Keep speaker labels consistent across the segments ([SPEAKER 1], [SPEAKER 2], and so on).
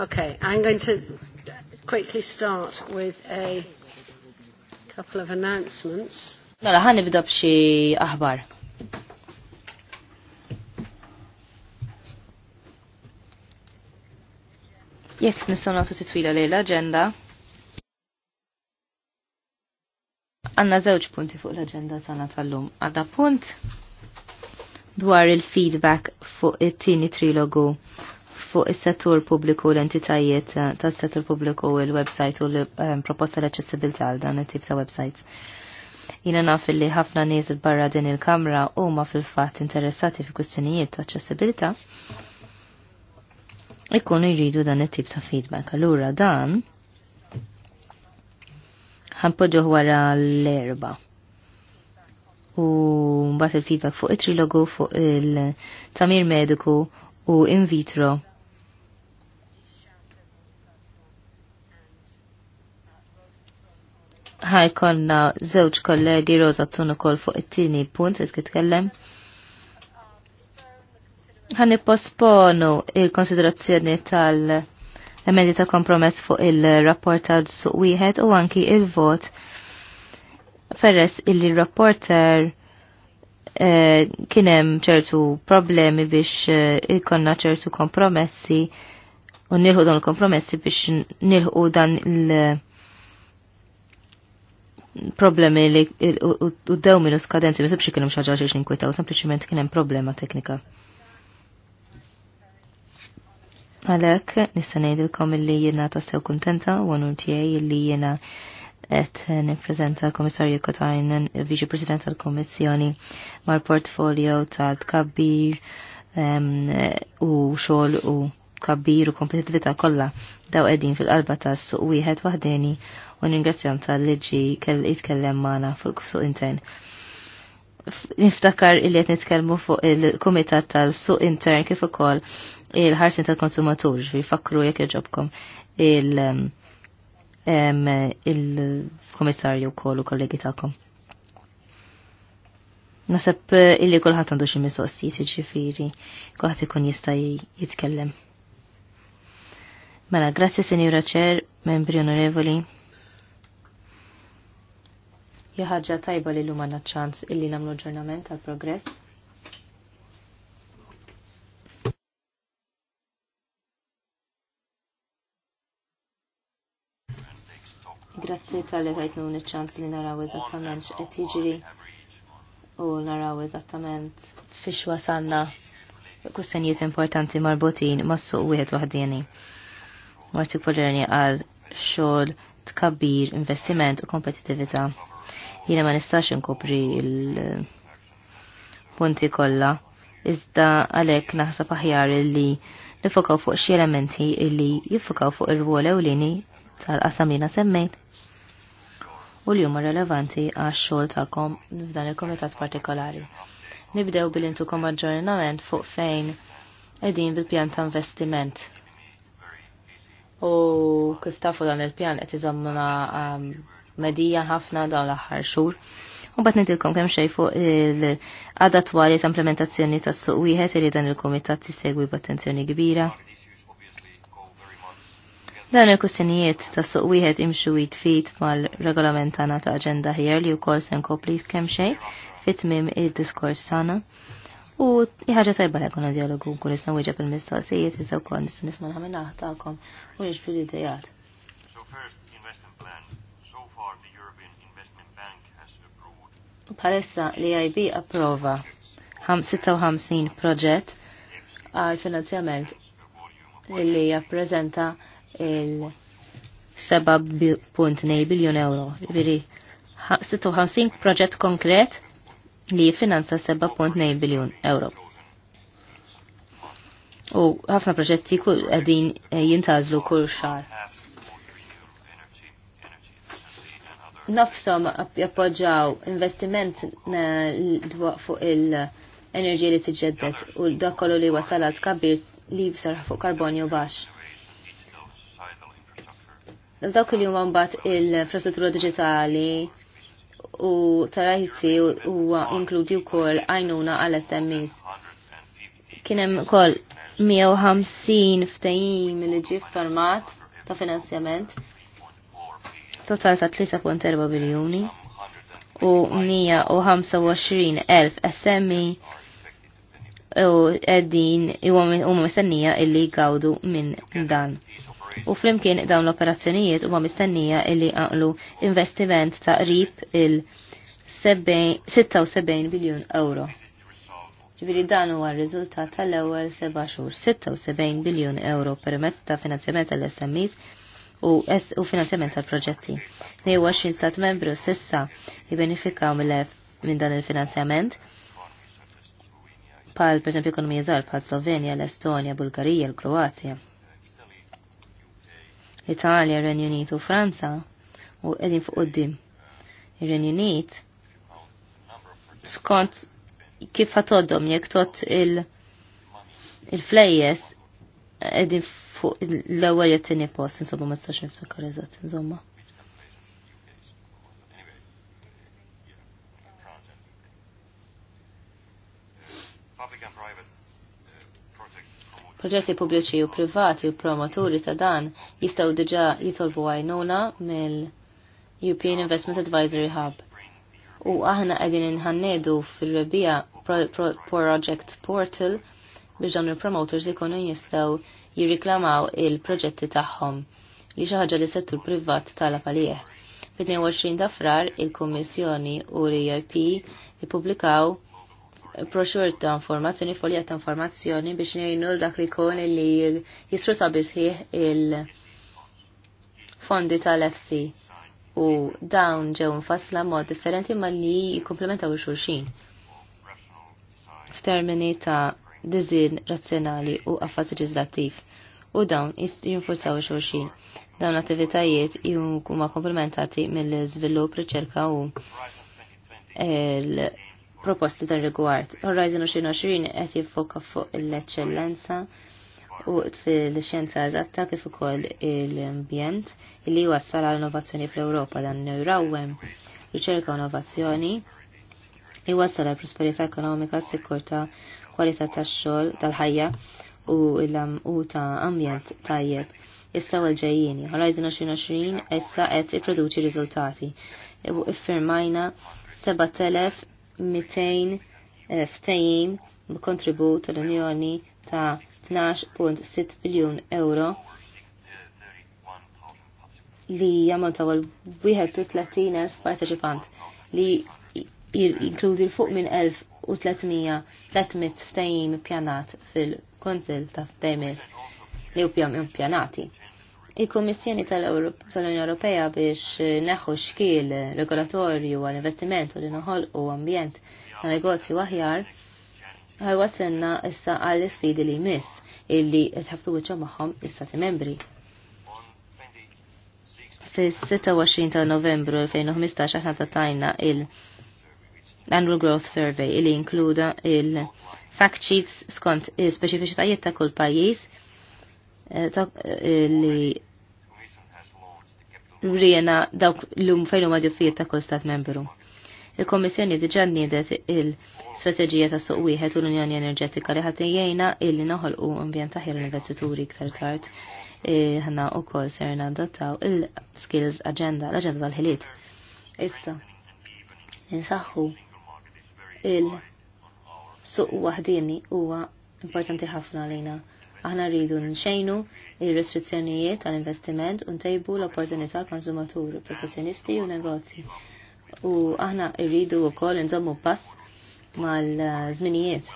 [SPEAKER 1] Okay, I'm going to quickly start with a couple of announcements.
[SPEAKER 2] Mela, ħan nibda b'xi aħbar. Jek nistgħu nagħtu titwila lejn l-aġenda. Għandna żewġ punti fuq l-aġenda tagħna tal-lum. Għadha punt dwar il-feedback fuq it-tieni trilogu fuq is-settur pubbliku l-entitajiet eh, tas-settur pubbliku il-website u l-proposta eh, l-aċċessibilità għal dan it-tip ta' websites. Jina naf li ħafna nies barra din il-kamra huma fil-fatt interessati fi kwistjonijiet ta' accessibilità ikunu jridu dan it-tip ta' feedback. Allura dan ħampoġġu wara l-erba' u mbagħad il-feedback fuq it-trilogu fuq il-tamir mediku u in vitro ħajkonna żewġ kollegi Rosa Tun kol fuq it-tieni punt qed titkellem. Ħan posponu il-konsiderazzjoni tal-emendi ta' kompromess fuq il-rapport tal-suq wieħed u anki il-vot ferres illi rapporter eh, kienem ċertu problemi biex eh, ikonna ċertu kompromessi u nilħu dan il-kompromessi biex nilħu dan il- problemi li u dew minu skadenzi, ma sebx kienem xaġa xiex u sempliciment kienem problema teknika. Għalek, nista' ngħidilkom jena ta' sew kontenta, u għanur tiegħi li jiena qed nippreżenta l-Komissarju Kotajnen, Viċi President tal komissjoni mal-portfolio tal-tkabbir u xogħol u kabbir u kompetitività kollha daw qegħdin fil-qalba ta' suq wieħed waħdeni u ningrazzjahom tal-liġi kell jitkellem maħna fuq suq intern. Niftakar illi qed nitkellmu fuq il-kumitat tal-suq intern kif ukoll il-ħarsin tal-konsumatur, fakru jekk irġobkom il-komissarju wkoll u kollegi tagħkom. Nasab illi kulħadd għandu xi mistoqsijiet jiġifieri, kulħadd ikun jista' jitkellem. Mela, grazzi Signora Ċer, membri onorevoli. Jaħġa tajba li l-lum ċans illi namlu ġurnament għal progress. Grazzi tal-li għajtnu ċans li naraw eżattament x'qed jiġri u naraw eżattament fiex wasanna kustenijiet importanti marbutin mas-suq wieħed waħdieni. Polerni għal xogħol tkabbir, investiment u kompetitività. Jiena ma nistax inkopri il-punti kollha, iżda għalhekk naħseb aħjar li nifokaw fuq xi elementi li jiffokaw fuq ir-rwol ewlieni tal-qasam li semmejt u li huma relevanti għax xogħol tagħkom f'dan il komitat partikolari. Nibdew bil-intukom aġġornament fuq fejn qegħdin bil-pjan ta' investiment u kif tafu dan il-pjan qed iżammuna um, medija ħafna dawn l-aħħar xhur. U bat nidilkom kemm xejn fuq il-għada twali implementazzjoni tas-suq wieħed irid dan il-kumitat tissegwi b'attenzjoni kbira. Dan il-kustinijiet tas-suq wieħed imxu jitfit mal-regolament ta' aġenda ħjer li wkoll se nkopli kemm xejn fit-tmiem id-diskors tagħna. U ħaġa tajba li kuna dialogu kun nisna wieġeb il-mistoqsijiet u kon nista' nisma' ħamin naħtakom u nixbdu l-idejat. Palessa li IB approva 56 proġett għal finanzjament li jappreżenta il- 7.2 biljon euro. Ġifiri, 56 proġett konkret li jiffinanza 7.9 biljon euro. U ħafna proġetti kull għedin eh, jintazlu kull xar. Nafsom jappoġġaw investiment eh, fuq il-enerġija li tiġġeddet u dakollu li wasalat kabir li jibsar fuq karbonju bax. Dawk li jumman bat il-infrastruttura digitali, u tarajti huwa inkludi wkoll għajnuna għal sms Kien hemm ukoll 150 ftajim li ġie format ta' finanzjament total sa 3.4 biljoni u 125 elf SMI e u għeddin u mistennija illi għawdu minn dan u flimkien dawn l-operazzjonijiet huma mistennija illi għaqlu investiment ta' qrib il-76 biljun euro. Ġviri dan huwa r-riżultat tal-ewwel seba' xhur 76 biljun euro permezz ta' finanzjament tal-SMEs u, u finanzjament tal-proġetti. 22 stat membru sissa jibenifikaw minn dan il-finanzjament pal per esempio ekonomija zar, bħal Slovenja, l-Estonja, Bulgarija, l-Kroazja. Italia, Renju Unit u Franza u qegħdin fuq qudiem. Ir-Renju Unit skont kif għatoddom jekk tot il il-flejjes qegħdin fuq l-ewwel jettini post, insomma ma tistax niftakar karizat, insomma. Proġetti pubbliċi u privati u promoturi ta' dan jistgħu diġà jitolbu għajnuna mill European Investment Advisory Hub. U aħna qegħdin inħannedu fil-rebija Project Portal biex dawn il-promoters ikunu jistgħu jirriklamaw il-proġetti tagħhom li xi ħaġa li settur privat talab għalih. Fit-22 ta' frar il-Kummissjoni u l-EIP ippubblikaw proxur ta' informazzjoni, folja ta' informazzjoni biex nejnu dak li kun li jisruta bisħiħ il-fondi tal-FC u dawn ġew nfassla mod differenti ma li jikomplementaw xulxin f'termini ta' dizin razzjonali u għaffaz leġislattiv u dawn jinfurzaw xulxin. Dawn attivitajiet jinkuma komplementati mill-żvilupp, riċerka u l proposti dan rigward. Horizon 2020 qed jiffoka fuq l-eċċellenza u fil-xjenza eżatta kif ukoll l-ambjent li wassal għal innovazzjoni fl-Ewropa dan nirawhem riċerka u innovazzjoni li wassal għal prosperità ekonomika, sikurta, kwalità tax-xogħol tal-ħajja u ta' ambjent tajjeb. Issa l ġejjini Horizon 2020 issa qed ipproduċi riżultati. Iffirmajna 7000 200 eh, ftejim b'kontribut l-Unjoni ta' 12.6 biljun euro li jammontaw għal 31.000 parteċipant li jinkludi l-fuq minn 1300 ftajim pjanat fil-Konsil ta' ftajmil li u pjanati. Il-Kommissjoni tal-Unjoni Ewropea biex eh, neħu xkil regolatorju għal investiment u li noħol u ambjent għal negozju aħjar, għajwasenna issa għall sfidi li jmiss illi tħaftu wiċċa magħhom istati membri. Fis-26 ta' Novembru 2015 aħna tatajna il- l-Annual Growth Survey li inkluda il-fact sheets skont il-speċifiċitajiet ta' kull pajjiż Eh, eh, li rjena dawk l-lum fejn maġu fijiet ta' kull stat membru. il komissjoni diġà nidet il-strateġija ta' suq wieħed u l-Unjoni Enerġetika li ħadd jgħinna illi u ambjent taħjar l-investituri iktar tard. Eh, ħanna wkoll serna nadattaw il-Skills Agenda, l-Aġenda tal-ħiliet. Issa, insaħħu il-suq waħdini huwa importanti ħafna lejna Aħna rridu nxejnu il-restrizzjonijiet għal-investiment u ntejbu l-opportunità tal-konsumatur professjonisti u negozji. U aħna rridu wkoll nżommu pass mal-żminijiet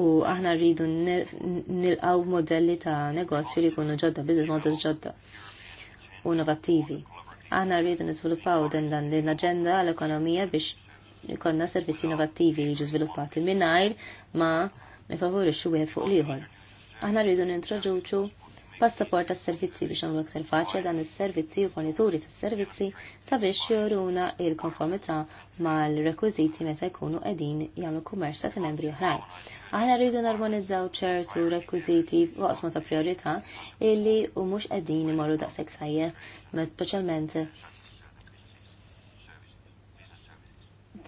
[SPEAKER 2] u aħna rridu nilqaw modelli ta' negozju li jkunu ġodda, business models ġodda u innovattivi. Aħna rridu niżviluppaw din dan l-aġenda l-ekonomija biex jkollna servizzi innovattivi jiġu żviluppati mingħajr ma' nifavorixxu wieħed fuq l-ieħor Aħna rridu nintroduċu passaport tas servizzi biex għamlu aktar faċli dan is-servizzi u fornituri tas servizzi sabiex juruna il-konformità mal-rekwiżiti meta jkunu qegħdin jagħmlu kummerċ ta' membri oħrajn. Aħna rridu narmonizzaw ċertu rekwiżiti waqsma ta' priorità illi u mhux qegħdin imorru daqshekk sajjef, speċjalment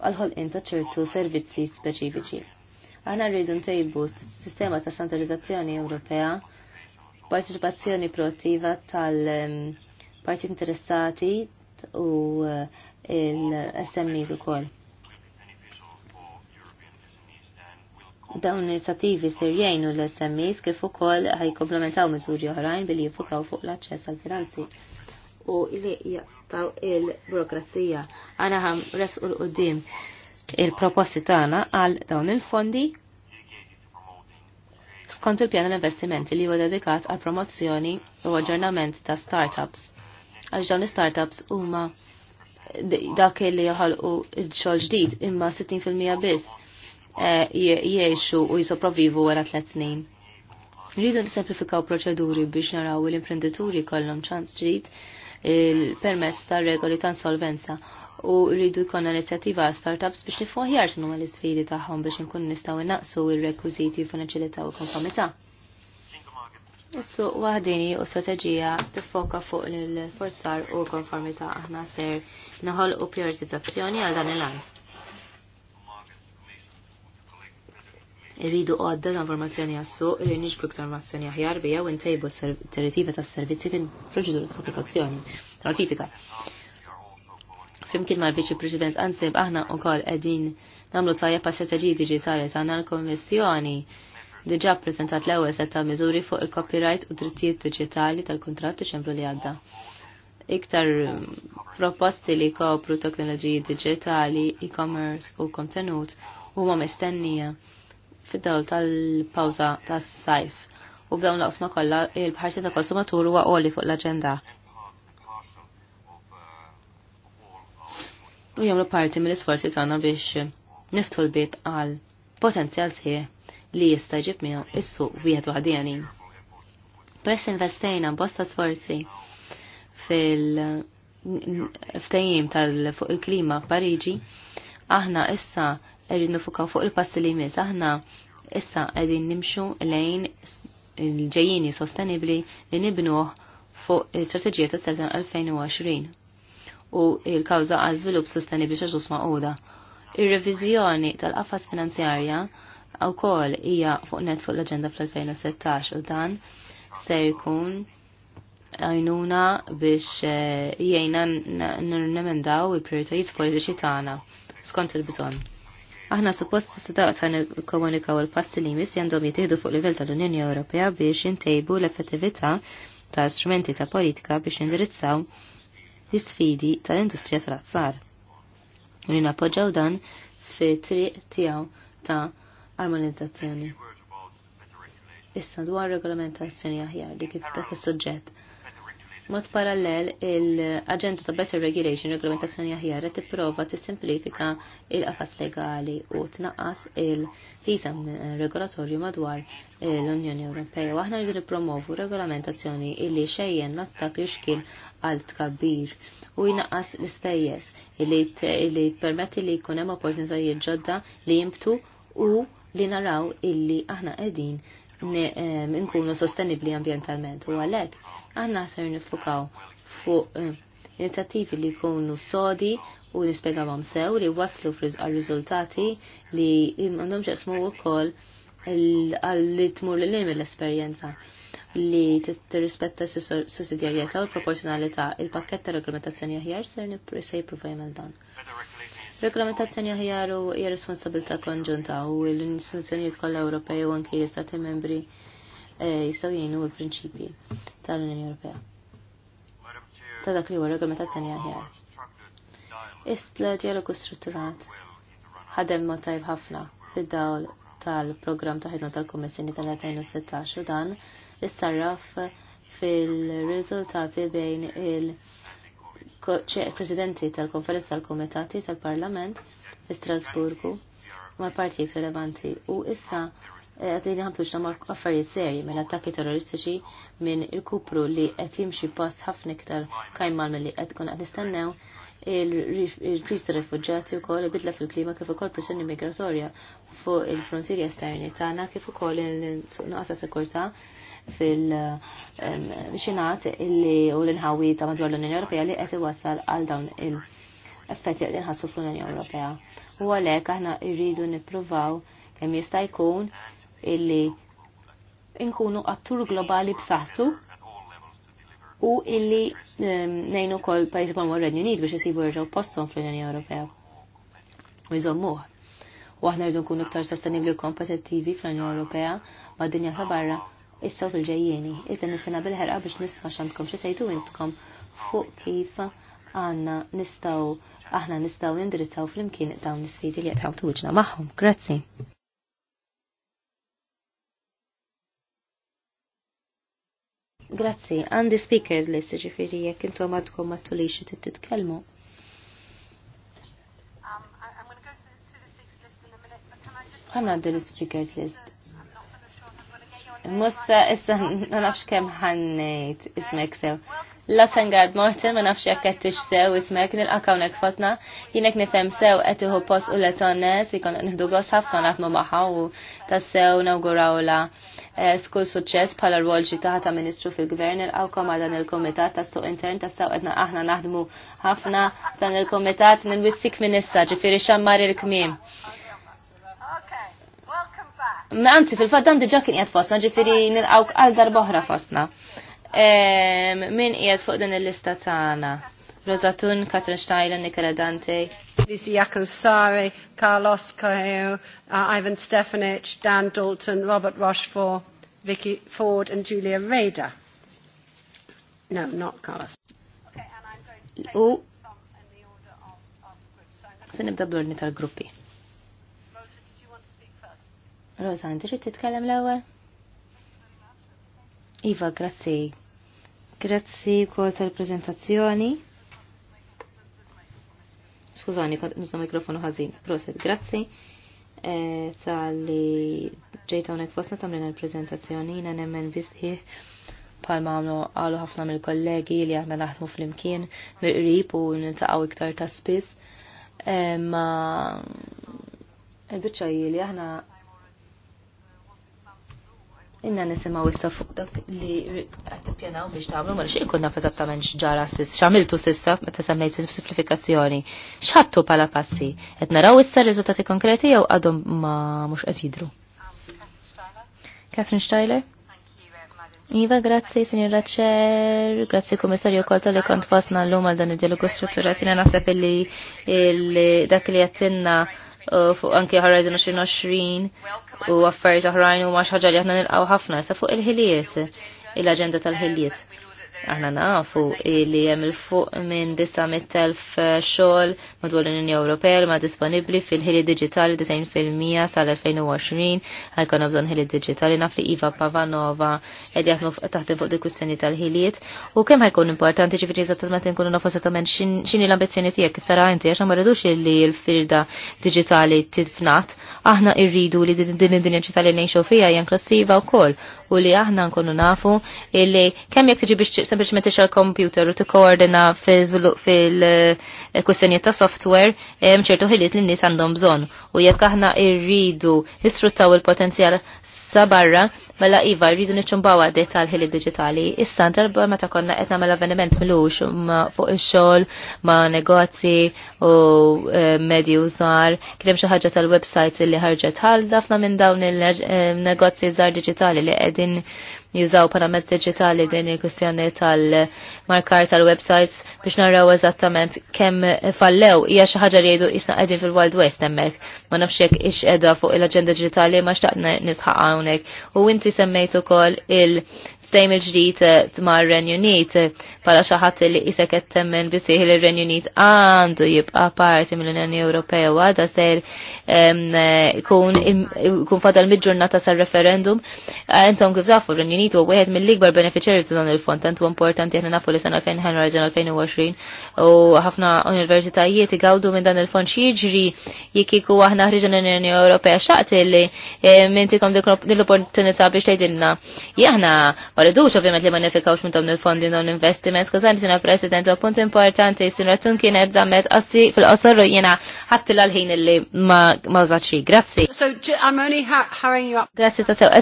[SPEAKER 2] għal-ħolqien ta' ċertu servizzi speċifiċi. Aħna rridu ntejbu s-sistema ta' standardizzazzjoni Ewropea, parteċipazzjoni proattiva tal-parti ehm, interessati u eh, il-SMEs u koll. Dawn inizjattivi ser jgħinu l-SMEs kif ukoll ħajkomplementaw miżuri oħrajn billi jiffukaw fuq l-aċċess għal finanzi u li jaqtaw il-burokrazija. Għana ħam u l-qoddim il-proposti tagħna għal dawn il-fondi skont il-pjan l-investimenti li huwa dedikat għal promozzjoni u aġġornament ta' startups. Għal dawn startups huma dak li jħolqu xogħol ġdid imma 60% biss eh, jgħixu u jisopravivu wara tliet snin. Rridu nisemplifikaw proċeduri biex naraw l-imprenditori kollhom ċans ġdid il-permess ta' regoli ta' insolvenza u rridu jkollna inizjattiva startups biex nifhmu aħjar x'inhu l-isfidi tagħhom biex inkun nistgħu innaqsu r rekwiżiti f'inaġilità u konformità. Issu waħdini u strateġija tiffoka fuq il-forzar u konformità aħna ser naħolqu prioritizzazzjoni għal dan il-għan. Irridu għodda l-informazzjoni għassu, irridu nġbru ktar informazzjoni aħjar bija u ntejbu s territiva ta' servizzi fin proċedur ta' applikazzjoni, ta' Fimkien Flimkien mal-Viċi President Anseb aħna u koll edin namlu tajja pa' strategji digitali ta' għanna l-Konvenzjoni diġa prezentat l-ewel set ta' miżuri fuq il-copyright u drittijiet digitali tal-kontrat ċemplu li għadda iktar mm, proposti li kopru teknoloġiji digitali, e-commerce u kontenut huma mistennija fid-dawl tal-pawza tas-sajf u b'dawn l kollha il-bħarsi ta' konsumatur huwa qoli fuq l-aġenda. U jagħmlu parti mill-isforzi tagħna biex niftu l-bib għal potenzjal sħiħ li jista' jġib miegħu is-suq wieħed waħdieni. Press investejna bosta sforzi fil-ftejjim tal fuq il-klima f'Pariġi, aħna issa għedin nifukaw fuq il-passi li jmiss aħna issa qegħdin nimxu lejn il-ġejjini sostenibli li nibnuh fuq il strateġija ta' 2020 u il-kawza għal żvilupp sostenibli xaġu smaquda. Ir-reviżjoni tal-qafas finanzjarja wkoll hija fuq net fuq l-aġenda fl-2016 u dan se jkun għajnuna biex jgħajna n-nemendaw il-prioritajiet politiċi tagħna skont il-bżonn. Aħna suppost s-sadaq ta' nikomunikaw il-passi li jmiss jandom jitihdu fuq livell tal-Unjoni Ewropea biex jintejbu l-effettività ta' strumenti ta' politika biex indirizzaw l-sfidi tal-industrija tal-azzar. Li napoġġaw dan fi triq tiegħu ta' armonizzazzjoni. Issa dwar regolamentazzjoni aħjar dik dak is-suġġett. Mod parallel, il-Agenda ta' Better Regulation, regolamentazzjoni aħjar, tipprova tissimplifika il-qafas legali u tnaqqas il-ħisam regolatorju madwar l-Unjoni Ewropea. U aħna rridu nippromovu regolamentazzjoni illi xejjen nattak xkil għal tkabbir u jnaqqas l-ispejjeż illi permetti li jkun hemm opportunitajiet ġodda li jimbtu u li naraw illi aħna qegħdin nkunu sostenibli ambientalment u għalek għanna ser nifukaw fuq inizjattivi li jkunu sodi u nispegawam sew li waslu għal-riżultati li għandhom ġesmu wkoll li tmur l esperjenza li t-rispetta s-sussidjarjetà u l-proporzjonalità il pakketta ta' reglamentazzjoni aħjar ser jipprova jagħmel dan. Reglamentazzjoni aħjar u hija responsabilità konġunta u l-istituzzjonijiet kollha Ewropej u anke l-Istati membri eh, jistgħu jgħinu l-prinċipji tal-Unjoni Ewropea. Ta' dak li huwa regolamentazzjoni aħjar. Istla dialogu strutturat ħadem ma tajb ħafna fid-dawl tal-programm ta' ħidma tal-Kummissjoni tal-2016 u dan issarraf fil-riżultati bejn il- presidenti tal-konferenza tal-komitati tal-parlament fi Strasburgu mal partijiet relevanti u issa għadini ħamtu xta ma' affarijiet serji mill attakki terroristiċi minn il-kupru li qed jimxi pass ħafna iktar kajmal mill-li qed kun qed nistennew il-kriż ta' rifugġati wkoll bidla fil-klima kif ukoll pressjoni migratorja fuq il-frontieri esterni tagħna kif ukoll il-nuqqas ta' sekurtà fil-xinat illi u l-inħawi ta' madwar l-Unjoni Ewropea li qed iwassal għal dawn il- effetti li nħassu fl-Unjoni Ewropea. U għalhekk aħna rridu nippruvaw kemm jista' jkun illi inkunu attur globali b'saħħtu u illi nejnu pajjiżi bħalma r Renju Unit biex isibu jerġgħu postom fl-Unjoni Ewropea. U jżommuh. U aħna rridu nkunu iktar sostenibli u kompetittivi fl-Unjoni Ewropea ma' dinja ta' barra issa fil-ġejjieni. Iżda nistenna bil-ħerqa biex nisma' x'għandkom xe sejtu intkom fuq kif għanna nistaw, aħna nistaw jindirizzaw fl-imkien dawn nisfidi li qed ħawtu maħħom. Grazzi. Grazzi, għandi speakers list ġifiri jek jekk intom għadkom xe t-titkelmu. Għanna għaddi l-speakers list. Mussa, issa ma nafx kemm ħannejt ismek sew. Latengard Morten ma nafx jekk qed tixsew ismek nilqa' hawnhekk fotna, Jienek nifhem sew qed iħu post u letonnes ikon nieħdu għos ħafna naħdmu magħha u nawguraw la eh, skull suċċess bħala rwolġi ġi taħta ministru fil-gvern il-qawkom għal dan il-komitat tas suq intern tas sew għedna aħna naħdmu ħafna dan il-komitat nil-wissik minissa ġifiri xammar il-kmim anzi fil-fatt dan diġà kien qiegħed fostna, ġifieri nilqgħu għal darba boħra fosna. Min qiegħed fuq din il-lista tagħna? Rosatun, Katrin Steilen, Nikola Dante. Lisi Jakansari, Carlos Coelho, uh, Ivan Stefanich, Dan Dalton,
[SPEAKER 3] Robert Rochefort, Vicky Ford and Julia Rader.
[SPEAKER 1] No,
[SPEAKER 2] not Carlos. U, se nibda bl-ordni tal-gruppi. Rosan, trid titkellem l-ewwel? Iva, grazzi. Grazzi kol tal-prezentazzjoni. Skużani, kont nuża mikrofonu ħażin. Proset, grazzi e, tal-li ġejta fosna tamlin l-prezentazzjoni, jina nemmen bisħiħ palma għamlu għalu ħafna mill-kollegi li għahna naħdmu fl-imkien mill-qrib u niltaqgħu iktar ta' spiss. E, ma il-biċċa li aħna inna nisimaw issa fuq dak li għattipjanaw biex għamlu ma xie kunna fazzattament ġara sis, xamiltu sissa, meta semmejt simplifikazzjoni, xħattu pala passi, et naraw issa rizultati konkreti jew għadhom ma mux qed jidru. Catherine Steiler? Iva, grazzi, signora Cer, grazzi komissarju kolta li kont fasna l-lum għal dan id-dialogu strutturati, naħseb li dak li għattinna fuq anki Horizon 2020 u affarijiet oħrajn u ma xi ħaġa li aħna nilqgħu ħafna sa fuq il-ħiliet il-aġenda tal-ħiliet. Aħna nafu li hemm il-fuq minn 900,000 eh, xogħol madwar l-Unjoni Ewropea ma disponibbli fil-ħili diġitali 90% tal-2020 ħajkun bżonn ħili diġitali naf li Iva Pavanova qed jaħdmu taħt fuq dik kwistjoni tal-ħiliet u kemm ħajkun importanti ġifieri eżattament meta nkunu nafu eżattament x'inhi l-ambizzjoni tiegħek kif tara inti għax ma rridux li l-firda diġitali tifnat aħna irridu li din id-dinja ġitali ngħixu fija hija inklusiva wkoll u li aħna nkunu nafu li kemm jekk tiġi biex sempliċement ix computer u tikkoordina fil-kwistjonijiet ta' software hemm ċertu ħiliet li nis nies għandhom bżonn. U jekk aħna rridu nisfruttaw il-potenzjal sa barra, mela iva rridu nċumbaw għaddej tal-ħiliet digitali. Issa darba meta konna qed nagħmel avveniment milux fuq ix-xogħol ma' negozi u eh, medju użar, kien hemm xi ħaġa tal-websites li ħarġet ħal dafna minn dawn il-negozji eh, żar digitali li qegħdin jużaw bħala mezz digitali din il-kwistjoni tal-markar tal-websites biex naraw eżattament kemm fallew hija xi ħaġa li jgħidu jisna qegħdin fil-Wild West hemmhekk. Ma nafx jekk ix qiegħda fuq il-aġenda digitali ma xtaqna nisħaq hawnhekk. U inti semmejt ukoll il- ftejm il-ġdijt eh, ma' Renjunit pala eh, xaħat li isek temmen bisih li Renjunit għandu jibqa parti mill-Unjoni Ewropea u għada ser eh, kun fadal mid-ġurnata sar referendum Entom kif tafu Renjunit u għed mill-ikbar beneficjeri ta' dan il-fond tant huwa importanti aħna nafu li sena 2020 u ħafna universitajiet għawdu minn dan il-fond xieġri jikiku għahna ħriġan l-Unjoni Ewropea xaqt li mintikom l-opportunità biex tajdinna jahna Ma ridux ovvjament li ma nifikawx minn dawn il-fondi non investiments, każ hemm sinna President u punt importanti sinu tun kien ebda met għassi fil-qosor jiena ħatti l-ħin illi ma użaxxi. Grazzi. So I'm only hurrying you up. Grazzi ta' sew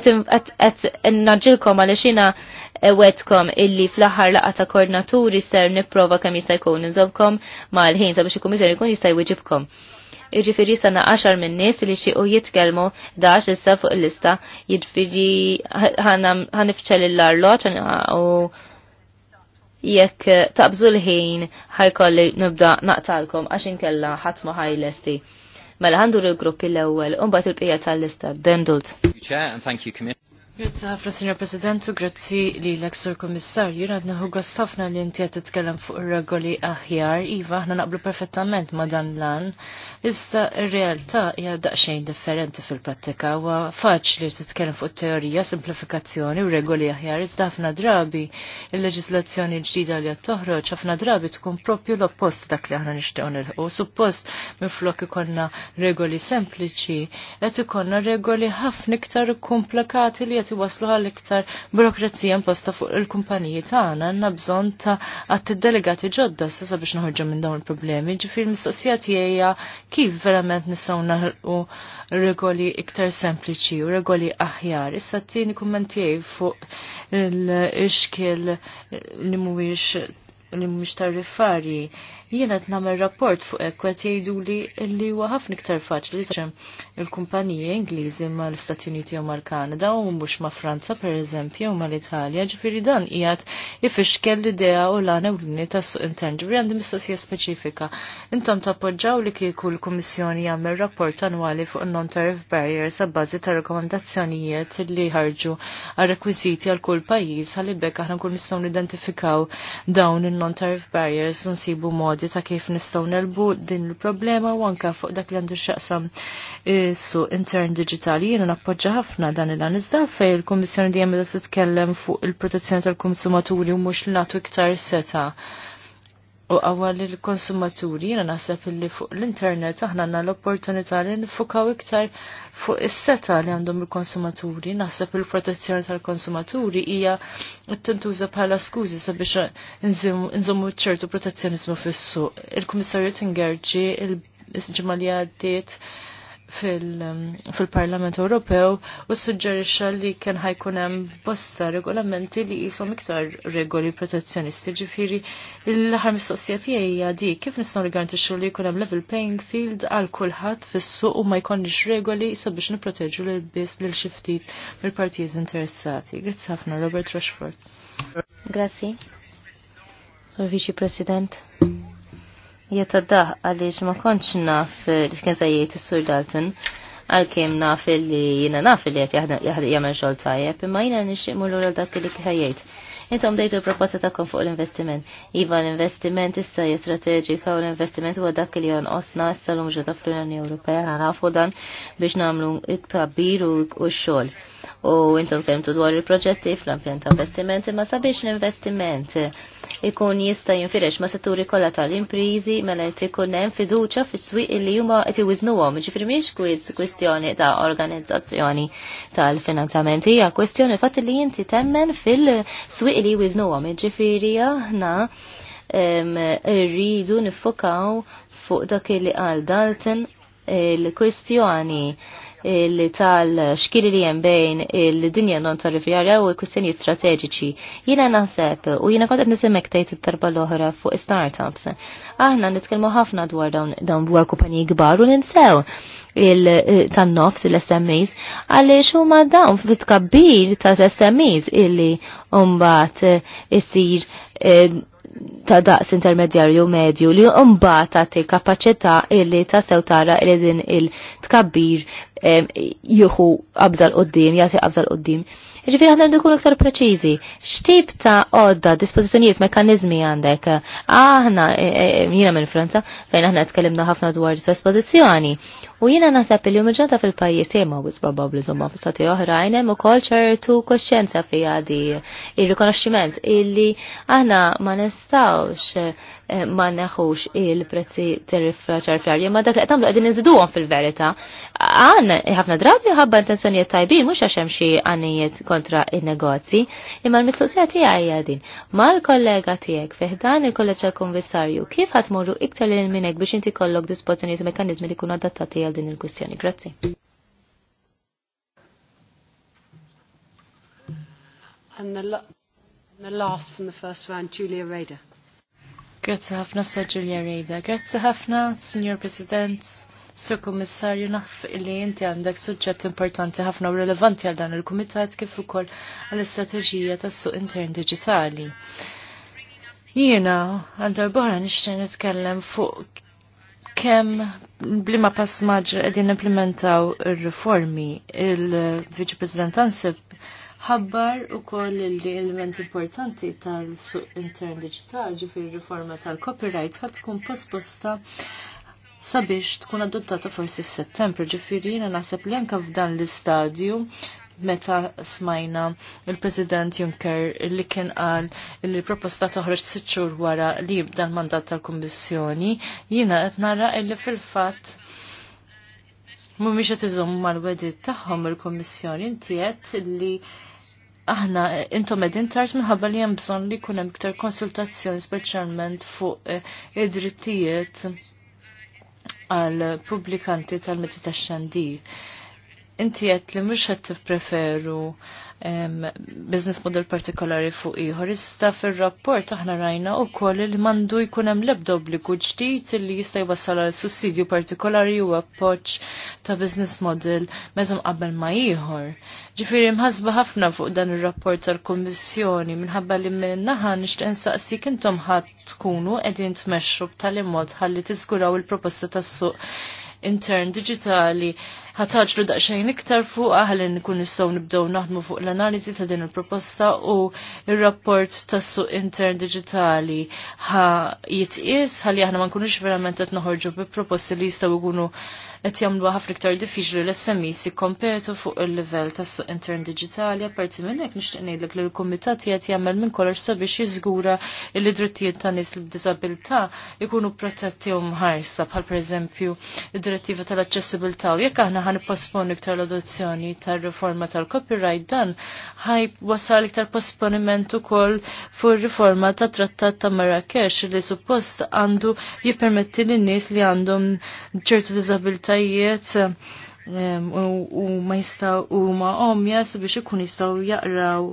[SPEAKER 2] n-naġilkom għaliex xina e, wetkom illi fl-aħħar laqqa ta' koordinaturi ser nipprova kemm jista' jkun nżobkom mal-ħin sabiex il-Kummissjoni jkun jista' jwiġibkom. Jiġifieri sana 10 minn nies li xiequ jitkellmu 11 issa fuq il-lista. Jiġifieri ħanifċel l-arloġ u jekk taqbżu l-ħin ħajkolli nibda naqtalkom għax inkella ħadd ma ħajlesti. Mela ħandur il-gruppi l-ewwel u mbagħad il-qija tal-lista. Dendult. Thank you, Grazzi ħafna,
[SPEAKER 3] Signor Presidentu, grazzi li l sur Kommissarju. Radna hu ħafna li inti qed titkellem fuq regoli aħjar. Iva, aħna naqblu perfettament ma dan lan. Iżda r-realtà hija daqsxejn differenti fil-prattika. Huwa faċli titkellem fuq teorija, simplifikazzjoni u regoli aħjar. Iżda ħafna drabi il-leġislazzjoni ġdida li qed toħroġ ħafna drabi tkun proprju l-oppost dak li aħna nixtiequ nilħu. Suppost minflok ikollna regoli sempliċi qed ikollna regoli ħafna iktar komplikati li qed iwaslu għal iktar burokrazija imposta fuq il-kumpaniji tagħna għandna bżonn ta' għat delegati ġodda sa biex noħorġu minn dawn il-problemi. Ġifier mistoqsija tiegħi kif verament nistgħu naħlqu regoli iktar sempliċi u regoli aħjar. Issa t-tieni kummentijaj fuq il ixkil li mhuwiex li mhumiex tariffarji Jiena qed nagħmel rapport fuq hekk qed jgħiduli li huwa ħafna iktar faċli li taxem il-kumpaniji Ingliżi mal-Istati Uniti u mal-Kanada u mhux ma' Franza pereżempju u mal-Italja, ġifieri dan qiegħed ifixkel l-idea u l-għana u l-inni tas-suq intern. Ġifieri għandi mistoqsija speċifika. Intom tappoġġaw li kieku l-Kummissjoni jagħmel rapport annwali fuq non-tariff barriers għabbażi ta' rekomendazzjonijiet li ħarġu għal rekwiżiti għal kull pajjiż ħalli bekk aħna kull nistgħu nidentifikaw dawn in-non-tariff barriers u nsibu modi metodi ta' kif nistgħu nelbu din il-problema u anka fuq dak li għandu x'aqsam su intern digitali jiena nappoġġa ħafna dan il iżda fej il-Kummissjoni dejjem meta titkellem fuq il-protezzjoni tal-konsumaturi u mhux nagħtu iktar seta' u għawal il-konsumaturi, jena naħseb li fuq l-internet aħna għanna l-opportunità li nifukaw iktar fuq is-seta li għandhom il-konsumaturi, naħseb il-protezzjoni tal-konsumaturi hija tintuża bħala skużi sabiex nżommu ċertu protezzjonizmu fis-suq. Il-Kummissarju tingerġi il-ġimgħa li għaddiet fil-Parlament Ewropew u suġġerixxa li kien ħajkun hemm bosta regolamenti li jisom iktar regoli protezzjonisti. Ġifieri l-aħħar mistoqsija tiegħi hija dik kif nistgħu nigarantixxu li jkun hemm level playing field għal kulħadd fis-suq u ma jkollniex regoli sabiex nipproteġu lil biss lil xi ftit
[SPEAKER 2] mill-partijiet interessati. Grazzi ħafna Robert Rushford. Grazzi. Sur President jeta daħ għaliex ma konċ naf li xkien sajjiet is-Sur Dalton għalkemm naf li jiena naf li qed jagħmel xogħol tajjeb, imma jiena nixtieq mullu lura dak li ħajjejt. Intom dejtu proposta tagħkom fuq l-investiment. Iva l-investiment issa hija strateġika u l-investiment huwa dak li jonqosna issa l-umġu ta' fl-Unjoni Ewropea nafu dan biex nagħmlu iktar biru u x-xogħol u intom kelmtu dwar il-proġetti fl-ampjan ta' investimenti ma sabiex l-investiment ikun jista' jinfirex ma' setturi kollha tal-imprizi mela jrid ikun hemm fiduċja fis-swieq li huma qed iwiżnuhom. Ġifieri mhix kwistjoni ta' organizzazzjoni tal finanzamenti hija kwestjoni fatt li inti temmen fil-swieq li jwiżnuhom. Ġifieri aħna rridu nifokaw fuq dak li għal Dalton il-kwistjoni li tal-xkili li jem bejn il-dinja non tarifjarja u kwistjoni strateġiċi. Jina naħseb u jina kodet nisimek tejt it-tarba l-oħra fuq startups. Aħna nitkelmu ħafna dwar dawn dawn bua kumpaniji gbar u ninsew tan-nofs il-SMEs għalli xuma dawn fit-kabbir ta' SMEs illi umbat isir eh, ta' daqs intermedjarju medju li mbagħad tagħti kapaċità illi tasew tara li din il-tkabbir jieħu qabżal uddim, jagħti qabżal uddim. Ġifiri aħna nkunu aktar preċiżi. X'tip ta' odda, dispozizjoniet, mekkaniżmi għandek? Aħna jiena minn Franza fejn aħna tkellimna ħafna dwar dispozizjoni, U jiena naħseb li ġanta fil pajis jema wis probabbli żomma f'stati oħrajn hemm ukoll ċertu kosċenza fi għadi il rikonoxximent illi aħna ma nistawx eh, ma neħux il-prezzi tarifraċarfjar ma dak li qed tagħmlu qegħdin inżiduhom fil-verità. Għan ħafna drabi ħabba intenzjoniet tajbin mhux għax hemm xi għanijiet kontra in-negozji, imma l-mistoqsija tiegħi għadin. Ma l kollega tiegħek fih dan il-kolleġġ kommissarju kif għatmurru iktar lil minnek biex inti kollok dispozjoniet mekanizmi li jkunu adattati għal din il kustjoni Grazzi.
[SPEAKER 3] And the, last from the first round, Julia Rader. Grazie ħafna, Sir Julia Rader. Grazie ħafna, Signor President, Sir Kommissarju, naf li inti għandek suġġett importanti ħafna u relevanti għal dan il-Kumitat kif ukoll għall-istrateġija tas-suq intern diġitali. Jina, għandar barra nixtieq nitkellem fuq kemm blima pass maġġer qegħdin implementaw ir-riformi. Il-Viċi President Ansib ħabbar ukoll li element importanti tal-suq intern digital ġifir riforma tal-copyright ħadd tkun posposta sabiex tkun adottata forsi f'Settembru, ġifieri jiena naħseb li anke f'dan l-istadju meta smajna il-President Juncker li kien qal li proposta toħroġ sitt xhur wara li jibda l-mandat tal-Kummissjoni, jiena qed nara illi fil-fatt mhumiex qed iżommu mal-wedid tagħhom il-Kummissjoni intiet li aħna intom edin tart minħabba li hemm bżonn li jkun hemm iktar konsultazzjoni speċjalment fuq eh, id-drittijiet għal pubblikanti tal-mezzi xandir inti jett li mhux qed um, business model partikolari fuq ieħor. Issa fir-rapport aħna rajna wkoll li mandu jkun hemm l-ebda obbligu ġdid li jista' jwassal għal sussidju partikolari u appoġġ ta' business model mezzum qabel ma' ieħor. Ġifiri mħazba ħafna fuq dan ir-rapport tal-Kummissjoni minħabba li minn naħa nixtieq insaqsik intom ħadd tkunu qegħdin tmexxu b'tali mod ħalli tiżguraw il-proposta tas-suq intern digitali ħataġlu daqsxejn iktar fuq għahlin nkun nistgħu nibdew naħdmu fuq l-analiżi ta' din il-proposta u il rapport tas-suq intern digitali ħa jitqies ħalli aħna ma nkunux verament qed noħorġu bi proposti li jistgħu jkunu qed jagħmluha ħafna iktar diffiċli l-SMEs jikkompetu fuq il-livell tas-suq intern Digitali, apparti minn hekk nixtieq ngħidlek li l-kumitat qed jagħmel minn kollox sabiex jiżgura li drittijiet ta' nies b'diżabilità jkunu protetti u mħarsa bħal pereżempju id-direttiva tal-aċċessibilità u jekk aħna ħan posponi iktar l-adozzjoni tar-riforma tal-copyright dan ħaj wasal iktar posponiment ukoll fuq ir-riforma tat-Trattat ta' Marrakesh li suppost għandu jippermetti lin-nies li għandhom ċertu diżabilità tajjet u ma jistaw u ma omja sabiex ikun jistaw jaqraw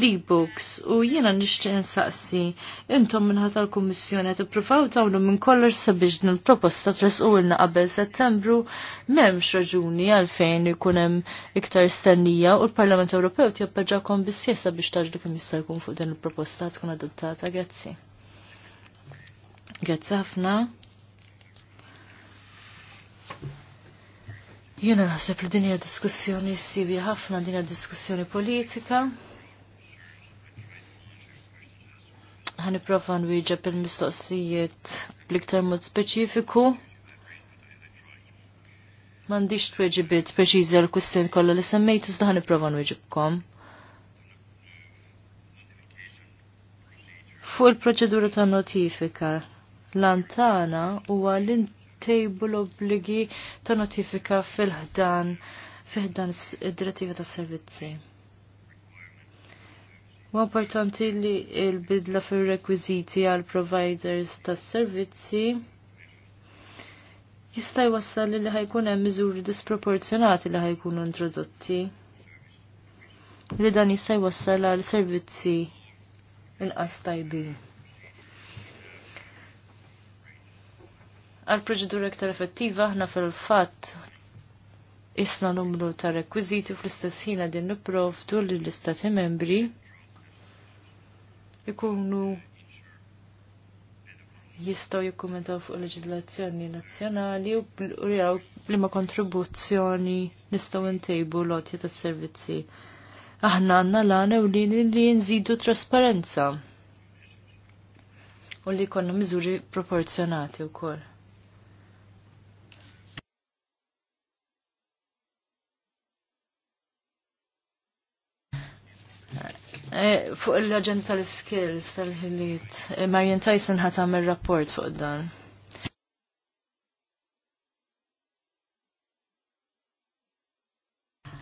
[SPEAKER 3] l-e-books u jiena nixtieq insaqsi intom minħat tal-Kummissjoni qed ippruvaw tagħmlu minn kollox sabiex din il-proposta tresqulna qabel Settembru m'hemmx raġuni għalfejn ikun hemm iktar stennija u l-Parlament Ewropew tjappoġġakom bissieh sabiex taġlu kemm jista' jkun fuq din il-proposta tkun adottata. Grazzi. Grazzi ħafna. Jena naħseb li dinja diskussjoni s-sibi ħafna dinja diskussjoni politika. nipprova nwieġeb il-mistoqsijiet bliktar mod speċifiku. Mandiċ tweġibiet preċiżi għal-kustin kollha li semmejt iżda ħaniprofa nwieġibkom. Fuq il-proċedura ta' notifika, l-antana huwa l tejbu l-obbligi ta' notifika fil-ħdan fil-ħdan id-direttiva ta' servizzi. U importanti li il-bidla fil-rekwiziti għal providers ta' servizzi jista' jwassal li ħajkun hemm miżuri disproporzjonati li ħajkunu introdotti. Li dan jista' jwassal għal servizzi inqas tajbin. għal proċedura iktar effettiva aħna fil-fatt isna numru ta' rekwiziti fl-istess ħina din nipprovdu li l-istati membri ikunu jistaw jikkumentaw fuq leġislazzjoni nazzjonali u li liema kontribuzzjoni nistgħu ntejbu lotja tas servizzi. Aħna għandna l-għana u li, li nżidu trasparenza u li jkollna miżuri proporzjonati wkoll. Eh, fuq l-Aġenda tal-Skills tal-ħiliet, eh, Marian Tyson ħat għamil rapport fuq dan.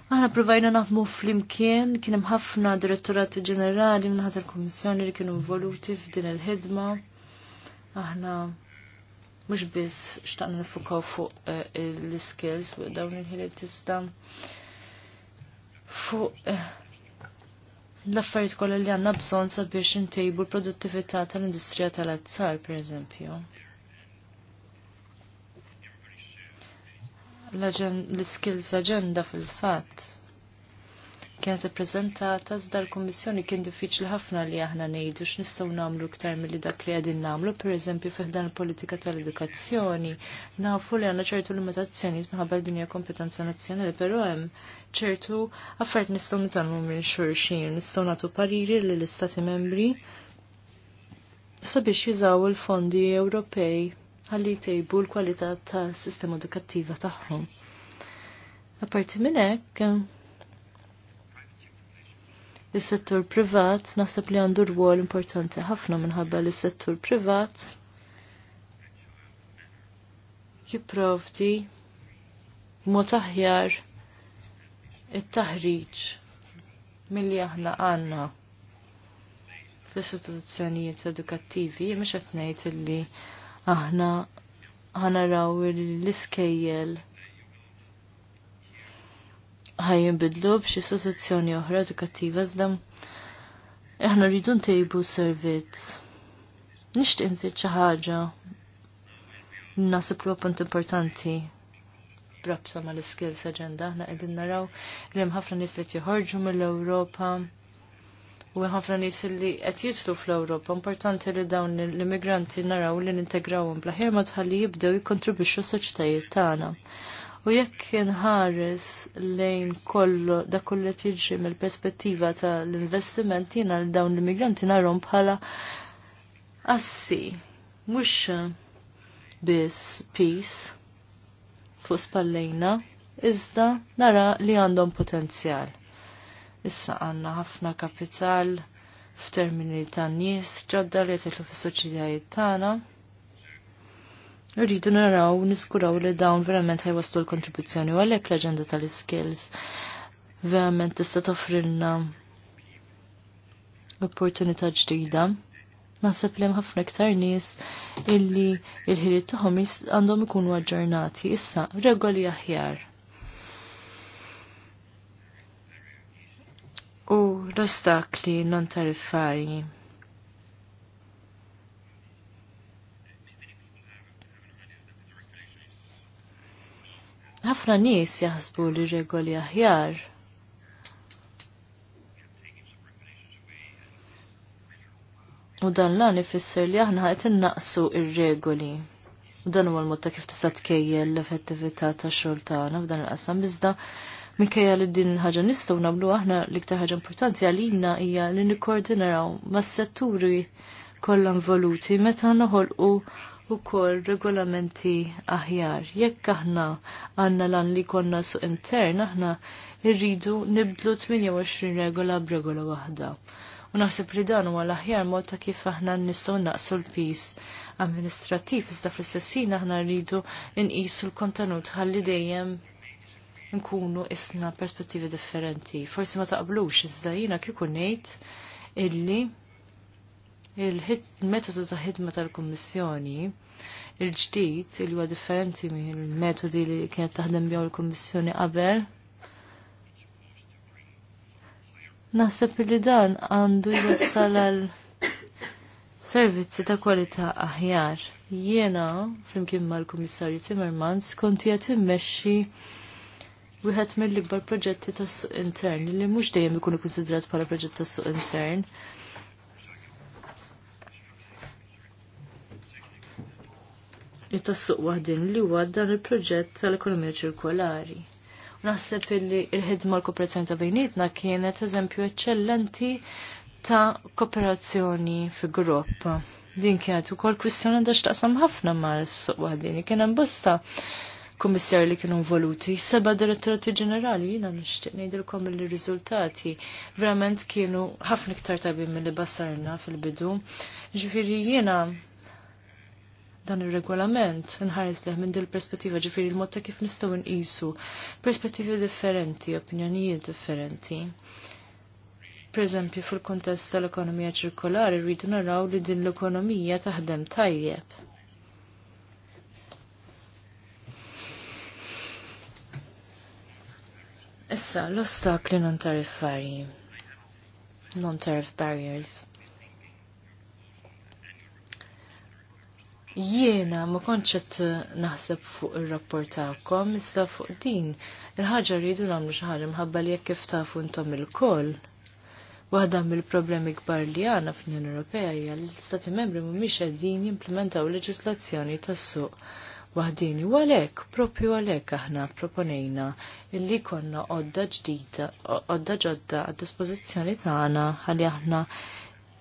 [SPEAKER 3] Aħna provajna naħdmu fl-imkien, kien hemm ħafna direttorat ġenerali minn il-Kummissjoni li kienu involuti f'din il-ħidma. Aħna mhux biss xtaqna nifukaw fuq eh, l-skills fuq dawn il-ħiliet iżda fuq l-affarijiet kollha li għandna bżonn sabiex intejbu l-produttività tal-industrija tal-azzar, pereżempju. L-skills agenda fil-fatt kienet ippreżentata iżda l-Kummissjoni kien diffiċli ħafna li aħna ngħidu x'nistgħu nagħmlu iktar milli dak li qegħdin nagħmlu, pereżempju fih dan il-politika tal-edukazzjoni. Nafu li għandna ċertu limitazzjonijiet minħabba dinja kompetenza nazzjonali, però hemm ċertu affarijiet nistgħu nitalmu minn xulxin, nistgħu nagħtu pariri lill istati membri sabiex jużaw il-fondi Ewropej għalli jtejbu l-kwalità tas-sistema edukattiva tagħhom. Apparti minn hekk, Is-settur privat naħseb li għandu rwol importanti ħafna minħabba li s-settur privat jipprovdi mod aħjar it-taħriġ milli aħna għandna fl-istituzzjonijiet edukattivi mhux qed ngħid illi aħna ħanaraw l-iskejjel ħajinbidlu b'xi situzzjoni oħra edukattiva iżda aħna rridu ntejbu servizz. Nixtieq inżid xi ħaġa nasib li punt importanti brabsa ma l-skills agenda aħna qegħdin naraw li hemm ħafna nies li joħorġu mill-Ewropa u ħafna nies li qed jidħlu fl-Ewropa importanti li dawn l-immigranti naraw li nintegrawhom bla ħirma tħalli jibdew jikkontribwixxu soċjetajiet tagħna. U jekk inħares lejn kollu da kollu tiġi mill-perspettiva tal-investiment jina l dawn l-immigranti narhom bħala assi, mhux biss peace fuq spallejna, iżda nara li għandhom potenzjal. Issa għanna ħafna kapital f'termini ta' nies ġodda li jtitlu fis-soċjetajiet tagħna. Rridu naraw niskuraw li dawn verament ħajwaslu l-kontribuzzjoni u għalhekk l-aġenda tal-skills verament tista' toffrilna opportunità ġdida. Naħseb li hemm ħafna iktar nies illi l-ħiliet tagħhom għandhom ikunu aġġornati issa regoli aħjar. U l-ostakli non tariffari. ħafna nies jaħsbu li regoli aħjar U dan lan ifisser li aħna qed innaqsu ir-regoli. U dan huwa l-mod ta' kif tista' tkejjel l-effettività tax xogħol tagħna f'dan il-qasam iżda minkejja li din il-ħaġa nistgħu nagħmlu aħna l-iktar ħaġa importanti għalina hija li nikkoordinaraw mas-setturi kollha involuti meta noħolqu u kol regolamenti aħjar. Jekk aħna għanna lan li konna su intern, aħna irridu nibdlu 28 regola b'regola wahda. U naħseb li dan huwa l-aħjar mod ta' kif aħna nistgħu naqsu l-pis amministrativ, iżda fl-istessin aħna rridu nqisu l-kontenut ħalli dejjem nkunu isna perspettivi differenti. Forsi ma taqblux iżda jiena kieku ngħid illi il-metodu ta' ħidma tal-Kommissjoni il-ġdid il huwa differenti minn il-metodi li kienet taħdem bjaw il-Kommissjoni qabel. Naħseb li dan għandu jwassal għal servizzi ta' kwalità aħjar. Jiena flimkien mal-Kummissarju Timmermans konti qed immexxi wieħed mill-ikbar proġetti tas-suq intern li mhux dejjem ikunu konsidrat bħala proġett tas-suq intern tas-suq waħdin li huwa dan il-proġett tal-ekonomija ċirkolari. Naħseb li l-ħidma l-kooperazzjoni ta' bejnietna kienet eżempju eċċellenti ta' kooperazzjoni fi grupp. Din kienet ukoll kwistjoni għandha x'taqsam ħafna mal suq waħdin. Kien hemm bosta kummissar li kienu voluti, seba direttorati ġenerali, jina nishtiq nejdilkom il-rizultati, verament kienu ħafna iktar tabim mill-li basarna fil-bidu. Ġifiri jina dan ir-regolament nħares leħ minn dil perspettiva ġifiri il-motta kif nistgħu nqisu perspettivi differenti, opinjonijiet differenti. Pereżempju fil-kontest tal-ekonomija ċirkolari rridu naraw li din l-ekonomija taħdem tajjeb. Issa, l-ostakli non tariffari, non-tariff barriers Jiena ma konċet naħseb fuq il-rapport issa fuq din il-ħaġa rridu nagħmlu xi ħaġa mħabba li jekk kif tafu intom il-koll. Waħda mill-problemi kbar li għana fl-Unjoni Ewropea hija li l-Stati Membri mhumiex qegħdin jimplementaw leġislazzjoni tas-suq waħdini u għalhekk, propju għalhekk aħna proponejna illi konna għodda ġdida, għodda ġodda għad-dispożizzjoni tagħna ħalli aħna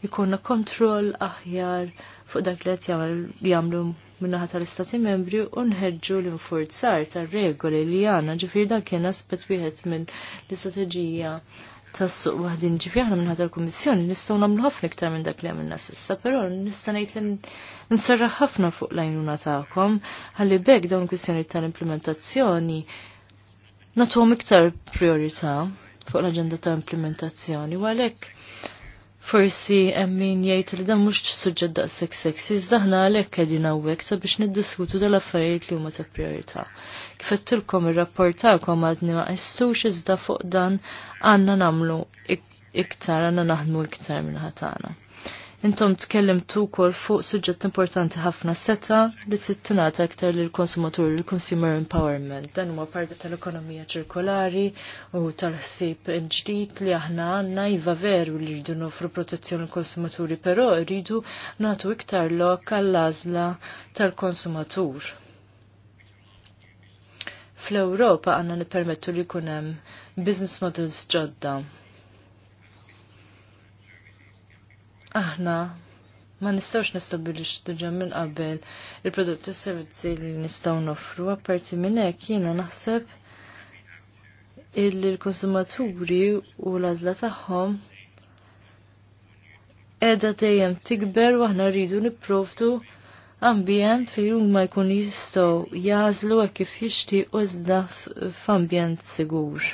[SPEAKER 3] jkunna kontroll aħjar fuq dak li qed jagħmlu minnaħa tal-Istati Membri u nħeġġu l-infurzar tar-regoli li għandna ġifier dak kien aspett wieħed minn l-istrateġija tas-suq waħdin ġifir aħna minnaħat tal-Kummissjoni nistgħu nagħmlu ħafna iktar minn dak li għamilna s'issa, però nista' ngħid li nserraħ ħafna fuq l-għajnuna tagħkom ħalli bekk dawn kwistjoni tal-implementazzjoni nagħtuhom iktar priorità fuq l-aġenda tal implementazzjoni u għalhekk forsi emmin jgħid li dan mhux suġġett daqshekk seksi, iżda ħna għalhekk qegħdin hawnhekk sabiex niddiskutu dal-affarijiet li huma ta' priorità. Kif qedtilkom ir-rapport għadni ma qistux iżda fuq dan għandna nagħmlu iktar, għandna naħdmu iktar minn ħatana. Intom tkellimtu wkoll fuq suġġett importanti ħafna seta li tittinata aktar l konsumatur il-consumer empowerment. Dan huwa parti tal-ekonomija ċirkolari u tal-ħsieb ġdid li aħna għandna iva veru li rridu nofru protezzjoni l-konsumaturi, però rridu nagħtu iktar lok għall-għażla tal-konsumatur. Fl-Ewropa għandna nippermettu li jkun hemm business models ġodda aħna ma nistawx nistabilix diġa minn qabel il-prodotti u servizzi li nistaw nofru, apparti minn hekk jiena naħseb il-konsumaturi u l-għażla tagħhom qiegħda dejjem tikber u aħna rridu nipprovdu ambjent fejn huma jkun jistgħu jażlu hekk kif jixtiequ iżda f'ambjent sigur.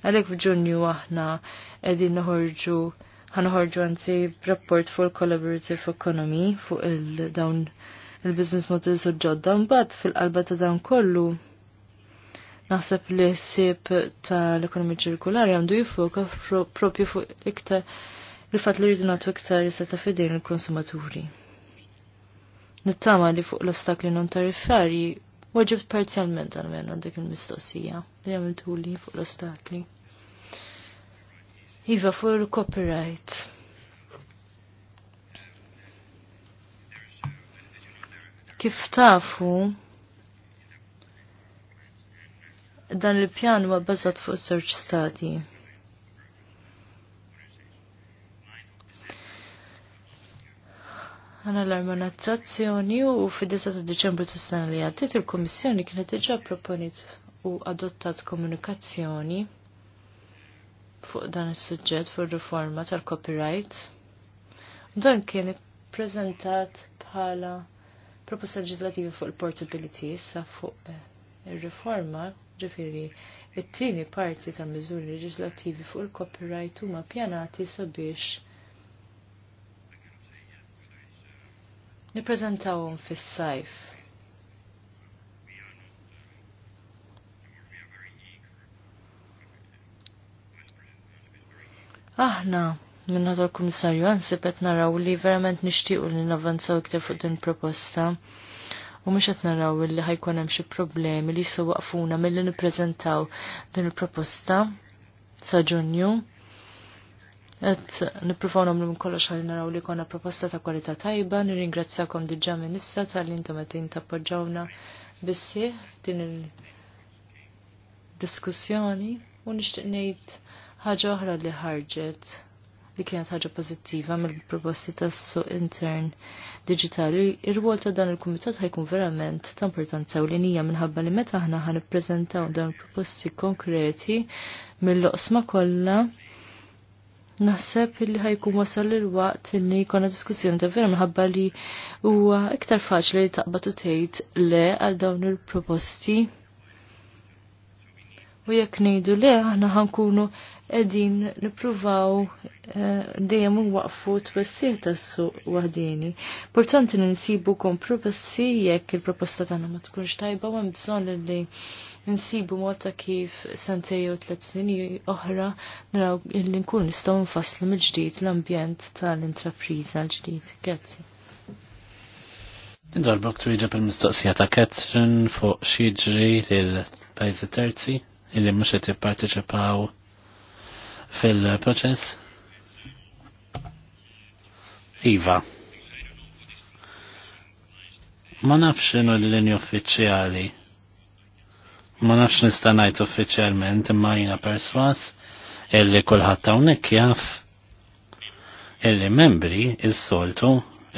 [SPEAKER 3] Għalhekk f'Ġunju aħna qegħdin noħorġu ħanħorġu għanzi rapport fuq collaborative economy fuq il-dawn il-business models u ġodda mbagħad fil-qalba ta' dan kollu naħseb li ta' tal-ekonomi ċirkulari għandu jifoka propju fuq iktar il-fatt li rridu nagħtu iktar seta' fidejn il-konsumaturi. Nittama li fuq l-ostakli non tariffari Waġib parzialment għal-men għandek il-mistoqsija li għamiltu li fuq l-ostakli. Iva fuq il-copyright. Kif tafu dan il-pjan huwa bbażat fuq search study. għana l-armonizzazzjoni u fid disa ta' Deċembru tas sena li għaddiet il-Kummissjoni kienet diġà proponit u adottat komunikazzjoni fuq dan is-suġġett fuq riforma tal-copyright. Dan kien ippreżentat bħala proposta legislativa fuq il-portability sa fuq eh, ir-riforma, ġifieri it-tieni parti ta' miżuri leġislattivi fuq il-copyright huma pjanati sabiex nippreżentawhom fis-sajf. Aħna, minna tal-Komissarju, għansibet naraw li verament nishtiqu li navanzaw iktar fuq din proposta. U mux għet naraw li ħajkun hemm xi problemi li jistgħu waqfuna milli nippreżentaw din il-proposta sa Ġunju. Qed nippruvaw nagħmlu minn kollox ħalli naraw li konna proposta ta' kwalità tajba, nirringrazzjakom diġà minn issa tal-li intom qed tappoġġawna bissi din il-diskussjoni u nixtieq ngħid Ħaġa oħra li ħarġet li kienet ħaġa pozittiva mill-proposti tas-suq intern digitali, ir-rwol ta' dan il-kumitat ħajkun verament ta' importanza u linija minħabba li meta aħna ħan dawn dan proposti konkreti mill-loqsma kollha Naħseb li ħajkun wasal il-waqt li jkollna diskussjoni ta' vera minħabba li huwa iktar faċli li taqbad u tgħid le għal dawn il-proposti. U jekk ngħidu le aħna ħankunu edin nipruvaw eh, dejjem waqfu twessih tas-suq waħdini. Purtanti li nsibu kompromessi jekk il-proposta tagħna ma tkunx tajba u hemm bżonn li nsibu mod ta' kif sentej u tliet snin oħra naraw li nkun nistgħu nfasslu mill-ġdid l-ambjent tal-intrapriża l-ġdid. Grazzi.
[SPEAKER 4] Darbok twieġeb il-mistoqsija ta' Catherine fuq xi ġri lil pajzi terzi illi mhux qed jipparteċipaw fil-proċess? Iva. Ma nafx xinu l linju uffiċjali. Ma nafx nista' ngħid uffiċjalment imma jiena perswas illi kulħadd hawnhekk jaf illi membri is-soltu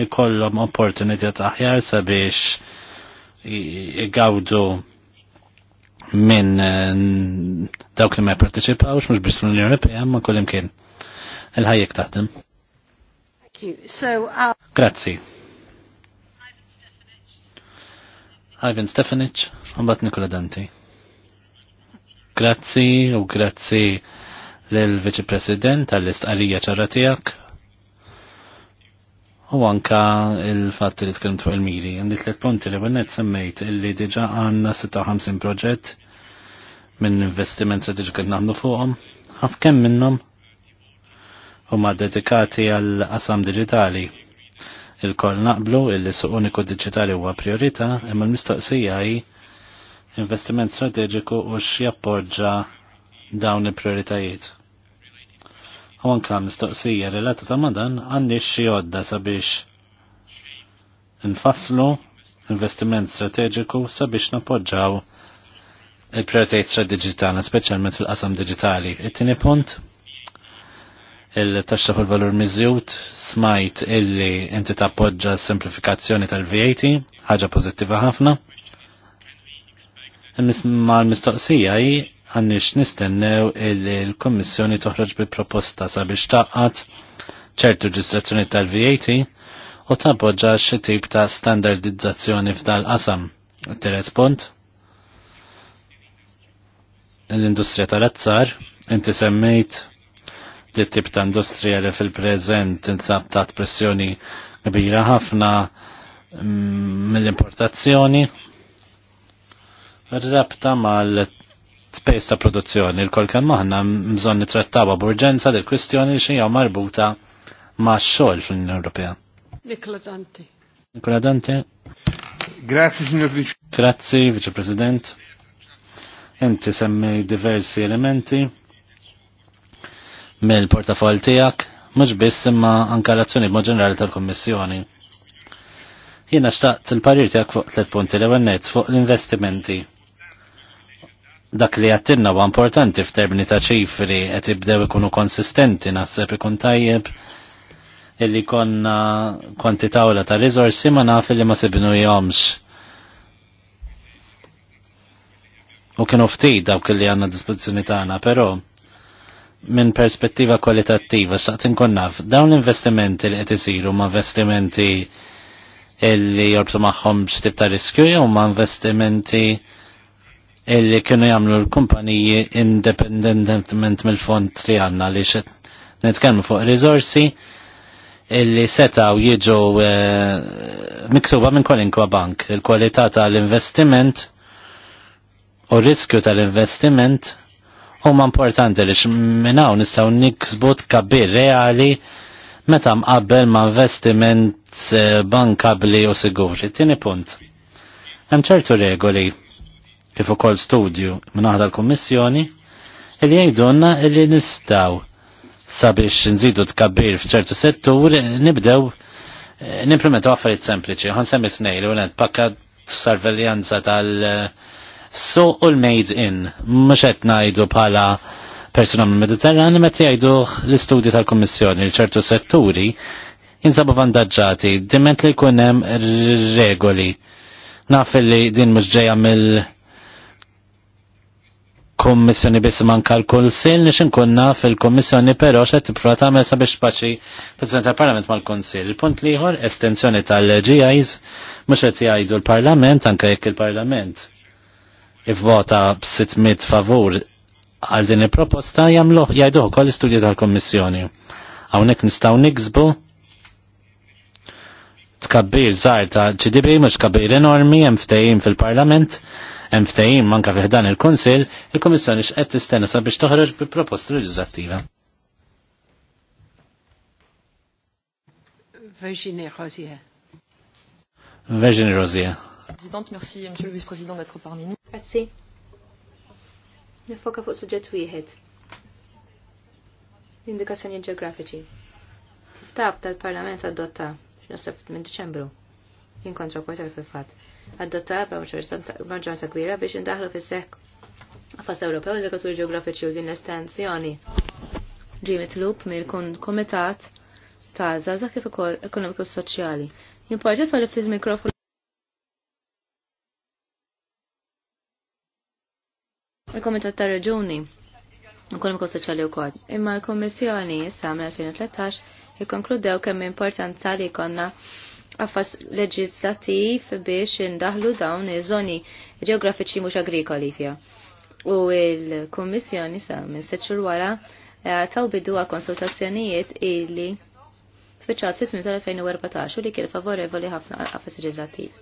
[SPEAKER 4] ikollhom opportunità aħjar sabiex igawdu minn eh, dawk li ma jparteċipawx mhux biss l-Unjoni Ewropea ma kolim kien. Il-ħajjek taħdem.
[SPEAKER 3] Uh,
[SPEAKER 4] grazzi. Ivan Stefanic, mbagħad Nikola Danti. Grazzi u grazzi lill viċi President għall-istqarrija ċarratijak, U anka il-fatt li tkellimt fuq il-miri, għandi tliet punti li bennet semmejt illi diġa għandna 56 proġett minn investiment strateġiku li naħdmu fuqhom, ħaf kemm minnhom huma dedikati għal qasam diġitali. Il-koll naqblu illi suq uniku diġitali huwa priorità, imma l-mistoqsija hi investiment strateġiku u x'jappoġġa dawn il-prioritajiet. U anka mistoqsija relata ta' madan għandix xi għodda sabiex nfasslu investiment strateġiku sabiex napoġġaw il-prioritajt digitali, speċjalment fil-qasam digitali. It-tieni punt, il-taxxa fuq valur miżjut smajt illi inti tappoġġa s-simplifikazzjoni tal-VAT, ħaġa pożittiva ħafna. Mal-mistoqsija għannix nistennew il-Kommissjoni toħroġ bi proposta sabiex taqqat ċertu ġistrazzjoni tal-VAT u tabboġġa xi tip ta' standardizzazzjoni f'dal qasam. Teret punt. L-industrija tal-azzar, inti semmejt li tip ta' industrija li fil-preżent insab ta' pressjoni kbira ħafna mm, mill-importazzjoni. Rabta mal space ta' produzzjoni. Il-kol kemm aħna bżonn nittrattawa b'urġenza del kwistjoni li xejja marbuta ma' xogħol fl-Unjoni Ewropea.
[SPEAKER 1] Nikola Danti.
[SPEAKER 4] Nikola Danti. Grazie, signor Vice. Grazie, Vice President. Inti semmi diversi elementi mill-portafol tiegħek, mhux biss imma anke l-azzjoni b'mod ġenerali tal-Kummissjoni. Jiena xtaqt il-parir tiegħek fuq tliet punti l ewwel fuq l-investimenti dak li għattinna u importanti f'termini ta' ċifri qed ibdew ikunu konsistenti naħseb ikun tajjeb illi konna konti tawla ta' rizorsi ma naf li ma sibnu jomx. U kienu ftit dawk li għanna dispozizjoni tagħna, però minn perspettiva kwalitattiva xaqt inkun naf dawn l-investimenti li qed isiru ma' investimenti illi jorbtu magħhom x'tib ta' riskju jew ma' investimenti illi kienu jagħmlu l-kumpaniji independentment mill-fond li għandna li xet netkellmu fuq risorsi illi setaw jiġu e, miksuba minn kwalinkwa bank. Il-kwalità tal-investiment u riskju tal-investiment huma importanti li minn hawn nistgħu niksbu tkabbir reali meta mqabbel ma' investiment eh, bankabli u siguri. Tieni punt. Hemm ċertu regoli kif ukoll studju minn aħda l-Kummissjoni li jgħidulna li nistaw sabiex nżidu tkabbir f'ċertu settur nibdew eh, nimplementaw affarijiet sempliċi. Ħan semmi tnejn li unet pakkat sorveljanza tal- eh, so u l-made in, mhux qed ngħidu bħala persuna mill mediterran meta jgħidu l istudju tal-Kummissjoni li ċertu setturi jinsabu vantaġġati, diment li jkun hemm regoli. Naf li din mhux ġejja mill- kommissjoni biss manka l-Kunsil nix inkunna fil-Kommissjoni t xed tipprova tagħmel sabiex paċi President tal-Parlament mal-Kunsil. Punt liħor estensjoni tal-GIs mhux qed jgħidu l-Parlament anke jekk il-Parlament ivvota b-600 favur għal din il-proposta jamluħ jgħidu wkoll l-istudju tal-Kommissjoni. Hawnhekk nistgħu niksbu tkabbir żgħar ta' GDB mhux kabbir enormi hemm fil-Parlament hemm manka fiħdan il konsil il komissjoni x'qed tistenna sabiex toħroġ bi proposta leġislattiva.
[SPEAKER 3] Virginie Rosier.
[SPEAKER 4] Virginie Rosier.
[SPEAKER 2] Présidente, merci Monsieur le Vice-président d'être parmi nous. Merci. Nifoka fuq suġġett wieħed. L-indikazzjoni ġeografiċi. Ftab tal-Parlament adotta x'naħseb minn Diċembru. Jinkontra kwartar fil-fatt adottat maġġoranza kbira biex indaħlu fis-sekk għafas Ewropew l-indikaturi ġeografiċi u din l-estensjoni. Ġi lup mir kun komitat ta' zaza kif ukoll ekonomiku soċjali. Jimporġet għal ftit mikrofon. Il-Komitat ta' Reġuni ekonomiku soċjali wkoll. Imma l kummissjoni issa mill-2013 ikkonkludew kemm importanza li konna għaffas leġislattiv biex indaħlu dawn iż-żoni ġeografiċi mhux agrikoli fija. U l-Kummissjoni sa minn seċċur wara eh, taw bidu għal konsultazzjonijiet illi spiċċat fis minn tal-2014 u li kien favorevoli ħafna għal qafas leġislattiv.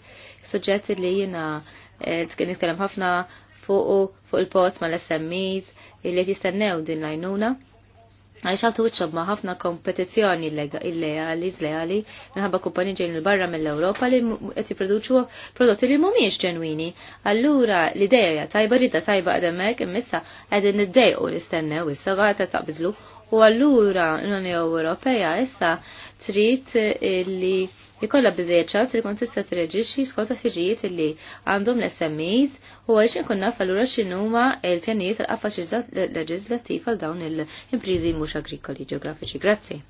[SPEAKER 2] Suġġetti li jiena eh, nitkellem ħafna fuq fuq il-post mal-SMEs illi jistennew din l-għajnuna għaliex ħadd wiċċob ma' ħafna kompetizzjoni illegali, zleali, minħabba kumpani ġejn il-barra mill-Ewropa li qed jipproduċu prodotti li mhumiex ġenwini. Allura l ideja tajba rida tajba għademek imissa qegħdin l li stennew issa għata taqbizlu. u allura l-Unjoni Ewropea issa trid li jikolla bizzejiet ċans li kont tista' tirreġixxi skont ħtiġijiet li għandhom l-SMEs u għaliex inkun naf allura x'inhuma l-pjanijiet tal-qaffax leġislattiv għal dawn il-impriżi mhux agrikoli ġeografiċi. Grazzi.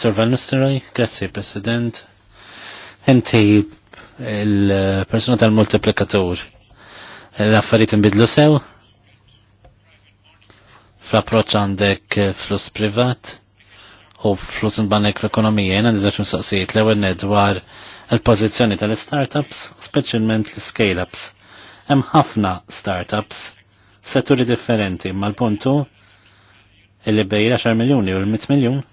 [SPEAKER 4] Sir Van Nistelrooy, grazzi President. Inti il-persuna tal-multiplikatur. L-affarijiet inbidlu sew? Fl-approċ għandek eh, flus privat u flus nbanek l-ekonomija, jena nizzax mistoqsijiet l-ewel nedwar il-pozizjoni tal-startups, specialment l-scale-ups. Hemm ħafna startups, setturi differenti, mal-puntu illi bej 10 miljoni u l-100 miljon eh,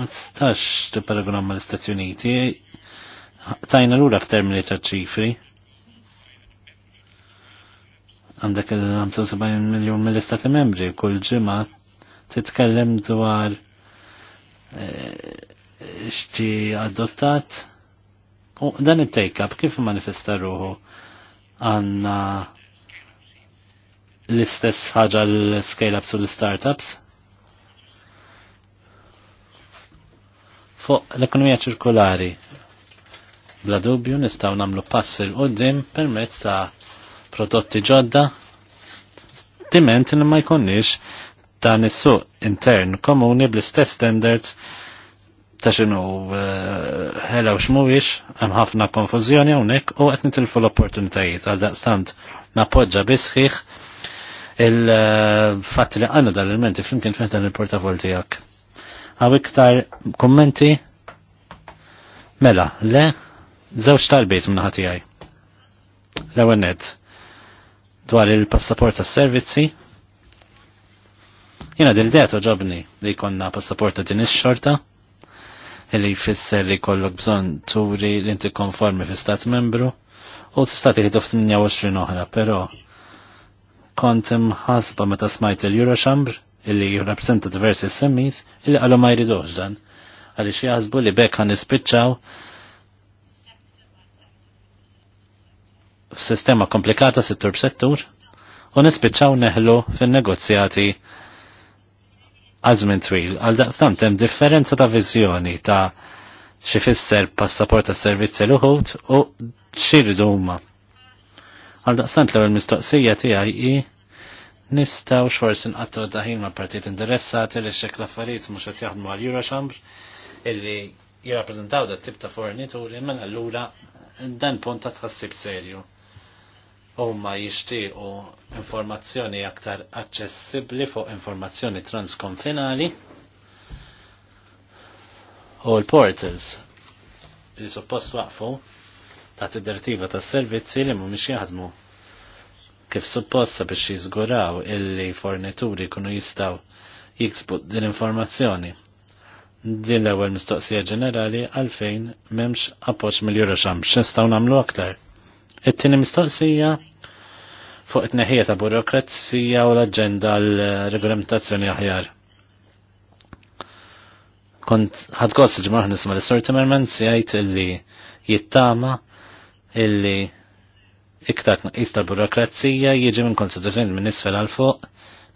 [SPEAKER 4] ma tistax tipparaguna mal istati Uniti. Tajna l-ura f'termini ta' ċifri għandek il-75 miljon mill-istati membri kull ġimma titkellem dwar e, xti adottat u dan it-take-up kif manifesta ruħu għanna l-istess ħaġa l-scale-ups u l-startups fuq l-ekonomija ċirkolari bla dubju nistaw namlu pass il qoddim permezz ta' prodotti ġodda, diment li ma jkunniex dan is-suq intern komuni bl-istess standards ta' xinu ħela eh, u x'mhuwiex hemm ħafna konfużjoni hawnhekk u qed nitilfu l-opportunitajiet għal daqstant napoġġa bisħiħ il-fatt li għanna dal-elementi flimkien fejn il-portafol tiegħek. Għaw iktar kummenti? Mela, le, żewġ talbiet minn ħati għaj. L-ewwel nett dwar il-passaport tas servizzi Jena dil-det ġobni li konna passaport ta' din ix-xorta li jfisser li kollok bżon turi li inti konformi fi stat membru u tista' tieħdu f'28 oħra, però kont imħasba meta smajt il-Eurochambr illi jirrappreżenta diversi semmis illi qalu ma jridux dan għaliex jaħsbu li bekk għan nispiċċaw f'sistema komplikata settur b-settur u nispiċċaw neħlu fin-negozjati għal żmien twil. Għal daqstant hemm differenza ta' viżjoni ta' xi fisser passaport tas servizzi l uħud u xirridu huma. Għal daqstant l-ewwel mistoqsija tiegħi hi nistgħu xforsi għattu daħin ma' partit interessati li xekk l-affarijiet mhux qed jaħdmu għal Euroxambr illi jirrapprezentaw da' tip ta' fornituri, minn mela allura dan punt ta' tħassib serju huma jixtiequ informazzjoni aktar aċċessibbli fuq informazzjoni transkonfinali u l-portals li suppost waqfu ta' t direttiva ta' servizzi li mhumiex jaħdmu kif supposta biex jiżguraw illi fornituri kunu jistaw jiksbu din informazzjoni. Din l-ewwel mistoqsija ġenerali għalfejn m'hemmx appoġġ mill xamx x'nistgħu nagħmlu aktar. It-tieni mistoqsija fuq it-neħija ta' burokrazija u l-agenda l-regolamentazzjoni aħjar. Kont ħadgost ġmaħ nisma l Timmerman Timmermans jgħid illi jittama illi iktar tnaqqis tal-burokrazija jiġi minn konsiderazzjoni minn isfel għal fuq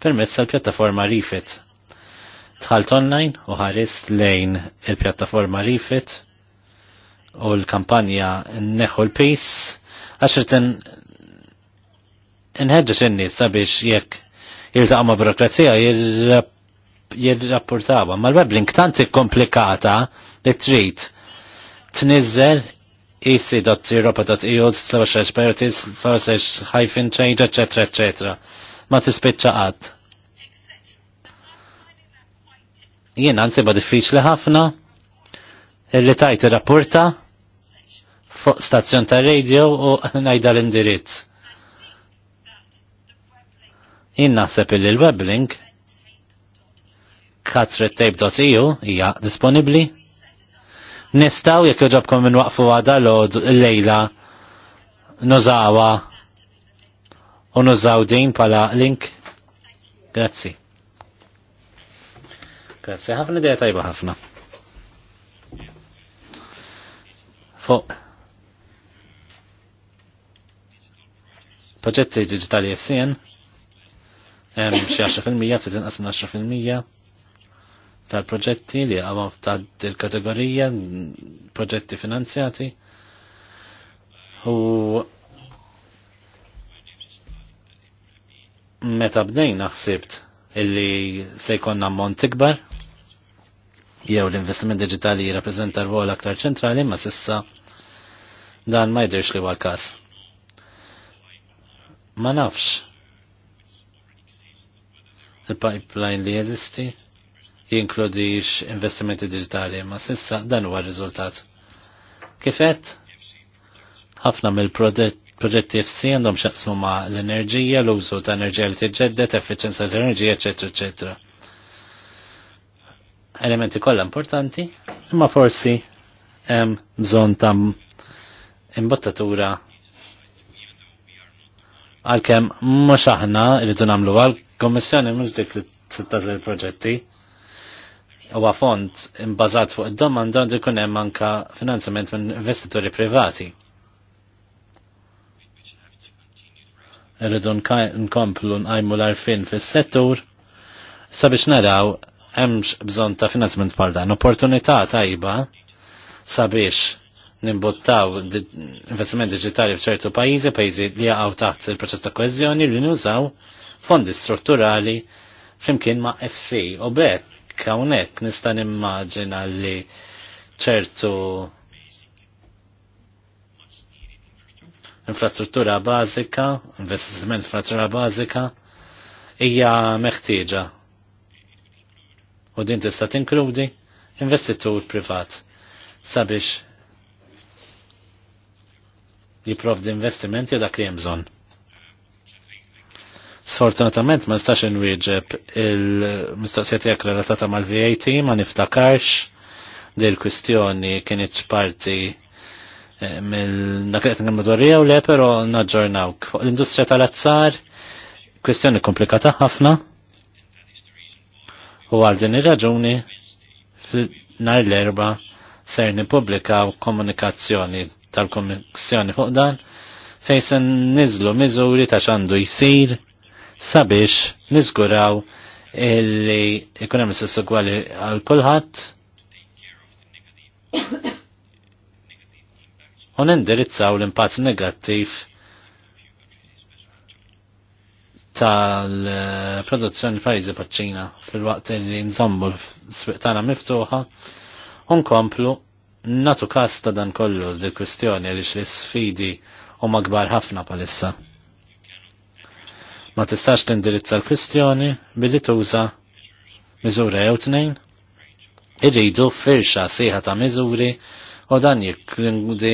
[SPEAKER 4] permezz tal-pjattaforma Refit. Tħalt online u ħares lejn il-pjattaforma Refit u l-kampanja Neħu l-Peace għaxirten nħedġu in-nies sabiex jekk jiltaqgħu ma' burokrazija jirrapportawa. Ma l-weblink tant komplikata li trid nizzel isi.europa.eu e slash expertise slash hyphen change etc. etc. ma tispiċċa qatt. Jien nsiba diffiċli ħafna li tajt rapporta fuq stazzjon ta' radio u najda l-indirizz Inna sepp il web link katrettape.eu hija disponibbli. Nistaw jekk joġobkom minn waqfu għada l-lejla nużawa u nużaw din pala link. Grazzi. Grazzi, ħafna idea tajba ħafna. Fuq. Proġetti digitali FCN xi 10% trid inqas minn 10% tal-proġetti li għamam ta' il-kategorija proġetti finanzjati u meta bdejna ħsibt illi se jkollna ammont ikbar jew l-investiment digitali jirrappreżenta rwol aktar ċentrali ma sissa dan ma jidhirx li huwa l każ. Ma nafx il-pipeline li jeżisti jinkludix investimenti digitali, ma sissa dan huwa r-riżultat. Kifet, ħafna mill-proġetti FC għandhom xaqsmu ma l-enerġija, l-użu ta' enerġija li tiġġeddet, effiċenza l-enerġija, eccetera, eccetera. Elementi kollha importanti, imma forsi hemm bżonn ta' imbottatura għalkemm mhux aħna rridu nagħmlu għal Kommissjoni mhux dik li tittażel proġetti. Huwa fond imbażat fuq id-domanda għandu jkun hemm anke finanzjament minn investituri privati. Irridu nkomplu nqajmu l-arfin fis-settur sabiex naraw hemmx bżonn ta' finanzjament bħal dan. Opportunità tajba sabiex nimbuttaw investiment digitali f'ċertu pajjiżi, pajjiżi li jaqgħu taħt il-proċess ta' koeżjoni li nużaw fondi strutturali flimkien ma' FC u bekk hawnhekk nista' nimmaġina li ċertu infrastruttura bażika, investiment infrastruttura bażika hija meħtieġa. U din tista' tinkludi investitur privat sabiex jiprovdi investimenti u dak li hemm bżonn. Sfortunatament ma nistax inwieġeb il-mistoqsijiet jekk relatata mal-VAT ma niftakarx dil kwistjoni kienieċ parti mill-nakiet n u le, pero naġġornawk. Fuq l-industrija tal-azzar, kwistjoni komplikata ħafna. U għal din ir-raġuni nhar l-erba ser nippubblika komunikazzjoni tal komissjoni fuq dan fejn se niżlu miżuri ta' x'għandu jsir sabiex niżguraw illi ikunem hemm sessu għali għal kulħadd u nindirizzaw l-impatt negattiv tal-produzzjoni pajzi paċċina fil-waqt li nżommu s sbiqtana miftuħa unkomplu natu kasta ta' dan kollu l-kwistjoni li l-sfidi u magbar ħafna palissa ma tistax tindirizza l-kwistjoni billi tuża miżura jew tnejn. Irridu firxa sieħa ta' miżuri u dan jikkludi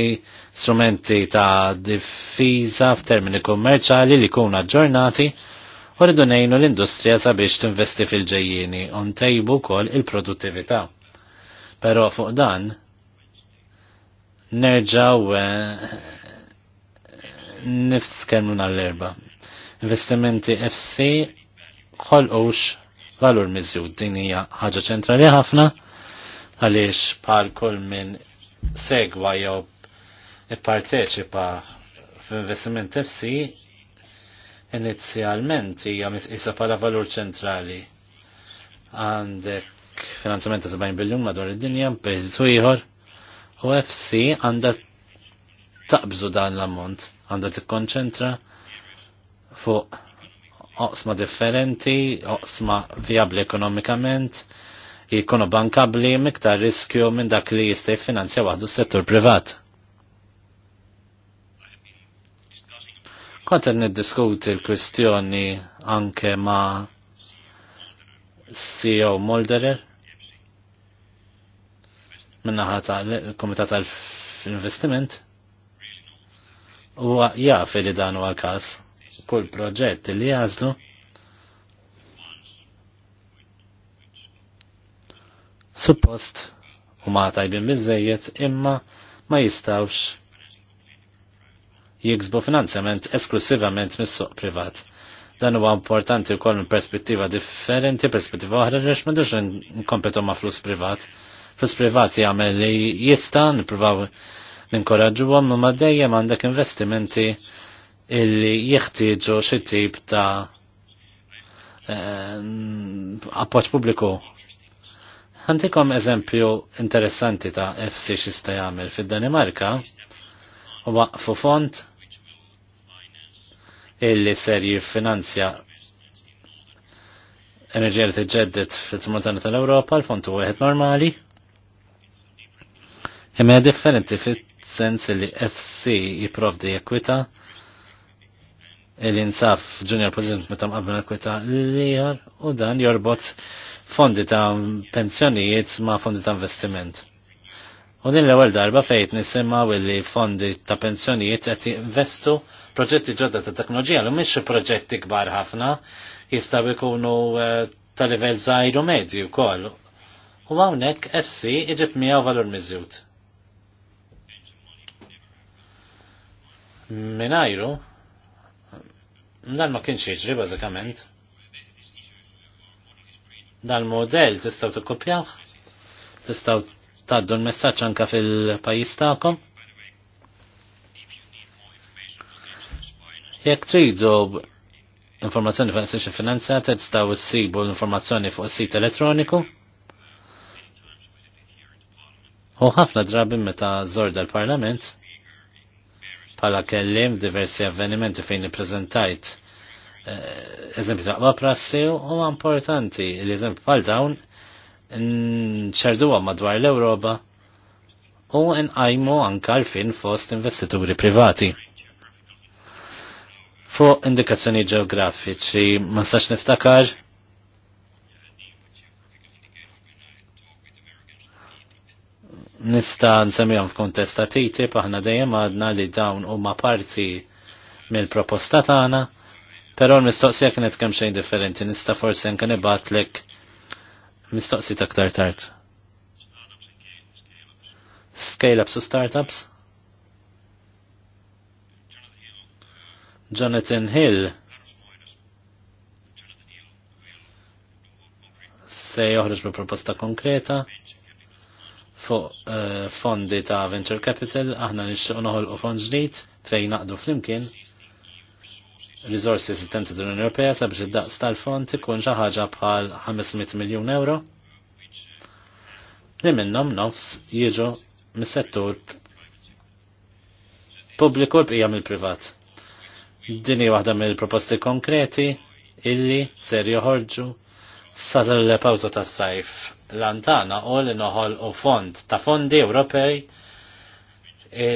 [SPEAKER 4] strumenti ta' diffiża f'termini kummerċali li jkunu aġġornati u rridu ngħinu l-industrija sabiex tinvesti fil-ġejjieni u ntejbu wkoll il-produttività. Però fuq dan nerġaw eh, nifskemmu nal erba investimenti FC ħolqux valur miżjud. Din hija ħaġa ċentrali ħafna għaliex bħal kull minn segwa jew ipparteċipa f'investiment FC inizjalment hija mitqisa bħala valur ċentrali. Għandek finanzjament ta' 70 biljun madwar id-dinja bejtu ieħor u FC għandha taqbżu dan l-ammont, għandha tikkonċentra fuq oqsma differenti, oqsma viabli ekonomikament, jikunu bankabli miktar riskju minn dak li jista' jiffinanzja waħdu settur privat. Kont qed niddiskuti l-kwistjoni anke ma' CEO Molderer minnaħa tal-Komitat tal-Investiment u jaf li dan huwa l-każ kull proġett li jażlu suppost u ma tajbin bizzejiet imma ma jistawx jiksbu finanzjament esklusivament mis-suq privat dan huwa importanti wkoll perspettiva differenti, perspettiva oħra għax m'għandux nkompetu ma' flus privat. Flus privat jagħmel li jista' nippruvaw ninkoraġġuhom imma dejjem għandek investimenti illi jeħtieġu xi tip ta' appoġġ pubbliku. Għandikom eżempju interessanti ta' FC xista jagħmel fid-Danimarka u waqfu font illi ser jiffinanzja enerġija li tiġġedded fit-tramuntana tal-Ewropa, l-font u wieħed normali. Imma differenti fit-sens li FC jipprovdi ekwita l-insaf Junior President meta mqabel kwita liħar u dan jorbot fondi ta' pensjonijiet ma' fondi ta' investiment. U din l-ewwel darba fejt nisimgħu li fondi ta' pensjonijiet qed jinvestu proġetti ġodda ta' teknoloġija li miex proġetti kbar ħafna jistgħu jkunu eh, ta' livell zaħiru u medju wkoll. U hawnhekk FC iġib miegħu valur miżjud. Minajru, Dan ma kienx jiġri bażikament. Dan modell tistgħu tikkupjah? Tistgħu tgħaddu l-messaġġ anke fil-pajjiż tagħkom? Jekk tridu informazzjoni fuq istituzzjoni finanzjata tistgħu issibu l-informazzjoni fuq is-sit elettroniku. U ħafna drabi meta żorda l-Parlament pala kellim diversi avvenimenti fejn ippreżentajt eh, eżempju taqba prassi u importanti li eżempju pal dawn nċerduwa madwar l-Europa u nqajmu anka l-fin fost investituri privati. Fuq indikazzjoni ġeografiċi ma stax niftakar nista nsemmihom f'kuntesta titi TTIP aħna dejjem għadna li dawn huma parti mill-proposta tagħna, però l-mistoqsija kienet kemm xejn differenti, nista' forsi anke nibatlek mistoqsi aktar tard. Scale-ups u startups? Jonathan Hill se joħroġ bi proposta konkreta fuq uh, fondi ta' venture capital, aħna nixxu noħolqu fond ġdid fejn naqdu flimkien Resources esistenti dell-Unjoni Ewropea sabiex id-daqs tal-fond ikun xi ħaġa bħal 500 miljun euro li minnhom nofs jiġu mis-settur pubbliku bqija mill-privat. Dini waħda mill-proposti konkreti illi ser joħorġu sal-pawza tas sajf lantana u li noħol u fond ta' fondi Ewropej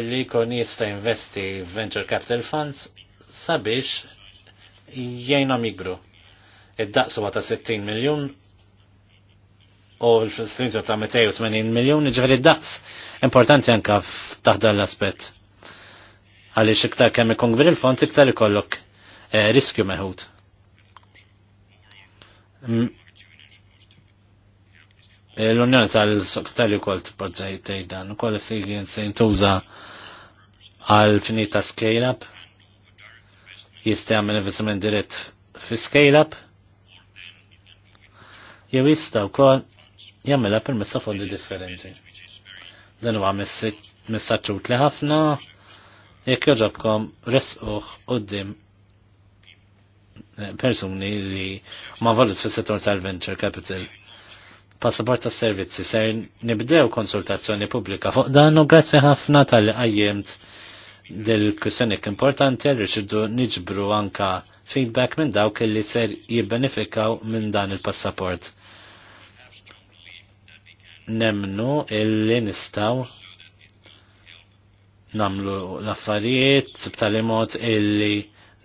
[SPEAKER 4] li kon jista' investi venture capital funds sabiex jgħinhom jikbru. id daqsu ta' 60 miljun u l-flintu ta' 280 miljon, ġveri daqs importanti anka taħda l-aspet. Għalix iktar kemm ikun kbir il-font, iktar ikollok eh, riskju meħud l-unjoni tal-soktali kol t t tejdan, u kol f-sigin se jintuża għal finita scale-up, jista għamil investiment dirett fi scale-up, jew jista u kol jammela per messa fondi differenti. Dan huwa messaċċut li ħafna, jekk joġobkom resquħ d-dim persuni li ma valut fis-settur tal-venture capital passaport tas servizzi ser nibdew konsultazzjoni pubblika fuq dan u grazzi ħafna tal-li qajjimt dil-kwissjonik importanti li rridu niġbru anka feedback minn dawk li ser jibbenefikaw minn dan il-passaport. Nemnu illi nistaw namlu l-affarijiet b'tali mod illi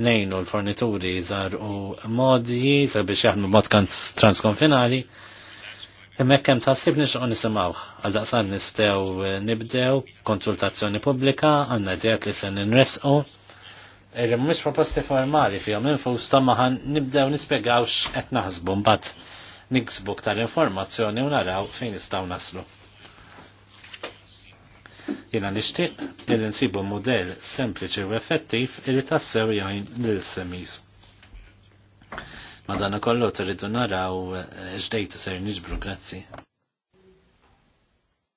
[SPEAKER 4] nejnu l-fornituri zar u modji sabiex jaħmu mod transkonfinali. -trans Hemmhekk hemm tħassib nixtieq nisimgħu għal daqsan nistew eh, nibdew konsultazzjoni pubblika għandna idejat li se nresqu. Illi mux proposti formali fihom infusta stammaħan nibdew nispjegaw x'qed naħsbu mbagħad niksbu tal informazzjoni u naraw fejn nistgħu naslu. Jiena nixtieq illi nsibu mudell sempliċi u effettiv illi tassew jgħin lil semis Madonna kollu t-ridu naraw ġdejt eh, ser nġbru, grazzi.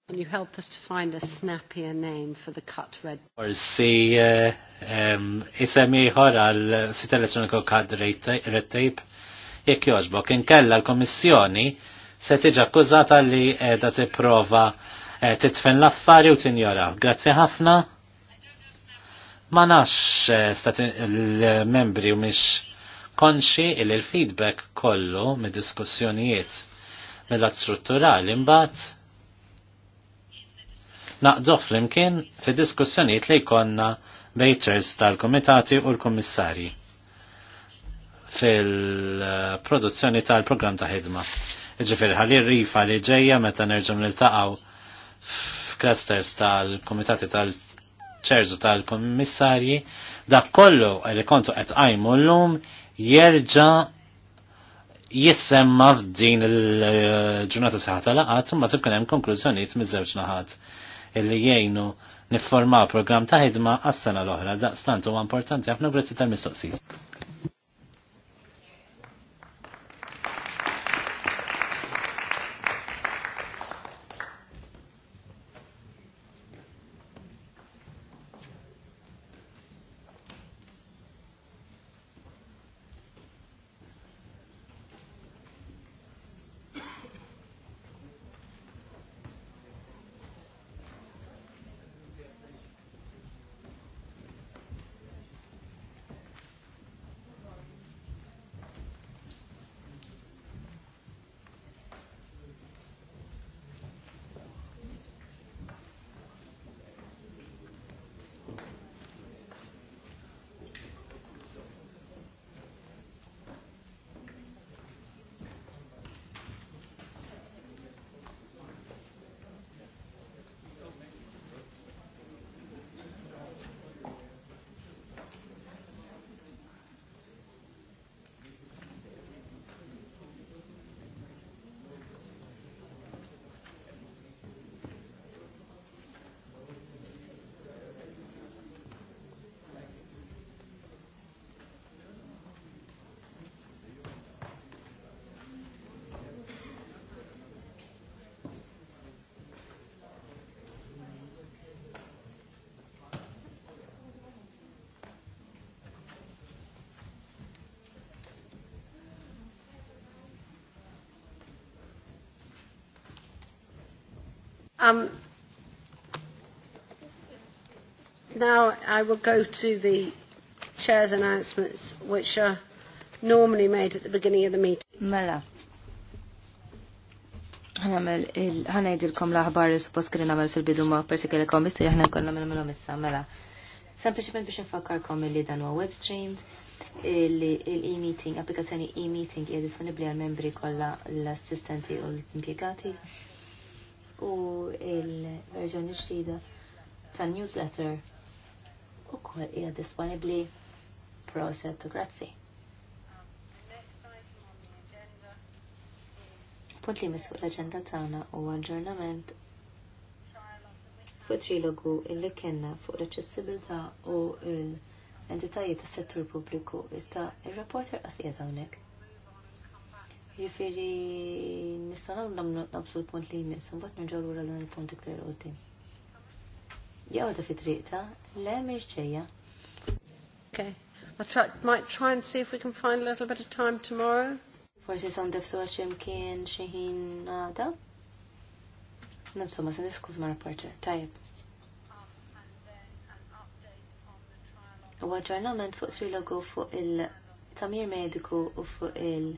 [SPEAKER 3] Can you help us to find a snappier name for the cut red?
[SPEAKER 4] Or si eh, ħora l-sit elektroniko cut red tape, jekk kien inkella l-Komissjoni se tiġi akkużata li edha tipprova eh, titfen l-affari u tinjora. Grazzi ħafna. Ma nafx l-membri u miex konxi il il-feedback kollu mid diskussjonijiet mill-att strutturali mbagħad naqdof flimkien fi diskussjonijiet li jkollna bejters tal-komitati u l komissari fil-produzzjoni tal-programm ta' ħidma. Iġifir, ħalli rifa li ġeja meta nerġu nil-taqaw f'clusters tal-komitati tal-ċerżu tal-kommissarji, dak kollu li kontu qed għajmu l-lum jerġa jissemma f'din il-ġurnata saħħa tal-laqat imma tibkun hemm konklużjonijiet miż-żewġ naħat illi jgħinu nifformaw programm ta' ħidma għas-sena l-oħra daqstant huwa importanti ħafna grazzi tal-mistoqsijiet.
[SPEAKER 3] Um, now I will go to the
[SPEAKER 1] chair's announcements, which are normally made at the beginning of the meeting.
[SPEAKER 2] Mela. Għanamel, ħanajdilkom l-ħabar li suppost kien namel fil-bidu ma' persi kellekom, bissi ħana kollha minn minnhom issa, mela. Sempliċement biex nfakkarkom li dan huwa web streamed, il e meeting applikazzjoni e-meeting hija disponibbli għal membri kollha l-assistenti u l-impjegati il-verżjoni ġdida ta' newsletter u kol hija disponibli proset grazzi. Punt li misfuq l-agenda tagħna huwa aġġornament fuq trilogu illi kienna fuq l-aċċessibilità u l-entitajiet tas-settur pubbliku iżda ir reporter qasija hawnhekk. Jifiri, nistanaw nabsu l-punt li jmiss, mbatt nerġaw l-għura dan il-punt iktar għoddi. Jgħoda fit fitriqta, le miex ċeja. Okay, I try, might try and see if we can find a little bit of time tomorrow. Forsi son defsu għaxem kien xeħin għada. Nabsu ma s diskuż ma rapporter, tajib. U għadġarnament fuq trilogu fuq il-tamir mediku u fuq il-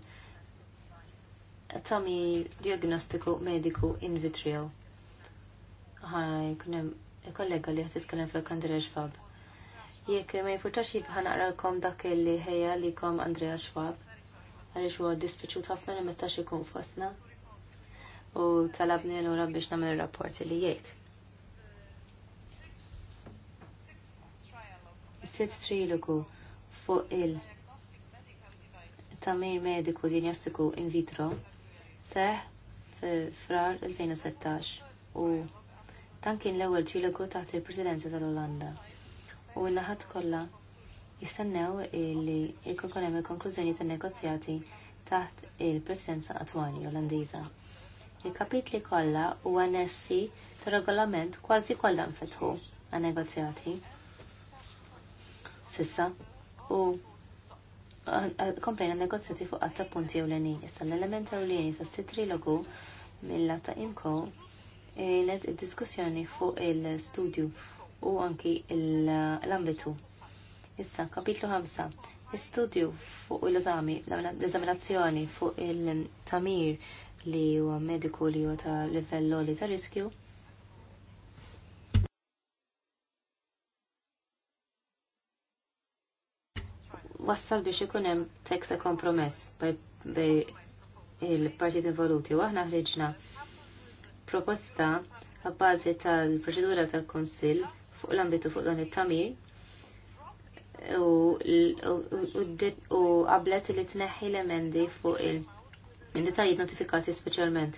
[SPEAKER 2] tammi diagnostiku mediku in vitrio. Għaj, kunem kollega li għat titkellem fl andrea Schwab. Jek, ma jifutax jibħan għaralkom dak li ħeja li kom Andrea Schwab, Għalli xwa dispiċu ħafna li mistax ikun fosna. U talabni l biex namel il-rapport li jgħid. Sitt trilogu fuq il-tamir mediku diagnostiku in vitro seħ frar 2016 u dan kien l-ewwel ċiliku taħt il-Presidenza tal-Olanda. U n-naħat kollha jistennew li jkun hemm il-konklużjoni tan-negozjati taħt il-Presidenza attwali Olandiża. Il-kapitli kollha u annessi tar-regolament kważi kollha nfetħu għan-negozjati. Sissa, u komplejna negozjati fuq għatta punti ewleni. Issa l-element ewleni sa' s-sitri trilogu mill ta' imko led id-diskussjoni fuq il-studju u anki l-ambitu. Issa, kapitlu 5. Istudju fuq l ozami l-eżaminazzjoni fuq il-tamir li huwa mediku li huwa ta' livell li ta' riskju wassal biex ikun hemm ta' kompromess bej il-partit involuti u aħna ħriġna proposta għabbażi tal-proċedura tal-Konsil fuq l-ambitu fuq dan it-tamir u għablet li tneħħi l-emendi fuq il-detalji notifikati speċjalment.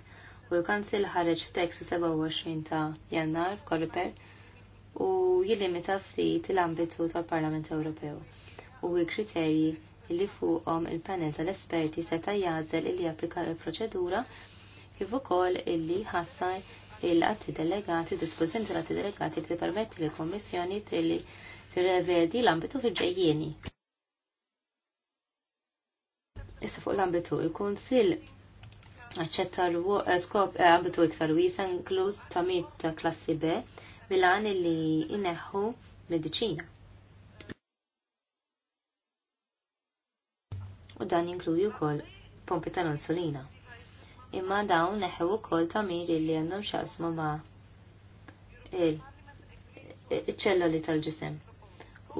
[SPEAKER 2] U l-Kansil ħareġ f'tekst fil-27 ta' jannar f'Koriper u jillimita ftit l-ambitu tal-Parlament Ewropew u l-kriterji li fuqhom il-panel tal-esperti seta' jagħżel illi japplika l-proċedura kif ukoll illi ħassar il-atti delegati, dispożizzjoni tal-atti delegati li permetti lill kommissjoni li tirrevedi l-ambitu fil-ġejjieni. Issa fuq l-ambitu, il-Kunsill aċċetta eh, skop eh, ambitu iktar wisa inkluż tamir ta' klassi B bil-għan li ineħħu mediċina. u dan jinkludi wkoll pompi tal-insulina. Imma dawn neħew ukoll tamiri li għandhom xaqsmu ma' il-ċelloli tal-ġisem.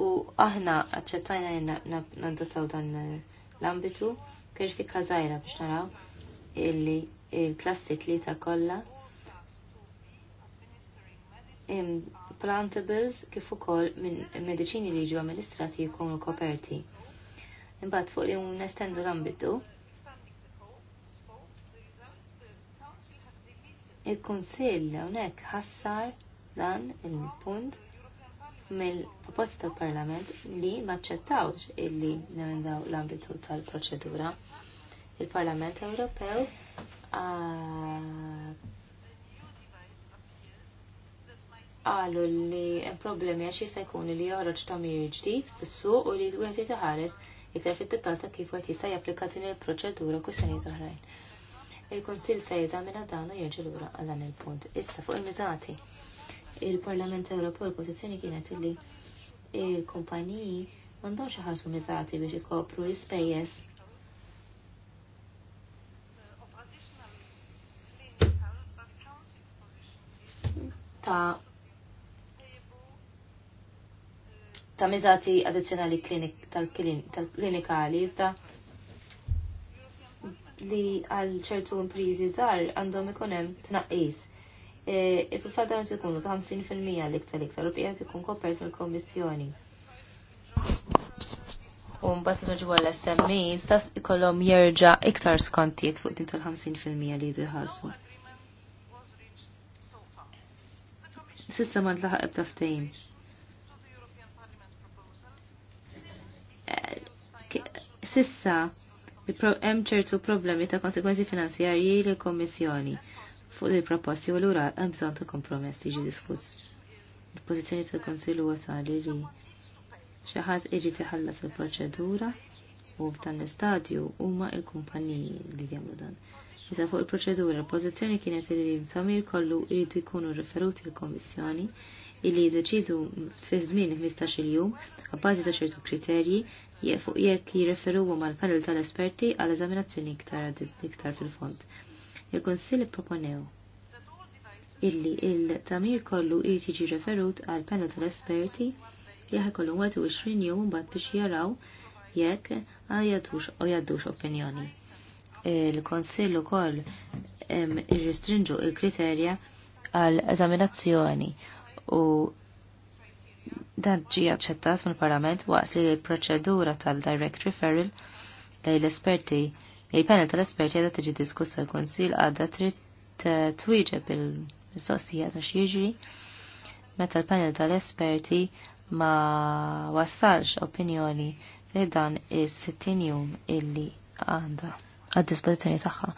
[SPEAKER 2] U aħna aċċettajna naddataw dan l-ambitu kiex fi kazajra biex naraw illi il-klassi tlita kollha plantables kif ukoll minn mediċini li jiġu amministrati jkunu koperti imbagħad fuq li nestendu l-ambitu. Il-Kunsill hawnhekk ħassar dan il-punt mill-proposta tal-Parlament li maċċettawx illi nemendaw l-ambitu tal-proċedura. Il-Parlament Ewropew għalu ah, li problemi għax jista' jkun li joħroġ tamir ġdid fis-suq u li wieħed jitaħares iktar fid-dettal ta' kif qed jista' japplika din il-proċedura kwistjonijiet oħrajn. Il-Kunsill se jeżamina dan u jerġa' lura għal dan il-punt. Issa fuq il-miżati. Il-Parlament Ewropew il-pożizzjoni kienet illi il-kumpaniji m'għandhomx iħarsu miżati biex ikopru l-ispejjeż ta' ta' mizati addizzjonali tal-klinikali, ta' li għal ċertu imprizi żgħar għandhom ikun hemm tnaqqis. E, e, fil-fatt dawn ikunu ta' 50% l-iktar iktar u bqiegħed ikun kopert mill-Kommissjoni. U mbagħad niġu għal SMEs ta' ikollhom jerġa' iktar skontiet fuq din tal-50% li jdu jħarsu. Sissa ma tlaħaq ebda Sissa, hemm ċertu problemi ta' konsekwenzi finanzjarji li l-Kommissjoni fuq il-proposti u l-ura hemm bżonn ta' kompromess jiġi diskuss. Il-pożizzjoni tal-Konsill huwa li xi ħadd iġi iħallas il-proċedura u f'dan l-istadju huma l-kumpaniji li jagħmlu dan. Iżda fuq il-proċedura, l pożizzjoni kienet li l-tamir kollu jridu jkunu referuti l-Kommissjoni illi jiddeċidu fi żmien 15-il jum għabbażi ta' ċertu kriterji fuq jekk jirreferuhom mal panel tal-esperti għal eżaminazzjoni iktar iktar fil-fond. il konsil proponew illi il-tamir kollu irid jiġi referut għal panel tal-esperti li ħajkollu 20 jum bat biex jaraw jekk għajadux o jaddux opinjoni. il u koll irristrinġu il-kriterja għal eżaminazzjoni u dan ġi aċċettat mill-Parlament waqt li l-proċedura tal-direct referral lej l-esperti lej panel tal-esperti għadha tiġi diskussa l-Konsil għadha trid eh, twieġeb il-mistoqsija ta' x'jiġri meta l-panel tal-esperti ma wassalx opinjoni fi dan is-60 jum illi għandha għad-dispożizzjoni tagħha.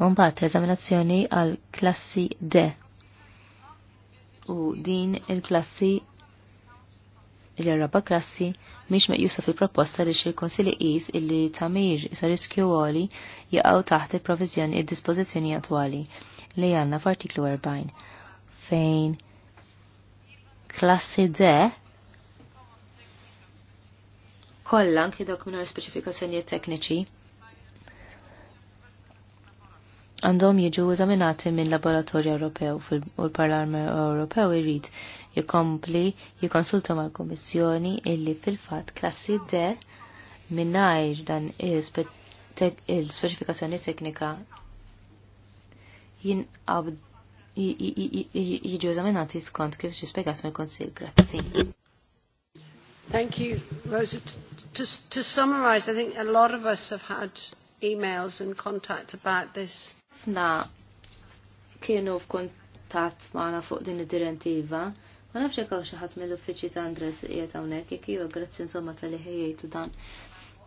[SPEAKER 2] Mbagħad eżaminazzjoni għal klassi D u din il-klassi il-raba klassi miex meqjusa fil-proposta li xil-konsili qis illi tamir sa riskju għoli jaqaw taħt il-provizjoni il dispozizjoni attwali li għanna f'artiklu 40 fejn klassi D kollan kidok minor specifikazzjoni tekniċi għandhom jiġu eżaminati minn laboratorju Ewropew u l-Parlament Ewropew irrid jikompli jikonsulta mal kommissjoni illi fil-fatt klassi D minnajr dan il-speċifikazzjoni teknika jiġu eżaminati skont kif xi mill-Konsil. Grazzi.
[SPEAKER 3] Thank you, Rosa. To, to summarize, I think a lot of us have had
[SPEAKER 2] emails and contact about this ħafna kienu f'kuntatt magħna fuq din id-direttiva. Ma nafx jekk hawn xi ħadd mill-uffiċċji ta' Andres li qiegħed hawnhekk jekk jew iva, grazzi insomma tal-li ħejjejtu dan.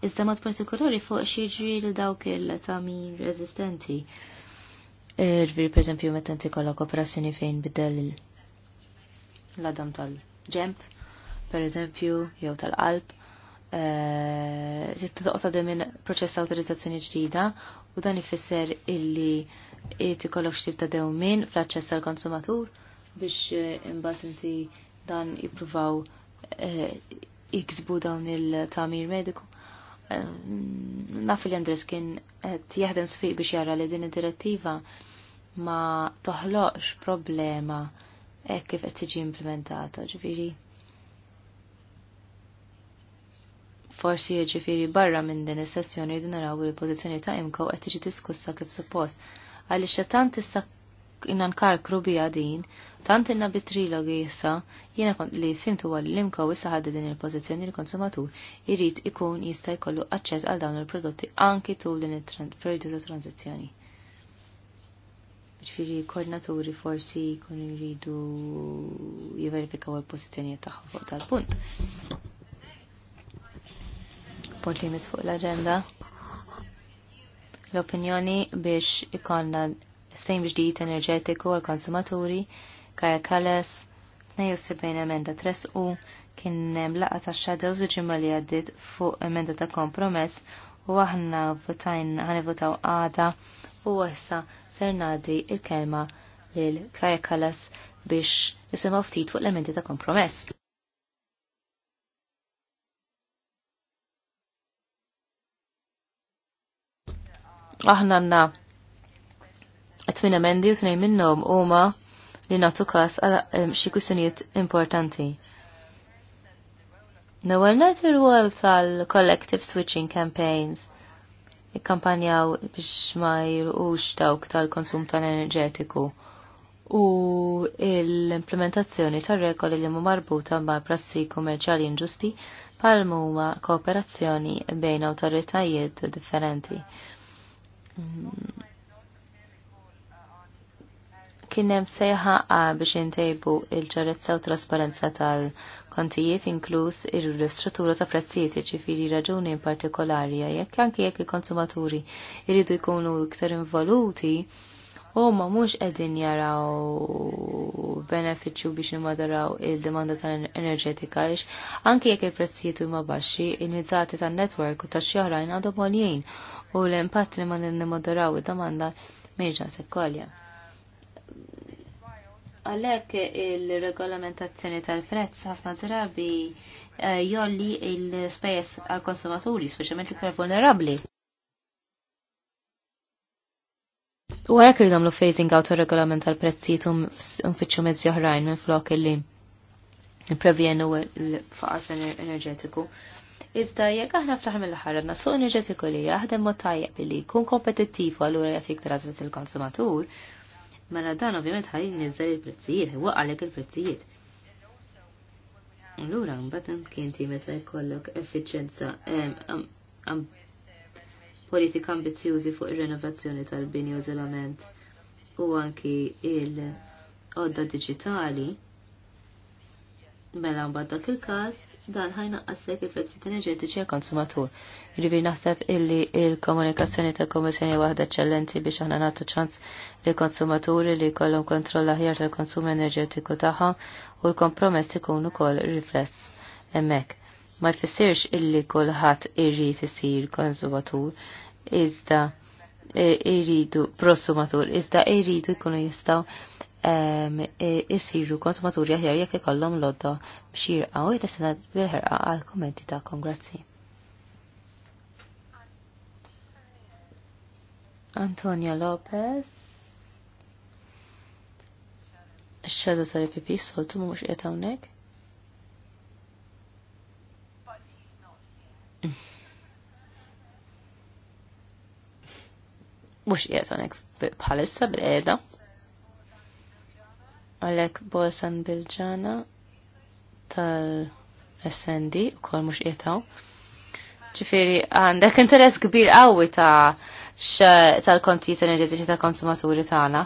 [SPEAKER 2] Iżda mod partikolari fuq xi ġri li dawk il-tamin reżistenti. Ġviri per meta inti kollok operazzjoni fejn bidel l-adam tal-ġemp, per jew tal-qalb, Zitta eh, toqta minn proċess autorizzazzjoni ġdida u dan ifisser illi ti kollok xtib ta' dewmin fl-aċċess għal konsumatur biex eh, imbagħad inti dan jippruvaw eh, jiksbu dawn il-tamir mediku. Eh, naf li Andres kien qed jaħdem sfiq biex jara li din id-direttiva ma toħloqx problema hekk kif qed tiġi implementata, ġifieri forsi jiġifieri barra minn din is-sessjoni jridu naraw li pożizzjoni ta' imkow qed tiġi diskussa kif suppost. Għaliex xi tant issa inna nkarkru bija din, tant inna bitrilogi issa, jiena kont li fimtu għal l-imkow issa ħaddi din il-pożizzjoni l-konsumatur irrid ikun jista' jkollu aċċess għal dawn il-prodotti anki tul din il-periodu ta' tranzizzjoni. Ġifieri koordinaturi forsi jkunu jridu jiverifikaw il-pożizzjonijiet tagħhom fuq tal-punt il li mis fuq l-agenda. L-opinjoni biex ikonna sejm ġdijt enerġetiku għal-konsumaturi, Kaja Kalles, 72 emenda 3 u kien laqa ta' shadows ġimma li għaddit fuq emenda ta' kompromess u aħna votajn votaw għada u għessa sernadi il-kelma lil Kaja Kalles biex jisimaw ftit fuq l emenda ta' kompromess. Aħna għanna għatmin emendi u snej minnom huma li natu kas għala xi importanti. Nawel net ir-rwol tal-collective switching campaigns ikkampanjaw biex ma jirqux dawk tal-konsum tal-enerġetiku u l-implementazzjoni tar-regoli li huma marbuta ma' prassi kummerċjali inġusti pal huma kooperazzjoni bejn awtoritajiet differenti kienem sejħa biex intejbu il-ġarezza u trasparenza tal-kontijiet inkluż il istruttura ta' prezzijiet ċifiri raġuni in partikolari jekk anki jekk il-konsumaturi jridu jkunu iktar involuti huma mhux qegħdin jaraw benefiċċju biex nimoderaw il-demanda tal-enerġetika għax anke jekk il-prezzijiet huma baxxi, il-mizzati tan-netwerk u tax-xi oħrajn għadhom għoljin u l-impatt li ma nimoderaw id-domanda mhijiex naħseb Għalhekk il-regolamentazzjoni tal-prezz ħafna drabi eh, jolli il-spejjeż għall-konsumaturi, speċjalment l kar vulnerabbli. U għajak li damlu phasing out u regolament tal-prezzijiet un fitxu mezzi oħrajn minn flok illi prevjenu l-faqar enerġetiku. Iżda jekk aħna fl-ħar mill-ħar għandna enerġetiku li jaħdem mod tajja li jkun kompetittiv allura jagħtik trażlet il-konsumatur, mela dan ovvjament ħalli niżel il-prezzijiet, għalek il-prezzijiet. Allura mbagħad kien meta jkollok effiċenza politika ambizjużi fuq ir-renovazzjoni tal-bini u żolament u anki il-qodda diġitali. Mela mbagħad dak il-każ dan ħajnaqqaslek il-prezzijiet enerġetiċi għal konsumatur. Jiġifieri naħseb illi il-komunikazzjoni tal-Kummissjoni waħda eċċellenti biex aħna nagħtu ċans li konsumaturi li jkollhom kontroll aħjar tal-konsum enerġetiku tagħha u l-kompromess ikun ukoll rifless hemmhekk. Ma jfissirx illi kulħadd irrid isir konsumatur iżda e, irridu prosumatur, iżda irridu jkunu jistaw e, isiru konsumaturi aħjar jekk ikollhom lodda b'xirqa u jitessena bil-ħerqa għal kommenti ta' kongrazzi. Antonia Lopez Ix-xedu tal-PP soltu mhux qed hawnhekk. mux jietanek bħalissa bil-eda. Għalek Bosan bil-ġana tal-SND u kol mux jietaw. ċifiri, għandek interess kbir għawi ta' tal-kontijiet enerġetiċi ta' konsumaturi tagħna.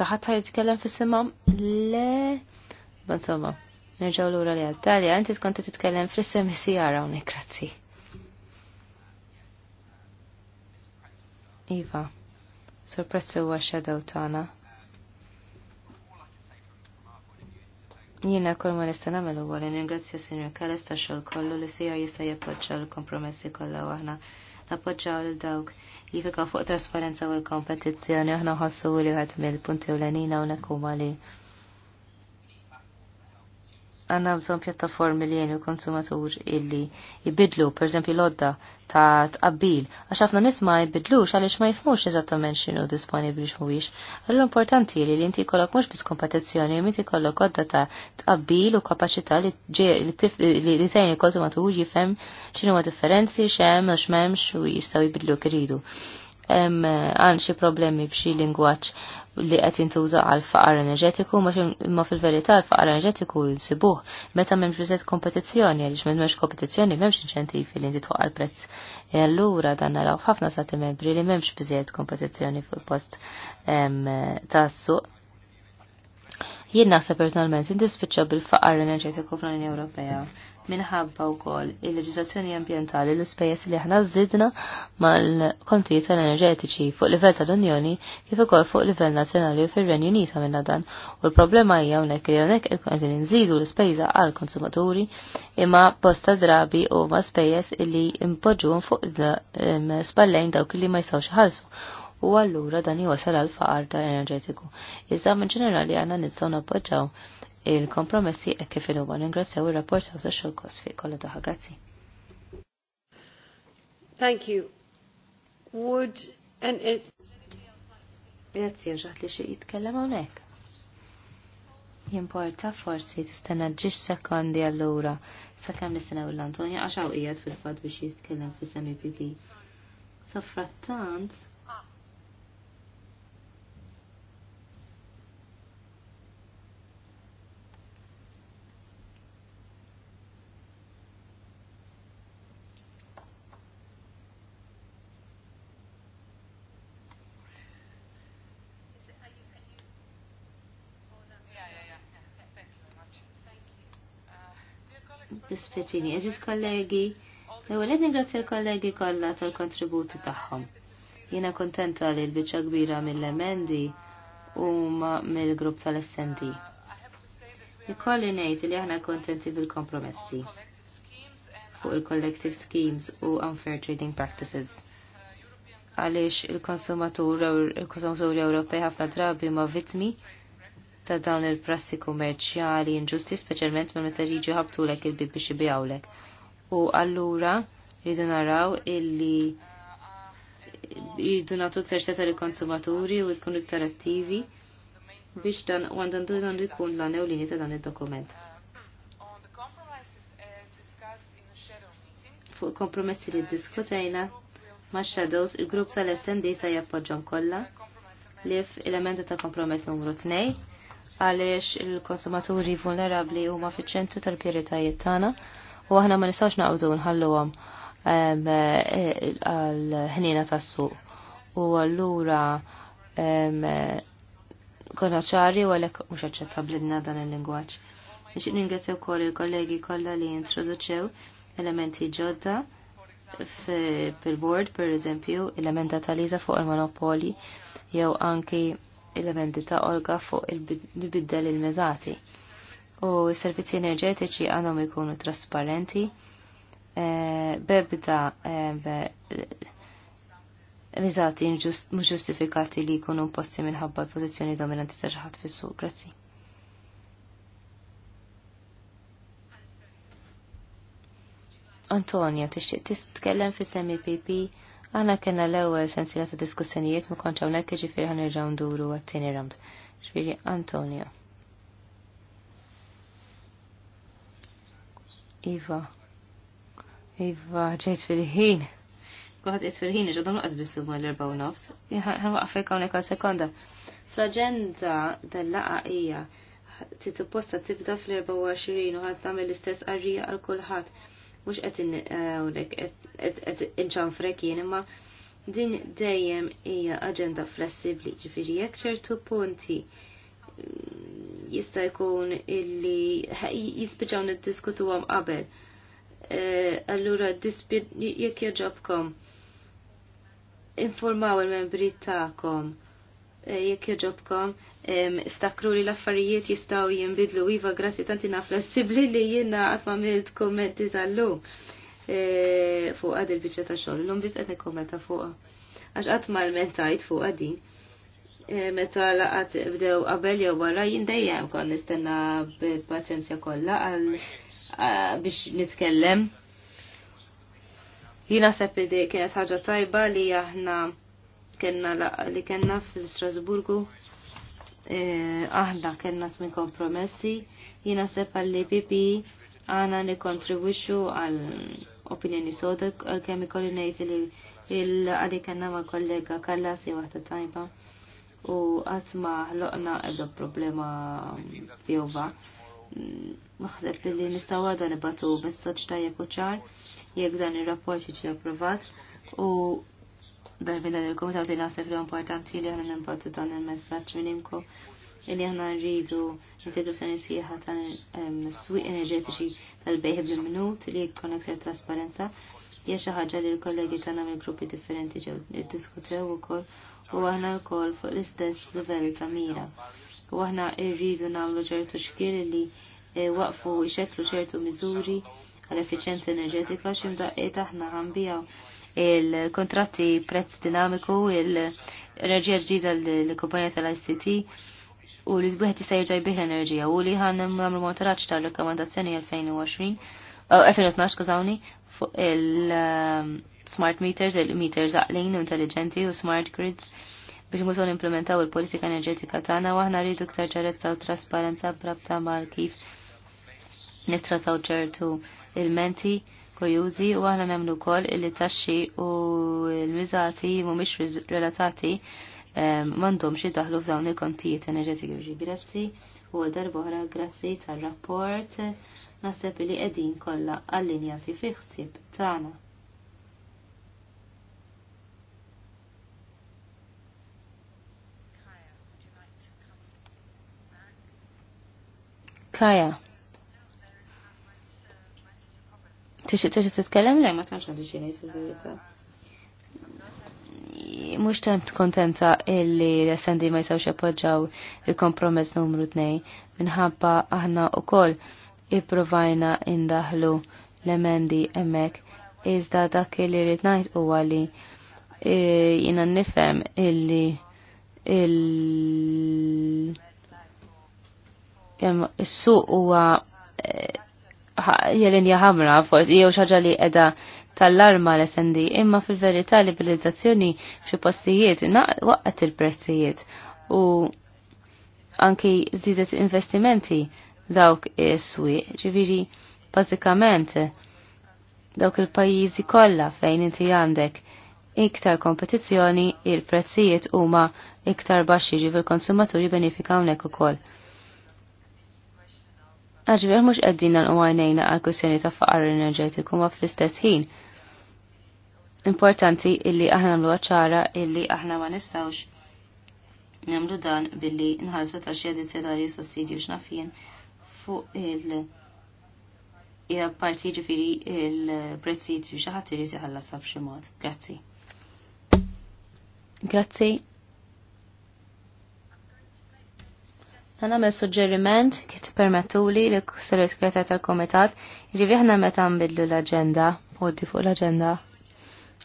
[SPEAKER 2] ċaħat ħaj jitkellem f'issimam, simam Le, ma nerġaw l-ura li għal-talja, inti tkun titkellem fis-semi sijara unik, grazzi. Iva, sorpressu huwa xedew tagħna. Jina kol ma nistan nagħmel huwa għalin, ingrazzja Sinjor Kalles ta' xogħol kollu li sejjer jista' jappoġġa l-kompromessi kollu għahna. Nappoġġa nappoġġaw lil dawk jifika fuq trasparenza u l-kompetizzjoni aħna ħassu li ħadd mill-punti u l-għanina u nekkum li għanna bżon pjattaformi li jenju konsumatur illi jibidlu, per eżempju lodda ta' tqabbil, għax ħafna nisma jibidlux għaliex ma jifmux eżattament x'inhu disponibli x'mhuwiex. Allura importanti li inti jkollok mhux biss kompetizzjoni, imma inti kollok għodda ta' tqabbil u kapaċità li tgħin il-konsumatur jifhem x'inhu ma differenzi, x'hemm u x'm'hemmx u jistgħu jibidlu kridu. Hemm eh, għan xi problemi b'xi lingwaġġ li qed jintuża għal faqar enerġetiku imma fil-verità l-faqar enerġetiku jinsibuh meta m'hemmx biżed kompetizzjoni għaliex m'hemmx kompetizzjoni m'hemmx inċentivi li inti tħoqar prezz. E allura dan naraw ħafna sati membri li m'hemmx biżed kompetizzjoni fuq post tas-suq. Jien naħseb personalment indispiċċa bil-faqar enerġetiku fl-Unjoni Ewropea minħabba wkoll il leġizazzjoni ambjentali l-ispejjeż li aħna żidna mal-kontijiet enerġetiċi fuq livell tal-Unjoni kif ukoll fuq livell nazzjonali u fir-Renju Unita minna dan. U l-problema hija hawnhekk li hawnhekk il-kontin inżidu l-ispejża għall-konsumaturi imma bosta drabi huma spejjeż li impoġġuhom fuq spallejn dawk li ma jistgħux ħalsu u allura dan jwasal għal faqar ta' enerġetiku. Iżda minn ġenerali għanna nistgħu nappoġġaw il-kompromessi e kif il-huma ningrazzjaw ir-rapport għaw ta' xogħol fi kollha taħ grazzi. Thank you. Would and it e- Grazzi ġaħt li xie jitkellem għonek. Jimporta forsi tistenna ġiex sekondi allura sakemm nistennew l-Antonja għax hawn qiegħed fil-fatt biex jitkellem fis-semi PP. Soffrattant, ċittadini. Eżis kollegi, l-ewwel qed ningrazzja l-kollegi kollha tal-kontributi tagħhom. Jiena kontenta li l-biċċa kbira mill-emendi u mill-grupp tal-SND. Ikolli ngħid li aħna kontenti bil-kompromessi fuq il-collective schemes u unfair trading practices għaliex il-konsumatur il-konsumatur Ewropej ħafna drabi ma' vitmi ta' dawn il-prassi kummerċjali inġusti, speċjalment ma' meta jiġu ħabtulek il-bib biex ibjawlek. U allura rridu naraw illi rridu natu iktar seta' lill-konsumaturi u jkunu iktar attivi biex dan għandandu għandu jkun l-għanew l ta' dan il-dokument. Fuq kompromessi li diskutajna ma' Shadows, il-grupp tal-SND sa' jappoġġom kollha lif il-emenda ta' kompromess numru 2 għaliex il-konsumaturi vulnerabli huma fiċ-ċentru tal-prijoritajiet tagħna u aħna ma nistgħux naqbdu nħalluhom ehm, e, għal-ħnina tas-suq. U allura ehm, e, konna ċari u għalek mux aċċettabli dan il-lingwaċ. Nixin ningrazzjaw kol il-kollegi kolla li introduċew elementi ġodda fil-board, per eżempju, elementa tal-iza fuq il-monopoli, jew anki elementi ta' olga fuq il-biddel il-mezati. U s-servizzi enerġetiċi għandhom ikunu trasparenti, e, bebda e, mizati mhux ġustifikati li jkunu imposti minħabba l-pożizzjoni dominanti ta' xi ħadd fis-suq. Grazzi. Antonio, tixtieq titkellem fis-semi Għana kena l-ewel sensila ta' diskussjonijiet ma konċa unek ġifir għan irġaw nduru għattini ramt. Ġifiri Antonio. Iva. Iva, ġejt fil-ħin. Għad jt fil-ħin, ġodom laqas bissu ma l-erba u nofs. Għan waqfek għonek għal sekonda. Fl-agenda dal-laqa ija titupposta tibda fl erba u għad tamil l-istess għarrija għal kulħadd mux qed eh, inċanfrek jien imma din dejjem hija aġenda flessibbli ġifieri jekk ċertu punti mm, jista' jkun illi jispiċaw niddiskutu għam qabel. Eh, allura jekk jaġobkom informaw il-membri ta'kom. Eh, jekk joġobkom iftakru li l-affarijiet jistaw jinbidlu iva grassi tanti naf sibli li jina għatmamilt kommenti tal-lum eh, fuq għad il-bicċa ta' xogħol. L-lum bis qed kommenta fuqha. Għax qatt ma l-mentajt fuq għaddi. Eh, meta laqat bdew qabel jew wara jien dejjem kon nistenna bil-paċenzja għal biex nitkellem. Jina sepp kienet ħaġa tajba li aħna kena li kena fil-Strasburgu e, aħna kena tmi kompromessi jina sepa li pipi għana li kontribuxu għal opinjoni soda għal kemm ikolli ngħid li il għali kena ma' kollega kalla si waħda tajba u għatma ħloqna edha problema fjuba. Maħseb li nistaw għada nibatu messaċ tajjeb u ċar jek dan il-rapport jiġi approvat u b'dan il-kumitat li naħseb li importanti li aħna nimpozzu dan il-messaġġ minn imkom illi aħna rridu integrazzjoni ta' tal-swieq enerġetiċi tal-bejħ bil-minut li jkun aktar trasparenza hija xi ħaġa li l-kollegi tagħna mill-gruppi differenti ġew iddiskutew ukoll u aħna wkoll fuq l-istess livell ta' mira. U aħna rridu nagħmlu ċertu xkir li eh, waqfu jxekklu ċertu miżuri għall efficienza enerġetika e aħna għambijaw il-kontratti prezz dinamiku, il-enerġija ġdida l-kumpanija tal-ICT u li zbuħet jista' jirġa jbih l-enerġija u li ħan għamlu monitoraġġ ta' rekomandazzjoni 2020 2012 skużawni fuq il-smart um, meters, il-meters aqlin u intelligenti u smart grids biex mużon implementaw il-politika enerġetika tagħna u aħna rridu iktar ċarezza u trasparenza brabta mal kif nittrataw ċertu il-menti kojużi u aħna nagħmlu wkoll illi taxxi u l mu mhumiex relatati ehm, m'għandhomx daħlu f'dawn il-kontijiet enerġetiċi. Grazzi u għal darbohra grazzi tar-rapport naħseb li qegħdin kollha għallinjati fiħsib ħsieb tagħna. Kaja. tixtieq terġa' titkellem lej ma tantx għandi xi ngħid fil-verità. Mhux tant kontenta illi l-SND ma jsawx appoġġaw il-kompromess numru tnej minħabba aħna wkoll ipprovajna indaħlu l-emendi hemmhekk iżda dak li rrid ngħid huwa li e, jiena nifem illi il-suq huwa e, jelinja ħamra forsi jew xaġa li qiegħda tal-arma l-SND imma fil-verità liberalizzazzjoni f'xi postijiet waqgħet il-prezzijiet u anki żidet investimenti dawk is-swieq. Ġifieri bażikament dawk il-pajjiżi kollha fejn inti għandek iktar kompetizzjoni il-prezzijiet huma iktar baxxi ġifil konsumaturi benefika hawnhekk ukoll Għaxver mux għaddina l-għajnejna għal kussjoni ta' faqar enerġetiku ma fl-istess ħin. Importanti illi aħna mlu ċara illi aħna ma nistawx namlu dan billi nħarsu ta' xie addizjonali sussidju xnafjen fuq il- il-parti ġifiri il-prezzijiet xi ħadd irid iħallas b'xi mod. Grazzi. Grazzi. me suġġeriment kif permettuli li s-sir sekretar tal-komitat ġivi ħna meta nbidlu l-agenda, poddi fuq l-agenda.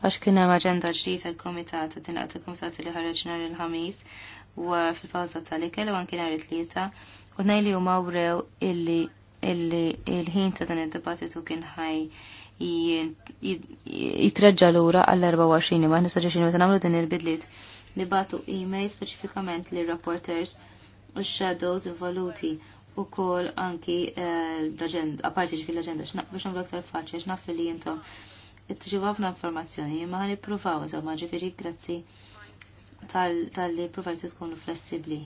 [SPEAKER 2] Għax kien hemm agenda ġdid tal-komitat, din għat komitat li ħareġ nhar il-ħamis u fil pawza tal-ikel u anke nhar it-tlieta. U li huma wrew illi illi il-ħin ta' dan id-dibattitu kien ħaj jitreġġa lura għall-24 ma' nistaġġi ta nagħmlu din il-bidliet. Nibatu mail speċifikament lir rapporters u x-shadows involuti u kol anki eh, l-agenda, għaparti ġifir l-agenda, biex nagħmlu aktar faċli, x'naf li jintom it għafna ħafna informazzjoni, ma ħani provaw, insomma, ġifiri grazzi tal-li provajtu tkunu flessibli.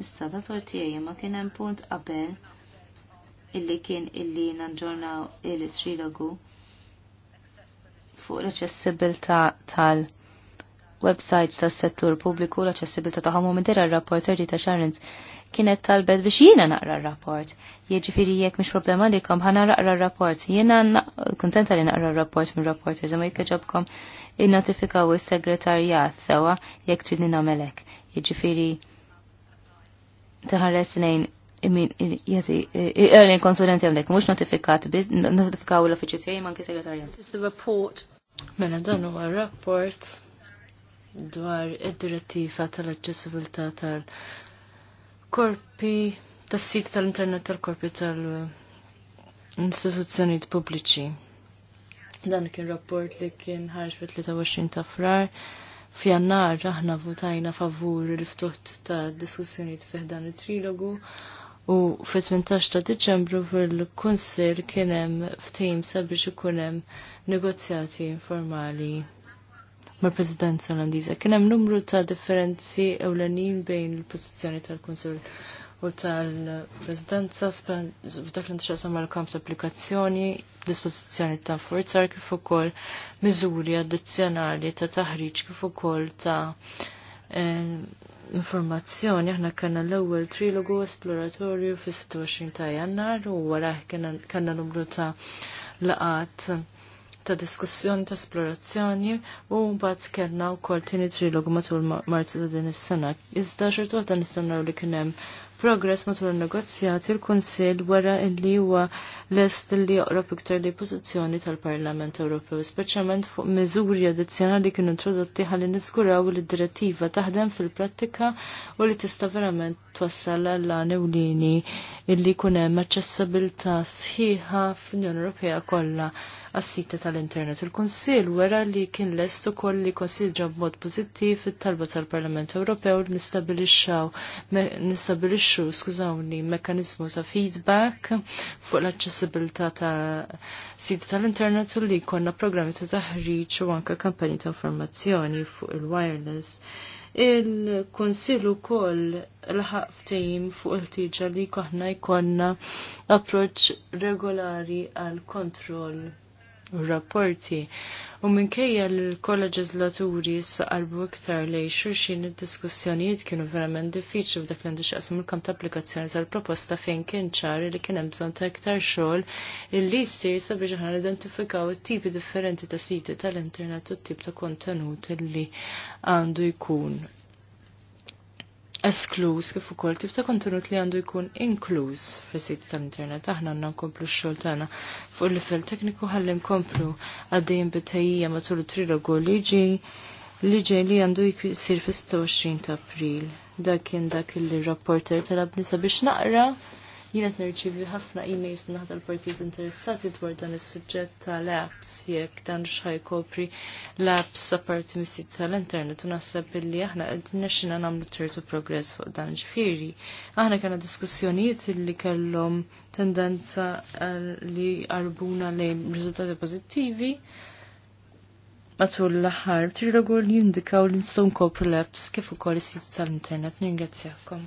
[SPEAKER 2] Issa, ta' tortijaj, ma kien hemm punt qabel illi kien illi nanġornaw il-trilogu fuq l-accessibilta tal-. Ta websites tas settur pubbliku l-aċċessibilità tagħhom u minn rapport rapporter ta' Sharens kienet talbet biex jiena naqra r-rapport. Jiġifieri jekk mhix problema li kom ħana naqra r-rapport. Jiena kuntenta li naqra r-rapport minn rapporters imma jekk ġobkom innotifikaw is-segretarjat sewa jekk tridni nagħmel hekk. Jiġifieri taħares lejn min jazi, lejn konsulenti għamlek, mux notifikat, notifikaw l-offiċi tiegħi manki segretarjat. Mela dan huwa rapport
[SPEAKER 3] dwar id-direttiva tal-aċċessibilità tal-korpi tas-sit tal-internet tal-korpi tal-istituzzjonijiet pubbliċi. Dan kien rapport li kien ħarġ fit-23 ta' frar. Fjannar aħna votajna favur il-ftuħt ta' diskussjonijiet fih dan it-trilogu u fit-18 ta' Diċembru fil kunsir kien hemm ftehim sabiex ikun hemm negozjati informali mal-Presidenza Olandiża. Kien hemm numru ta' differenzi ewlenin bejn il-pożizzjoni tal konsul u tal-Presidenza f'dak li ntixaqsam mal-kamp applikazzjoni, dispożizzjoni ta' forzar kif ukoll miżuri addizzjonali ta' taħriġ kif ukoll ta' eh, informazzjoni, aħna kellna l-ewwel trilogu esploratorju fis-26 ta' Jannar u wara kanna numru ta' laqat ta' diskussjoni ta' esplorazzjoni u mbagħad kellna wkoll tieni trilogu matul Marzu ta' din is-sena. Iżda xorta waħda nistgħu naraw li kien hemm progress matul in negozjati il-Kunsill wara li huwa lest li joqrob iktar li pożizzjoni tal-Parlament Ewropew, speċjalment fuq miżuri addizzjonali kienu introdotti ħalli niżguraw li d-direttiva taħdem fil-prattika u li tista' verament twassal għall ewlieni illi jkun hemm aċċessibilità sħiħa fl-Unjoni Ewropea kollha għas-sita tal-internet. Il-Konsil wera li kien lest ukoll li konsidra b'mod pożittiv it-talba tal-Parlament Ewropew nistabilixxaw nistabilixxu skużawni mekkaniżmu ta' feedback fuq l-aċċessibilità ta' sita tal-internet u li jkollna programmi ta' taħriġ u anke kampanji ta' informazzjoni fuq il-wireless il-konsilu kol l-ħaftim fuq il-tiġa li koħna jkonna approċ regolari għal kontroll rapporti. U minkejja l s qalbu iktar li xurxin id-diskussjonijiet kienu verament diffiċli f'dak l-għandu xaqsam il-kamp ta' applikazzjoni tal-proposta fejn kien ċar li kien hemm bżonn ta' iktar xogħol li jsir sabiex aħna identifikaw it-tipi differenti ta' siti tal-internet u t-tip ta' kontenut li għandu jkun esklus kif ukoll tip ta' kontenut li għandu jkun inkluż fis-sit tal-internet. Aħna għandna nkomplu x-xogħol tagħna fuq il-livell tekniku ħalli nkomplu għaddejjin bitejjija matul trilogu li ġi li ġej li għandu jsir fis-26 ta' April. Dak kien dak il-rapporter tal-abnisa biex naqra Jienet nerċivi ħafna e-mails minn ħadd il-partijiet interessati dwar dan is-suġġett tal-apps jekk dan x'ħaj kopri l-apps apparti mis-sit tal-internet u naħseb billi aħna qed nexxina nagħmlu tertu progress fuq dan ġifieri. Aħna kellna diskussjonijiet li kellhom tendenza li arbuna lejn riżultati pożittivi matul l-aħħar trilogu li jindikaw l-instone kopri l-apps kif ukoll is-sit tal-internet. Ningrazzjakom.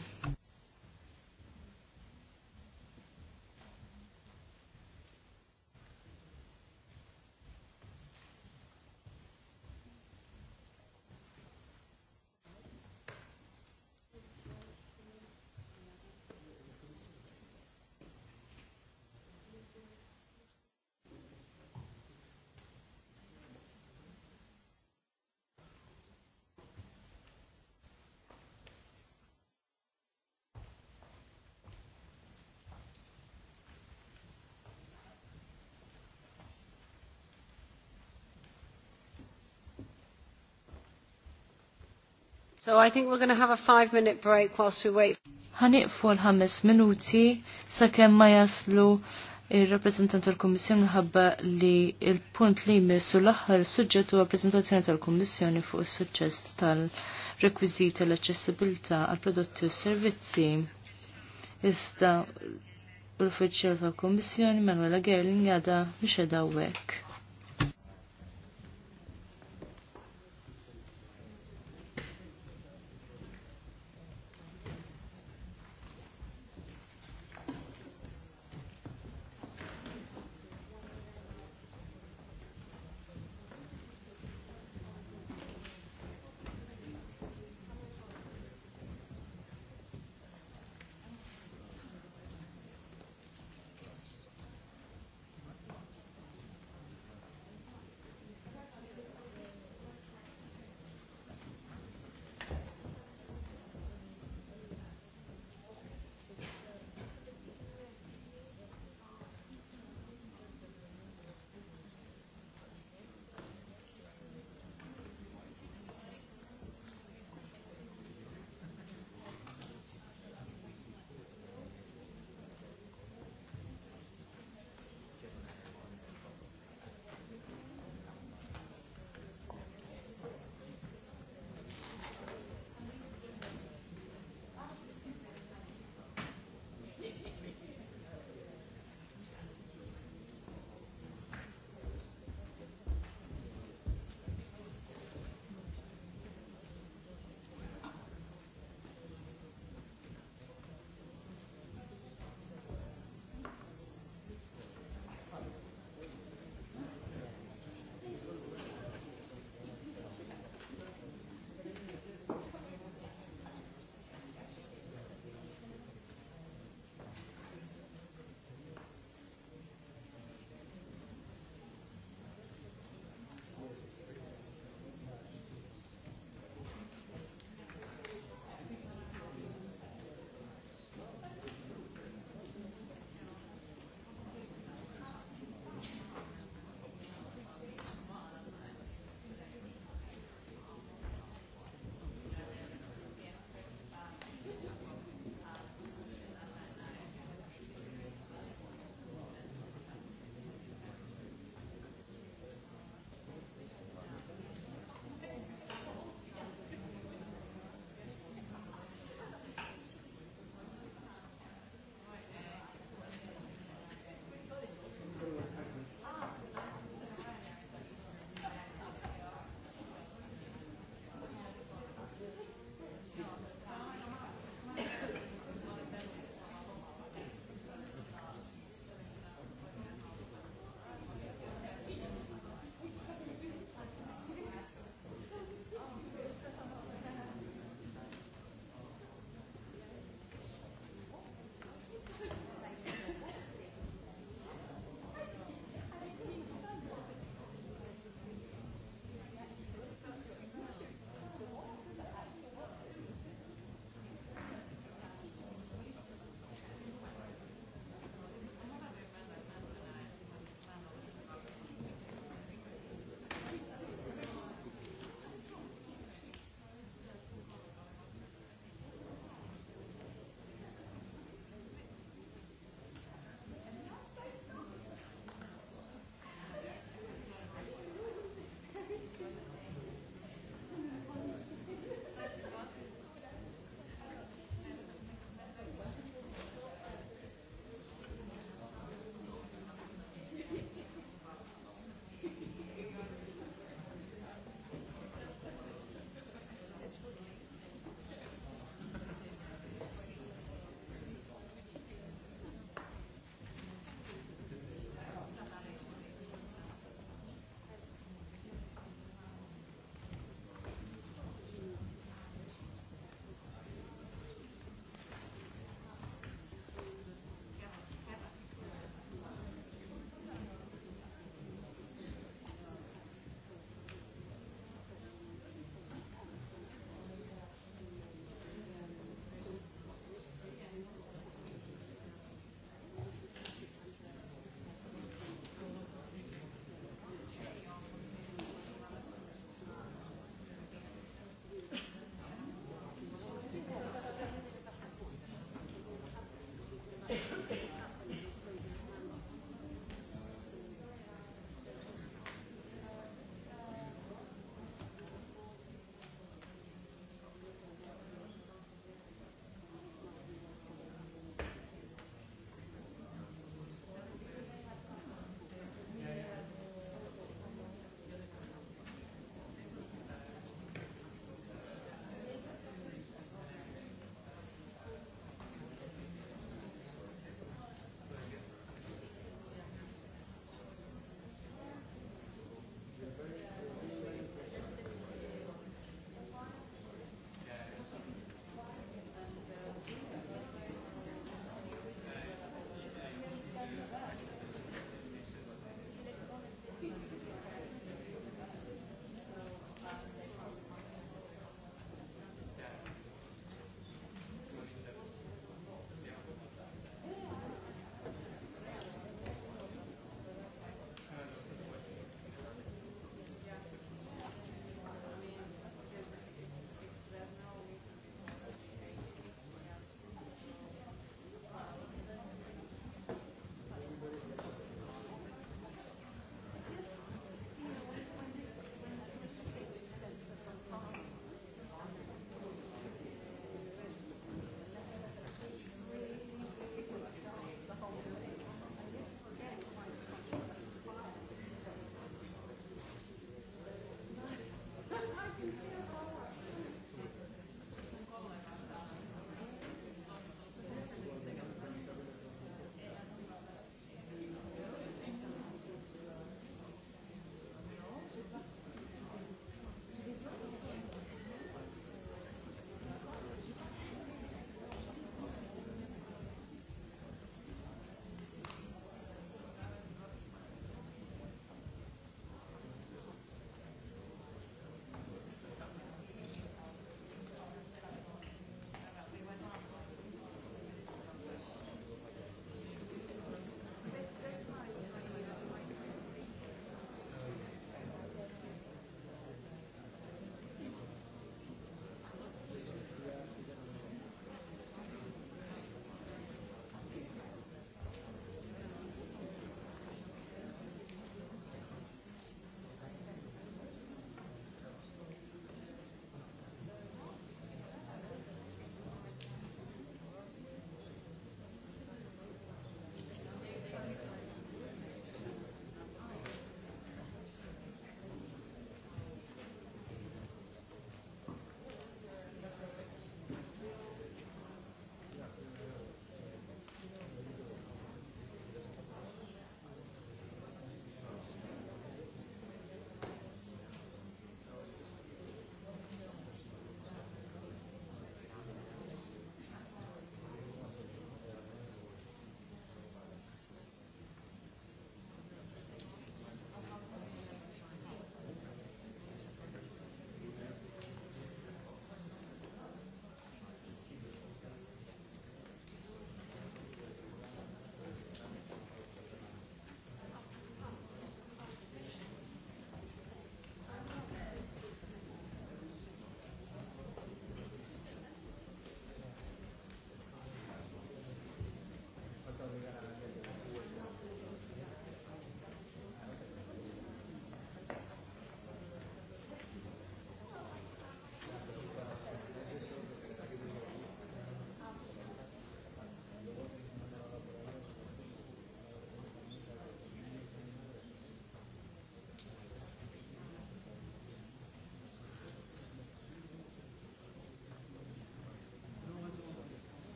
[SPEAKER 3] So I think we're going to have a five minute break whilst we wait. Ħaniqfu l-ħames minuti sakemm ma jaslu il-rappresentant tal-Kommissjoni ħabba li il-punt li jmissu l-aħħar suġġett huwa preżentazzjoni tal-Kommissjoni fuq is-suċċess tal-rekwiżiti l-aċċessibilità għal prodotti u servizzi. Iżda l-uffiċjal tal-Kommissjoni Manuela Gerling għada mhix hekk.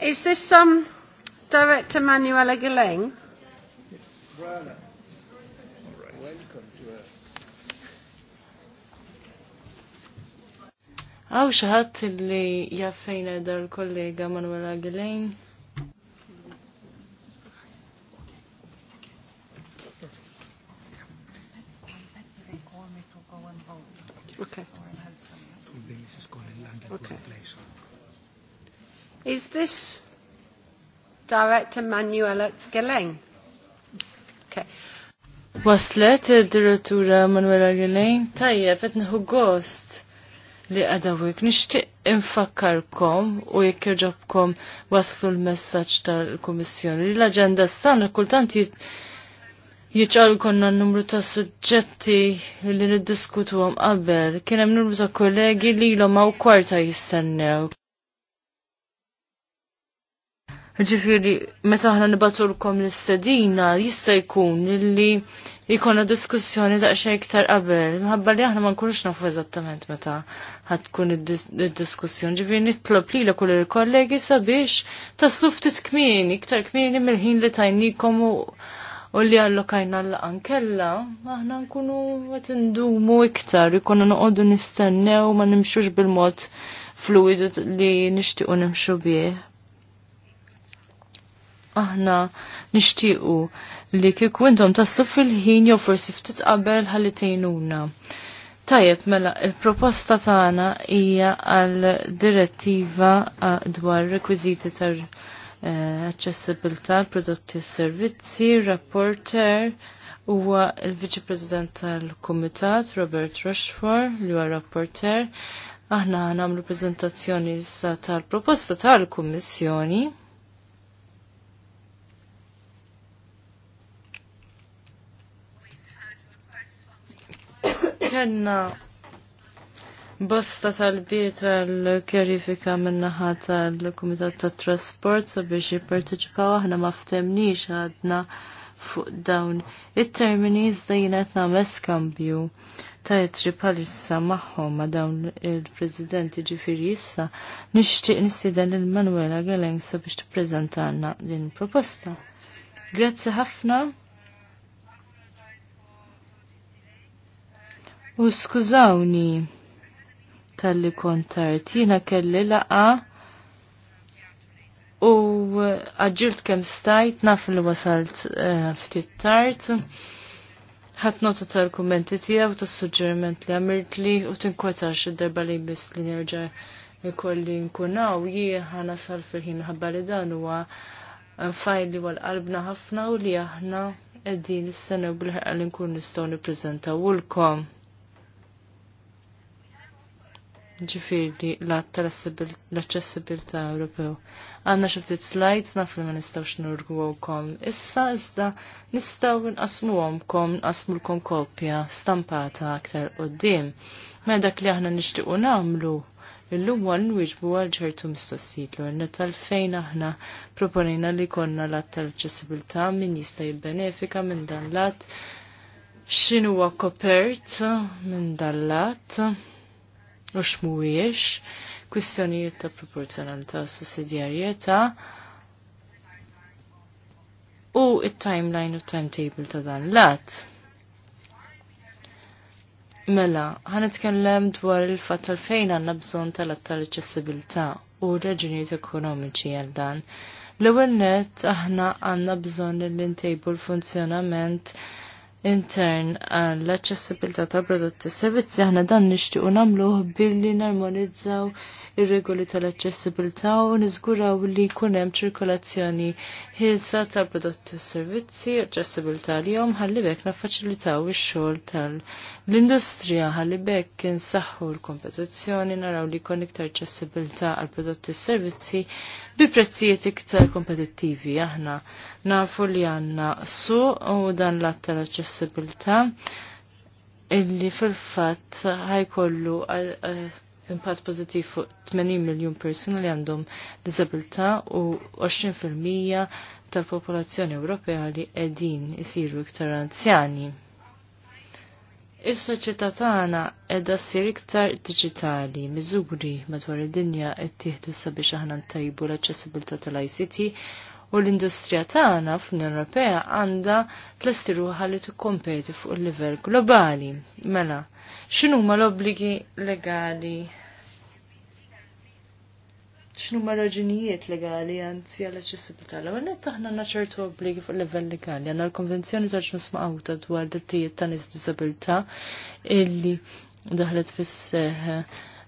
[SPEAKER 1] Is this um, Director Manuela Gilling? Yes. Welcome to a
[SPEAKER 3] Oh, xaħat li jaffejna dar kollega Manuela Gilejn.
[SPEAKER 1] this Director
[SPEAKER 3] Manuela Geleng? Okay. Waslet id-direttura eh, Manuela Geleng? Tajjeb, etniħu gost li għadawik. Nishtiq infakkarkom u jekk irġobkom waslu l-messagġ tal-Komissjoni. L-agenda stan kultant jiċal konna n-numru ta' suġġetti li niddiskutu għom qabel. Kienem numru ta' kollegi li l-om għaw kwarta jistennew. Ġifiri, meta ħna nibatulkom l-istedina, jista' jkun illi jikonna diskussjoni daqsxejn iktar qabel. Mħabba li aħna ma nkunux nafu eżattament meta ħatkun id-diskussjoni. Ġifiri nitlob li kull il-kollegi sabiex taslu ftit kmieni, iktar kmieni mill-ħin li tajnikom u U li għallokajna l-laqan kella, aħna nkunu għatindumu iktar, ikonna nuqoddu nistennew ma nimxux bil-mod fluidu li nishtiqu nimxu bieħ aħna nixtiequ li kieku intom taslu fil-ħin jew forsi ftit qabel ħalli tgħinuna. Tajjeb, mela, il-proposta tagħna hija għal direttiva dwar rekwiżiti tar e, accessibilità għal prodotti u servizzi, rapporter huwa il-Viċi President tal-Kumitat Robert Rushford li huwa rapporter. Aħna nagħmlu prezentazzjoni tal proposta tal tal proposta tal kummissjoni għanna bosta tal-biet għal-kjerifika minnaħa tal-Komitat ta' Trasport sabiex jipparteċipaw aħna ma ftemniex għadna fuq dawn it-termini iżda na nagħmel skambju ta' jitri palissa magħhom ma' dawn il-Presidenti ġifieri issa nixtieq nistieden lil Manuela Galeng sabiex prezentanna din proposta. Grazzi ħafna. U skużawni tal-li kontart, jina kelli laqa u għagġilt kem stajt, naf li wasalt eh, ftit tart, ħat nota tal-kommenti tijaw, tas-suġġeriment li għamirt li u tinkwetax id-darba li bis li nerġa' ikolli nkunaw jieħa nasal fil-ħin ħabba li dan huwa eh, fajli għal qalbna ħafna u li aħna qegħdin nistennew bil-ħarqa li u nistgħu kom ġifiri l-att tal-accessibilità Ewropew. Għanna xiftit slides naf li ma nistawx nurgu għawkom. Issa iżda nistaw nqasmu għomkom, nqasmu l-kom kopja stampata aktar qoddim. Ma dak li aħna nishtiqu namlu Illum għal nwiġbu għal ċertu mistoqsijiet l tal-fejn aħna proponina li konna l-att tal-accessibilità min jista' jibbenefika minn dan l-att x'inhuwa kopert minn dallat mux x'mhuwiex, kwistjonijiet ta' proporzjonalità u sussidjarjetà u it-timeline u timetable ta' dan lat. Mela, itkellem dwar il-fatt tal-fejn għandna bżonn tal-aċċessibilità u r-reġinijiet ekonomiċi għal dan. L-ewwel net aħna għandna bżonn l-intejbu l-funzjonament l intable l funzjonament intern għall-aċċessibilità ta' prodotti servizzi aħna dan nixtiequ nagħmluh billi narmonizzaw ir-regoli tal-aċċessibilità u niżguraw li jkun hemm ċirkolazzjoni ħilsa tal-prodotti u servizzi aċċessibilità li jom ħalli bekk naffaċilitaw ix-xogħol tal-industrija ħalli bekk insaħħu l-kompetizzjoni naraw li jkun iktar aċċessibilità għal prodotti u servizzi bi prezzijiet iktar kompetittivi aħna nafu li għandna su u dan l-att tal-aċċessibilità illi fil-fatt ħajkollu eh, eh, impatt pozittiv fuq 80 miljon persuna li għandhom disabilità u 20% tal-popolazzjoni Ewropea li qegħdin isiru iktar anzjani. Is-soċjetà tagħna qiegħda ssir iktar diġitali, miżuri madwar id-dinja qed tieħdu sabiex aħna ntajbu l-aċċessibilità tal-ICT u l-industrija tagħna fl Ewropea għandha tlesti ruħa li tikkompeti fuq il-livell globali. Mela, x'inhu ma l-obbligi legali? X'inhu ma raġunijiet legali anzi għal aċċessibilità l ewwel nett aħna għandna ċertu obbligi fuq il livell legali għandna l-Konvenzjoni ta' ġnus maqawta dwar dettijiet ta' nies b'diżabilità illi daħlet fis-seħħ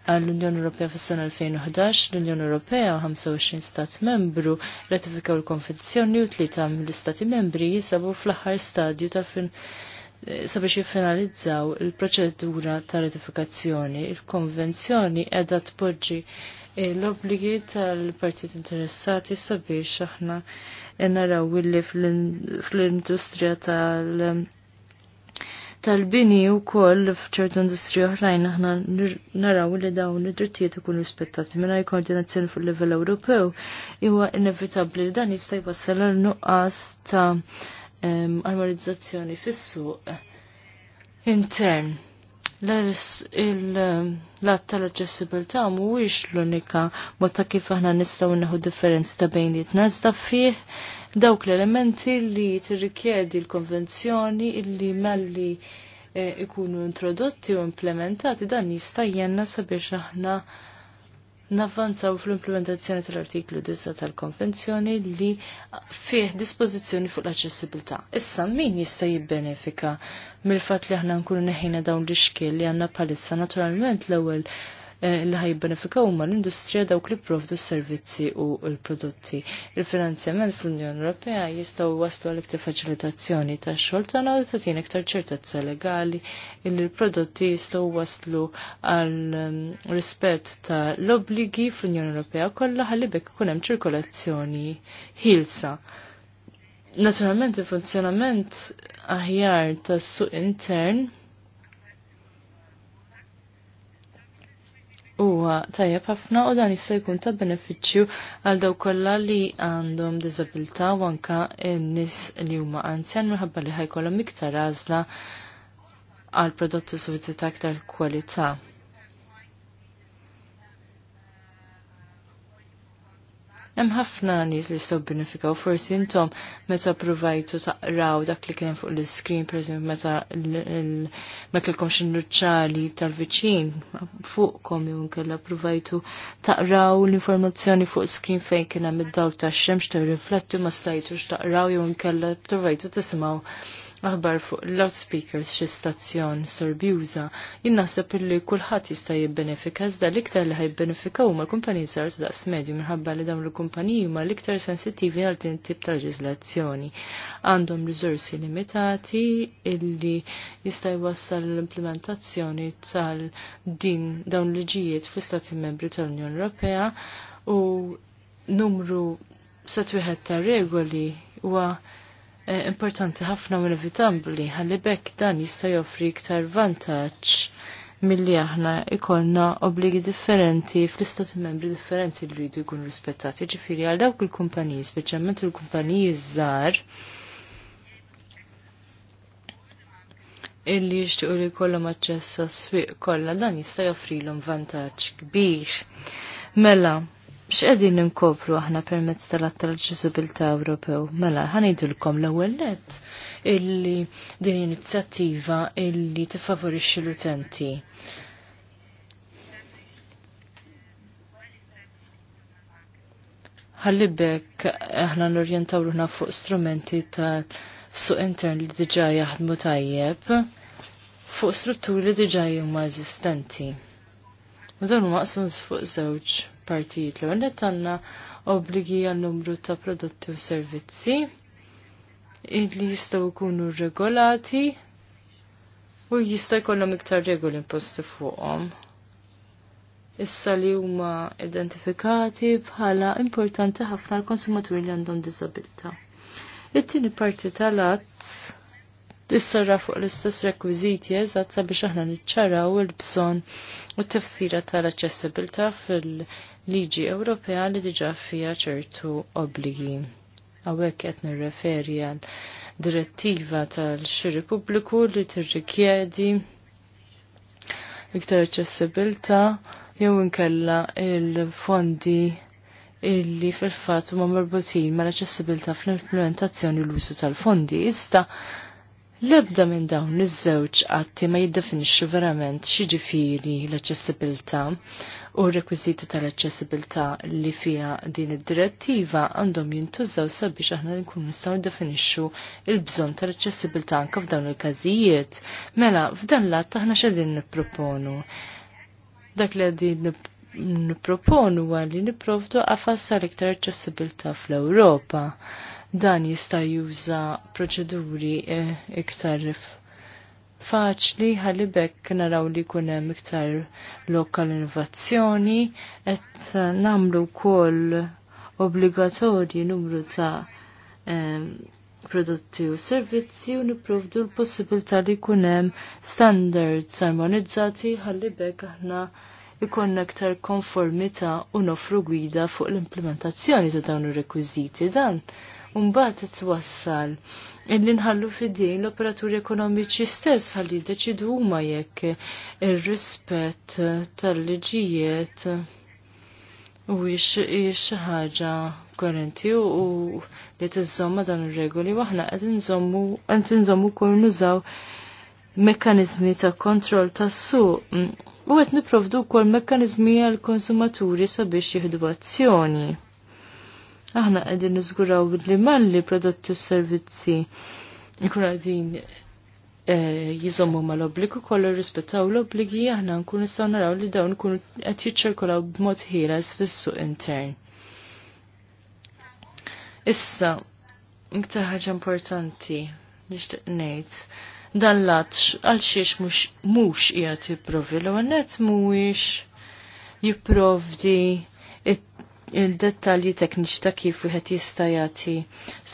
[SPEAKER 3] għall-Unjoni Ewropea fis-sena 2011, l-Unjoni Ewropea 25 stat membru ratifikaw il-konvenzjoni u tlieta mill-istati membri jisabu fl-aħħar stadju ta' fin eh, sabiex jiffinalizzaw il-proċedura ta' ratifikazzjoni. Il-konvenzjoni edha tpoġġi l-obbligi tal-partit interessati sabiex aħna naraw illi fl-industrija tal- tal-bini u koll fċertu industri oħrajn aħna naraw li dawn id-drittijiet ikun rispettati minna koordinazzjoni fuq level Ewropew huwa inevitabli li dan jista' jwassal għal nuqqas ta' armonizzazzjoni fis-suq intern. L-att tal-aċċessibilità mhuwiex l-unika mod ta' kif aħna nistgħu nieħu differenzi ta' bejnietna iżda fih dawk l-elementi li tirrikjedi l-konvenzjoni illi malli eh, ikunu introdotti u implementati dan jista' jenna sabiex aħna navvanzaw fl-implementazzjoni tal-artiklu 10 tal-konvenzjoni li fih dispożizzjoni fuq l-aċċessibilità. Issa min jista' jibbenefika mill-fatt li aħna nkunu neħina dawn l-ixkil li għandna bħalissa naturalment l-ewwel Eh, li ħajbenefikaw huma l-industrija dawk li provdu s-servizzi u l-prodotti. Il-finanzjament fl-Unjoni Ewropea jistgħu waslu għal iktar faċilitazzjoni ta' xogħol tagħna u tagħtina iktar ċertezza legali li l-prodotti jistgħu waslu għal mm, rispett ta' l-obbligi fl-Unjoni Ewropea kollha ħalli bekk ikun hemm ċirkolazzjoni ħilsa. Naturalment il-funzjonament aħjar tas suq intern huwa tajjeb ħafna u dan jista' jkun ta' benefiċċju għal daw kollha li għandhom diżabilità u anke n-nies li huma anzjan minħabba li ħajkollhom iktar għażla għal prodotti u servizzi ta' aktar kwalità. Hemm ħafna nies li jistgħu benefikaw forsi intom meta provajtu taqraw dak li kien fuq l-iskrin pereżempju meta ma kellkomx in-nuċċali tal-viċin fuqkom jew inkella provajtu taqraw l-informazzjoni fuq screen fejn kien hemm id-dawl tax-xemx tirrifletti ma stajtux taqraw jew inkella provajtu tisimgħu aħbar fuq loudspeakers xi stazzjon sorbjuża, jinnaħseb illi kulħadd jista' jibbenefika iżda l-iktar li ħajbbenefika huma l-kumpaniji sar daqs medju minħabba li dawn il-kumpaniji huma l-iktar sensittivi għal din tip ta' leġislazzjoni Għandhom riżorsi limitati illi jista' jwassal l-implementazzjoni tal-din dawn liġijiet fl-Istati Membri tal-Unjoni Ewropea u numru setwieħed ta' regoli huwa Eh, importanti ħafna u inevitabbli ħalli bekk dan jista' joffri iktar vantaġġ milli aħna ikollna obbligi differenti fl-istati membri differenti li rridu jkunu rispettati. Ġifieri għal dawk il-kumpaniji, speċjalment il-kumpaniji żgħar illi jixtiequ li jkollhom aċċess għas swieq kollha dan jista' joffrilhom vantaġġ kbir. Mela, x'qegħdin ninkopru aħna permezz tal-att tal Ewropew. Mela, ħanidulkom l-ewwel nett illi din inizjattiva illi tiffavorixxi l-utenti. ħallibek aħna norjentaw ruħna fuq strumenti tal-suq intern li diġà jaħdmu tajjeb fuq strutturi li diġà huma eżistenti. U dan huma maqsum fuq żewġ partijiet. L-għonet għanna obbligi għal numru ta' prodotti u servizzi illi jistaw kunu regolati u jista' jkollhom iktar regoli imposti fuqhom. Issa li huma identifikati bħala importanti ħafna l-konsumaturi li għandhom disabilità. It-tieni parti tal-att issarra fuq l-istess rekwiżiti eżatt sabiex aħna niċċaraw il-bżonn u t-tifsira tal-aċċessibilità fil- liġi Ewropea li diġa fija ċertu obbligi. Awek qed nirreferi għal direttiva tal-xiri pubbliku li tirrikjedi iktar aċċessibilta jew inkella il-fondi illi fil-fatt huma marbutin mal-aċċessibilta fl-implementazzjoni l użu tal-fondi. Issa L-ebda minn dawn iż-żewġ qatti ma jiddefinixxu verament x'jiġifieri l-aċċessibilità u r-rekwiżiti tal-aċċessibilità li fiha din id-direttiva għandhom jintużaw sabiex aħna nkunu nistgħu niddefinixxu l-bżonn tal-aċċessibilità anke f'dawn il-każijiet. Mela f'dan l-att aħna x'għedin nipproponu. Dak li għedin nipproponu huwa li nipprovdu qafas iktar aċċessibilità fl-Ewropa dan jista' juża proċeduri eh, iktar faċli ħalli naraw li kunem hemm iktar lokal innovazzjoni qed nagħmlu wkoll obbligatorji numru ta' ehm, prodotti u servizzi u niprovdu l-possibilità li kunem hemm standards armonizzati ħalli bekk aħna ikonna aktar konformita u nofru gwida fuq l-implementazzjoni ta' dawn ir-rekwiżiti dan. Umbat t-wassal illi nħallu f'idin l-operaturi ekonomiċi stess ħalli deċidu huma jekk ir-rispett tal-liġijiet u xi ħaġa korrenti u li t t-zomma dan ir-regoli waħna għed nżommu zommu nżommu nużaw mekkaniżmi ta' kontroll tas-suq u qed niprovdu wkoll mekkaniżmi għall-konsumaturi sabiex jieħdu azzjoni aħna qegħdin niżguraw li malli prodotti u servizzi nkun għedin eh, jizommu ma l-obbligu kollu rispettaw l-obbligi aħna nkun nistaw naraw li dawn nkun qed jiċċirkolaw b'mod ħieles fis-suq intern. Issa, iktar ħaġa importanti nixtieq ngħid dan lat għal xiex mhux qiegħed jipprovdi l net mhuwiex jipprovdi il-dettalji tekniċi ta' kif wieħed jista' jagħti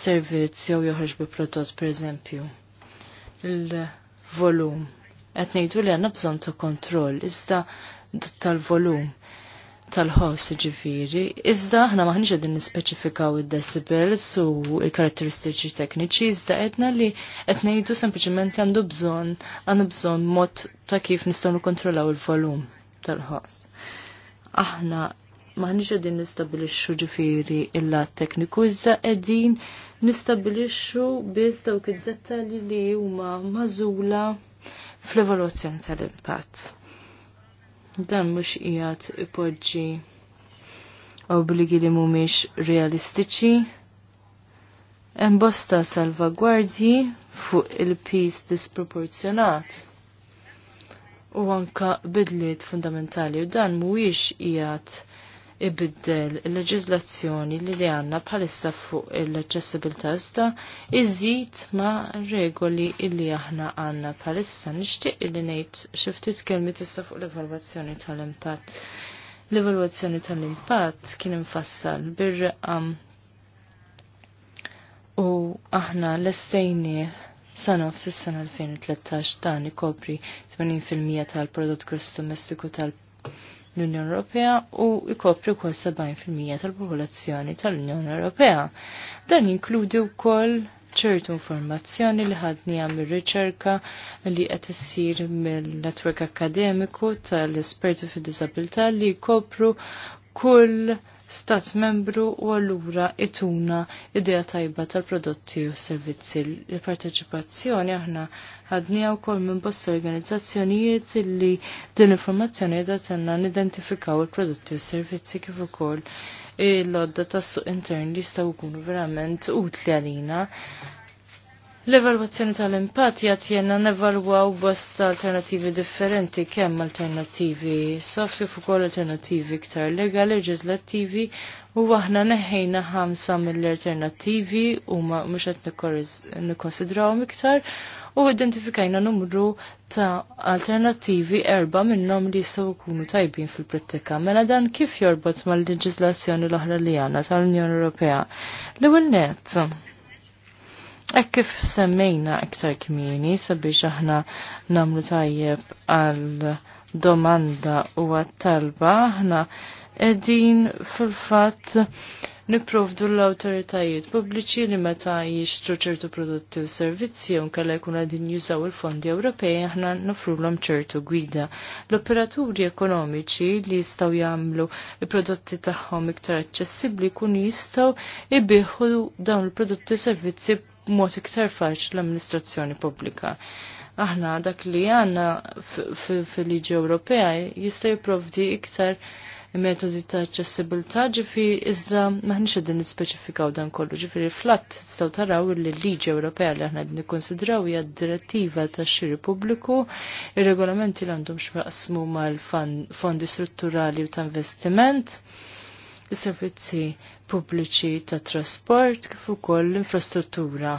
[SPEAKER 3] servizz jew joħroġ bi prodott pereżempju. Il-volum. Qed ngħidu li għandna bżonn ta' kontroll iżda tal-volum tal-ħoss ġifiri, iżda ħna maħniġ għedin nispeċifikaw id-decibels u il-karakteristiċi tekniċi, iżda għedna li qed ngħidu sempliciment għandu bżon, għandu bżon mod ta' kif nistawnu kontrollaw il-volum tal-ħoss. Aħna maħniġ għedin nistabilixxu ġifiri illa tekniku, iżda għedin nistabilixxu biz dawk id dettalji li huma mażula fl-evoluzzjoni tal-impatt. Dan mhux qiegħed ipoġġi obbligi li mhumiex realistiċi. Hemm bosta salvagwardji fuq il-pis disproporzjonat u anka bidliet fundamentali u dan mhuwiex qiegħed ibiddel il-leġizlazzjoni li li għanna bħalissa fuq il-accessibilità iżda iżid ma regoli illi aħna għanna bħalissa nixtieq illi ngħid xi ftit kelmi issa fuq l-evalwazzjoni tal-impatt. L-evalwazzjoni tal-impatt kien infassal bir-raqam u aħna l-estejni Sana f'sissan 2013 dan ikopri 80% tal-prodott gross domestiku tal-prodott l-Unjoni Ewropea u jkopri wkoll 70% tal-popolazzjoni tal-Unjoni Ewropea. Dan jinkludi wkoll ċertu informazzjoni li ħadni għam riċerka li qed issir mill-netwerk akademiku tal-esperti fid-disabilità li jkopru kull stat membru u allura ituna idea tajba tal-prodotti u servizzi. Il-parteċipazzjoni aħna ħadnija u kol minn bosta organizzazzjonijiet illi din informazzjoni edha tenna nidentifikaw il-prodotti u servizzi kif ukoll l-odda tas-suq intern li jistgħu jkunu verament utli għalina. L-evalwazzjoni tal-impatt jagħtina nevalwaw bost alternattivi differenti kemm alternattivi soft kif ukoll alternattivi iktar legal leġislattivi u aħna neħejna ħamsa mill-alternattivi u mhux qed nikkonsidrawhom iktar u identifikajna numru ta' alternattivi erba minnhom li jistgħu jkunu tajbin fil-prattika. Mela dan kif jorbot mal-leġislazzjoni l-oħra li għandna tal-Unjoni Ewropea. L-ewwel nett Ek kif semmejna iktar kmini sabiex aħna namlu tajjeb għal domanda u għat-talba, aħna edin fil-fat niprovdu l-autoritajiet pubbliċi li meta jixtru ċertu prodotti u servizzi un kalla jkun għadin jużaw il-fondi Ewropej aħna nofrulhom ċertu gwida. L-operaturi ekonomiċi li jistgħu jagħmlu il-prodotti tagħhom iktar aċċessibbli jkunu jistgħu ibiħu dawn il-prodotti u servizzi b'mod iktar faċ l-amministrazzjoni pubblika. Aħna dak li għanna fil-liġi Ewropea jista' jipprovdi iktar metodi ta' ċessibilta ġifi iżda m'aħniex għedin nispeċifikaw dan kollu ġifi flatt staw taraw li l-liġi Ewropea li aħna nikkonsidraw hija direttiva ta' xiri pubbliku, ir-regolamenti li għandhom x'maqsmu mal-fondi strutturali u ta' investiment is-servizzi pubbliċi ta' trasport kif ukoll l-infrastruttura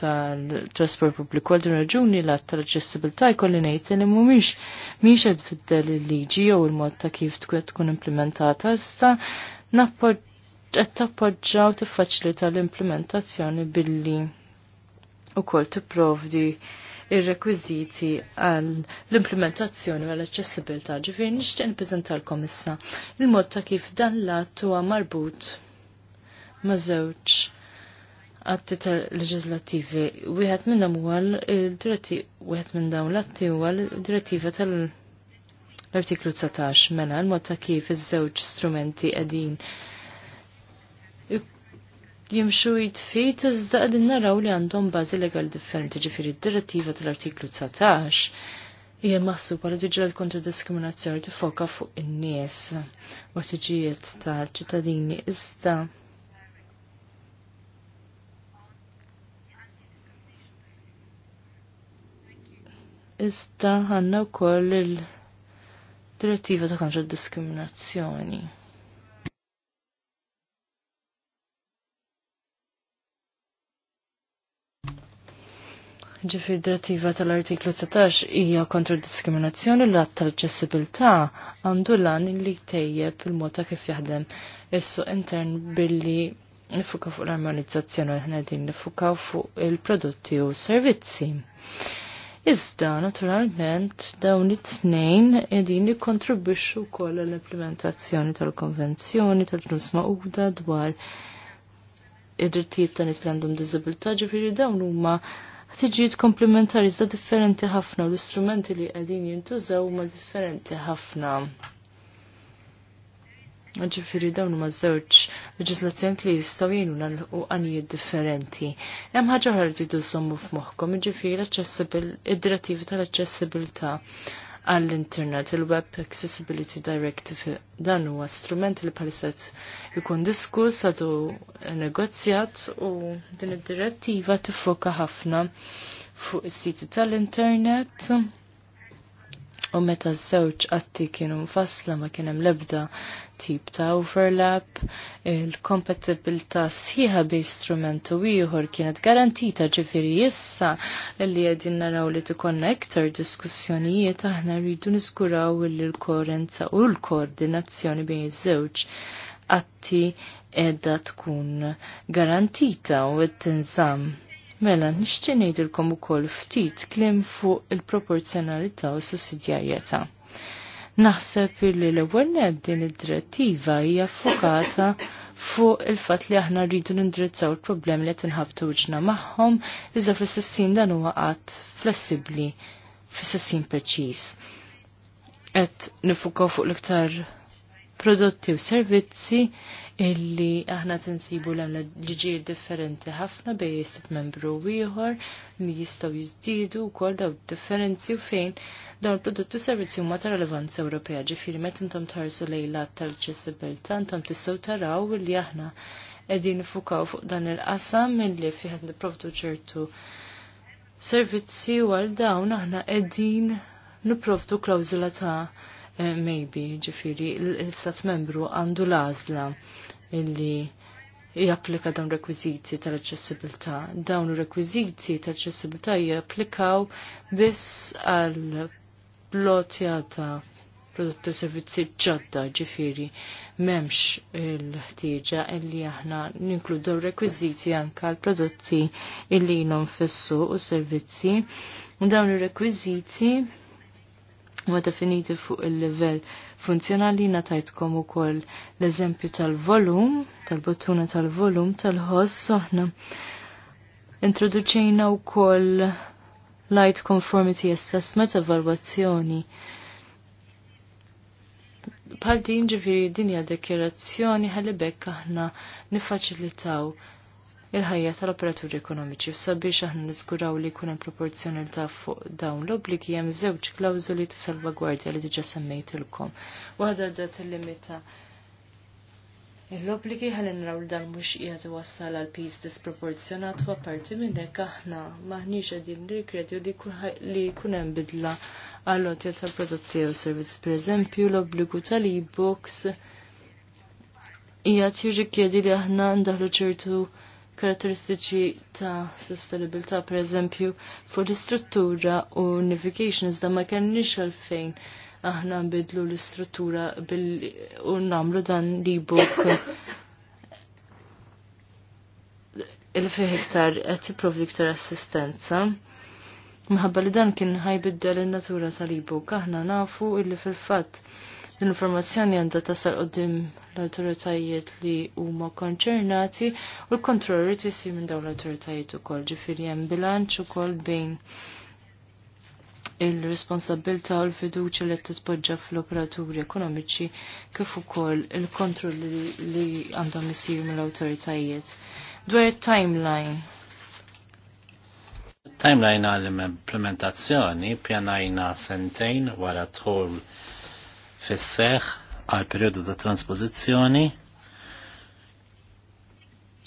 [SPEAKER 3] tal-trasport pubbliku għal din raġuni l tal-aċċessibilità jkolli ngħid li mhumiex mhix qed fiddel il-liġi jew il-mod ta' kif tkun implementata issa qed tappoġġaw tiffaċilita l-implementazzjoni billi ukoll tipprovdi ir-rekwiżiti għal l-implementazzjoni għal aċċessibilità. Ġifieri nixtieq nippreżentalkom issa il-mod ta' kif dan l-att huwa marbut ma' żewġ atti tal-leġislattivi. Wieħed minnhom huwa l-direttiva wieħed minn dawn l-atti huwa l-direttiva tal-artiklu 19 mela l-mod ta' kif iż-żewġ strumenti qegħdin jimxu jitfit iżda qegħdin naraw li għandhom bażi legal differenti ġifiri d-direttiva tal-artiklu 19 hija maħsuba li l kontra diskriminazzjoni tifoka fuq in-nies u tiġijiet tal-ċittadini iżda Iżda għanna u koll il-direttiva ta' kontra diskriminazzjoni. ġifir direttiva tal-artiklu 17 hija kontra diskriminazzjoni l att tal-ċessibilità għandu lan li tejjeb il-mota kif jaħdem issu intern billi nifuka fuq l-armonizzazzjoni u ħnedin nifuka fuq il-prodotti u servizzi. Iżda, naturalment, dawn it-tnejn edin jikontribwixxu wkoll l-implementazzjoni tal-konvenzjoni tal-ġnus maquda dwar id-drittijiet ta' nies li għandhom diżabilità ġifieri dawn huma tiġi komplementari za differenti ħafna u l-istrumenti li qegħdin jintużaw huma differenti ħafna. Ġifiri dawn ma żewġ leġislazzjoni li jistgħu jgħinuna u għanijiet differenti. Hemm ħaġa ħar rridu żommu f'moħħkom, ġifiri l-aċċessibil id-direttivi tal-aċċessibilità għall-internet, il-Web Accessibility Directive. Dan huwa strument li palisat ikun diskus għadu negozjat u din id-direttiva tifoka ħafna fuq is-siti tal-internet U meta żewġ qatti kienu mfassla ma kien hemm l-ebda tip ta' overlap, il-kompatibilità sħiħa bi u ieħor kienet garantita ġifieri issa li qegħdin naraw li t iktar diskussjonijiet aħna rridu niskuraw li l-koerenza u l-koordinazzjoni bejn iż-żewġ qatti qiegħda tkun garantita u t tinżamm. Mela, nixtieq ngħidilkom ukoll ftit kliem fuq il-proporzjonalità u sussidjarjetà. Naħseb li l-ewwel din id-direttiva hija fokata fuq il-fatt li aħna rridu nindrizzaw il-problemi li qed inħabtu wiġna magħhom iżda fl-istessin dan huwa qatt flessibbli fl-istessin preċiż. Qed nifukaw fuq l-iktar prodotti u servizzi illi aħna tinsibu l ġiġir differenti ħafna bej jistit membru wieħor ieħor li jistgħu jiżdiedu wkoll daw differenzi u fejn dawn il-prodotti u servizzi huma ta' relevanza Ewropea ġifieri meta intom tħarsu lejla tal ċessibilta intom tistgħu taraw li aħna qegħdin nifukaw fuq dan il-qasam milli fih niprovdu ċertu servizzi u għal dawn aħna qegħdin nipprovdu klawzula ta' Eh, maybe ġifiri l-istat membru għandu l illi japplika dawn rekwiziti tal-aċċessibilità. Dawn rekwiziti tal-aċċessibilità japplikaw biss għal lotjata prodotti u servizzi ġodda ġifiri memx il-ħtieġa illi aħna ninkludu rekwiziti anka l-prodotti illi jnom fissu u servizzi. Dawn ir-rekwiziti ma definiti fuq il-level funzjonali natajtkom u koll l-eżempju tal-volum, tal-bottuna tal-volum, tal-ħoss soħna. Introduċejna u koll Light Conformity Assessment evalwazzjoni. Bħal din ġifiri din hija dekjerazzjoni ħalli bekk aħna nifaċilitaw il-ħajja tal-operaturi ekonomiċi fsabiex aħna niżguraw li jkun hemm proporzjonalità fuq dawn l-obbligi hemm żewġ klawzuli ta' salvagwardja li diġà semmejtilkom. Waħda il tillimita L-obbligi ħalli naraw li dan mhux qiegħed iwassal għal piż disproporzjonat u apparti minn hekk aħna maħniex qegħdin nirkredju li jkun hemm bidla għal lotja ta' prodotti u servizzi. Per eżempju, l-obbligu tal-e-books hija kjedi li aħna ndaħlu ċertu karatteristiċi ta' sustainabilità per eżempju fuq l-istruttura u navigation iżda ma kellniex għalfejn aħna nbidlu l-istruttura u namlu dan l-ebook il fi hektar qed jipprovdi iktar assistenza. Mħabba li dan kien ħajbiddel in-natura tal-ebook aħna nafu illi fil-fatt L-informazzjoni għandha tasal qoddim l-awtoritajiet li huma konċernati u l-kontrolli tisi minn dawn l-awtoritajiet ukoll ġifieri hemm bilanċ ukoll bejn il-responsabilta u l-fiduċa li titpoġġa fl-operaturi ekonomiċi kif ukoll il kontrolli li għandhom isiru mill-awtoritajiet. Dwar timeline
[SPEAKER 4] Timeline għall implementazzjoni pjanajna sentejn wara tħol fis seħħ għal periodu ta' transpożizzjoni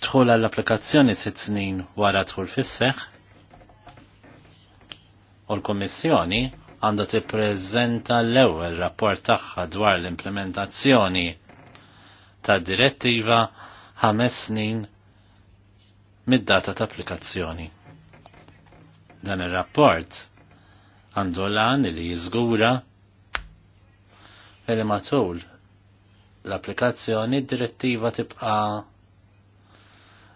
[SPEAKER 4] tħol għall applikazzjoni sitt snin wara tħol fis u l-Kommissjoni għandha tippreżenta l-ewwel rapport tagħha dwar l-implementazzjoni ta' direttiva ħames snin mid-data ta' applikazzjoni. Dan ir-rapport għandu lan li jiżgura li matul l-applikazzjoni d-direttiva tibqa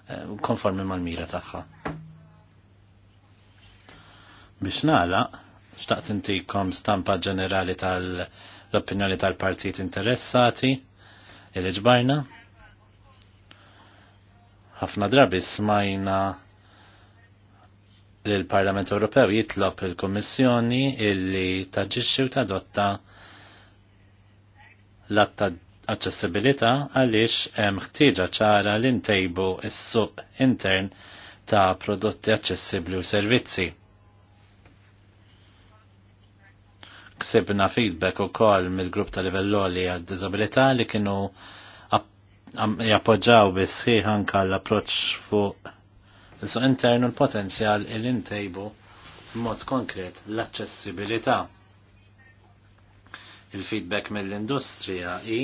[SPEAKER 4] eh, konformi mal-mira tagħha. Biex nala, xtaqt intikom stampa ġenerali tal-opinjoni tal-partit interessati li ġbarna. Ħafna drabi smajna li l-Parlament Ewropew jitlob il-Kommissjoni illi taġġixxi u tadotta ta l atta ta' aċċessibilità għaliex hemm ħtieġa ċara l intejbu s-suq intern ta' prodotti aċċessibbli u servizzi. Ksibna feedback ukoll mill-grupp ta' livelloli għad diżabilità li kienu jappoġġaw bis anka l-approċċ fuq il-suq intern u l-potenzjal il-intejbu mod konkret l-aċċessibilità. Il-feedback mill-industrija i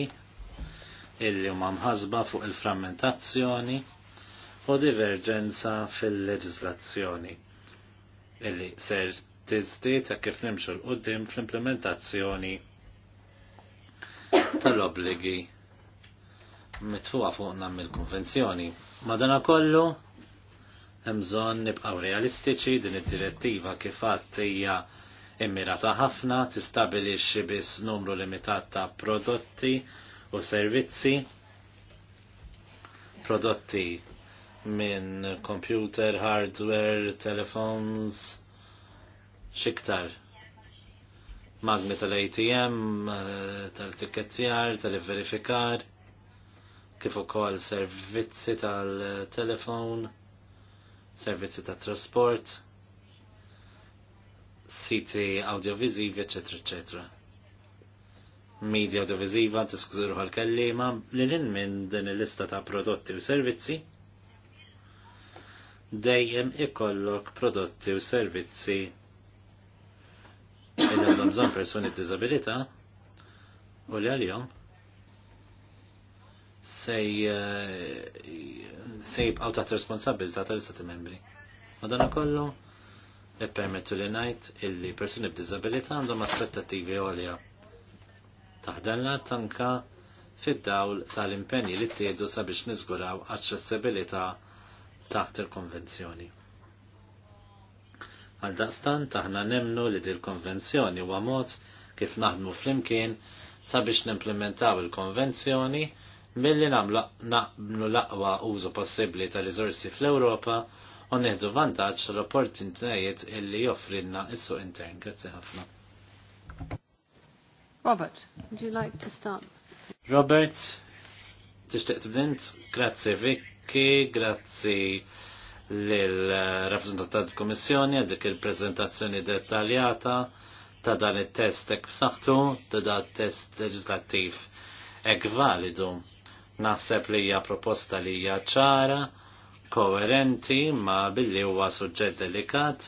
[SPEAKER 4] illi huma mħasba fuq il-frammentazzjoni u diverġenza fil-leġislazzjoni illi ser tizdi ta' kif nimxu l-qoddim fl-implementazzjoni tal-obligi mitfuqa fuqna mill-konvenzjoni. Madana kollu, bżonn nibqgħu realistiċi din id-direttiva kif għattija hija immirata ħafna tistabilixxi biss numru limitat ta' prodotti u servizzi prodotti minn computer, hardware, telefons, xiktar. Magni tal-ATM, eh, tal-tikketjar, tal-verifikar, kif ukoll servizzi tal-telefon, servizzi tat-trasport siti audiovisivi, eccetera, eccetera. Media audiovisiva, tiskużuru għal-kellima, li l minn din il-lista ta' prodotti u servizzi, dejjem ikollok prodotti u servizzi il għandhom bżonn persuni disabilita u li għal-jom sej sej bqaw taħt responsabilta tal-istati membri. Madonna kollu, ippermettu li ngħid illi persuni b'diżabilità għandhom aspettattivi għolja. Taħdanna tanka fid-dawl tal-impenji li t-tiedu sabiex niżguraw aċċessibilità taħt il-konvenzjoni. Għal daqstan taħna nemnu li dil-konvenzjoni huwa mod kif naħdmu flimkien sabiex nimplementaw il-konvenzjoni milli li naqbnu l-aqwa użu possibbli tal izorsi fl-Ewropa u neħdu vantaġġ l-opportunitajiet illi joffrilna is-suq intern. Grazzi ħafna.
[SPEAKER 1] Robert, would you like to start?
[SPEAKER 4] Robert, tixtieq tbdint, grazzi Vicky, grazzi lill eh, tal kommissjoni għal dik il-prezentazzjoni dettaljata ta' dan il-test ek b'saħħtu ta' dan test leġislattiv ek validu. Naħseb li hija proposta li hija ċara koerenti ma billi huwa suġġett delikat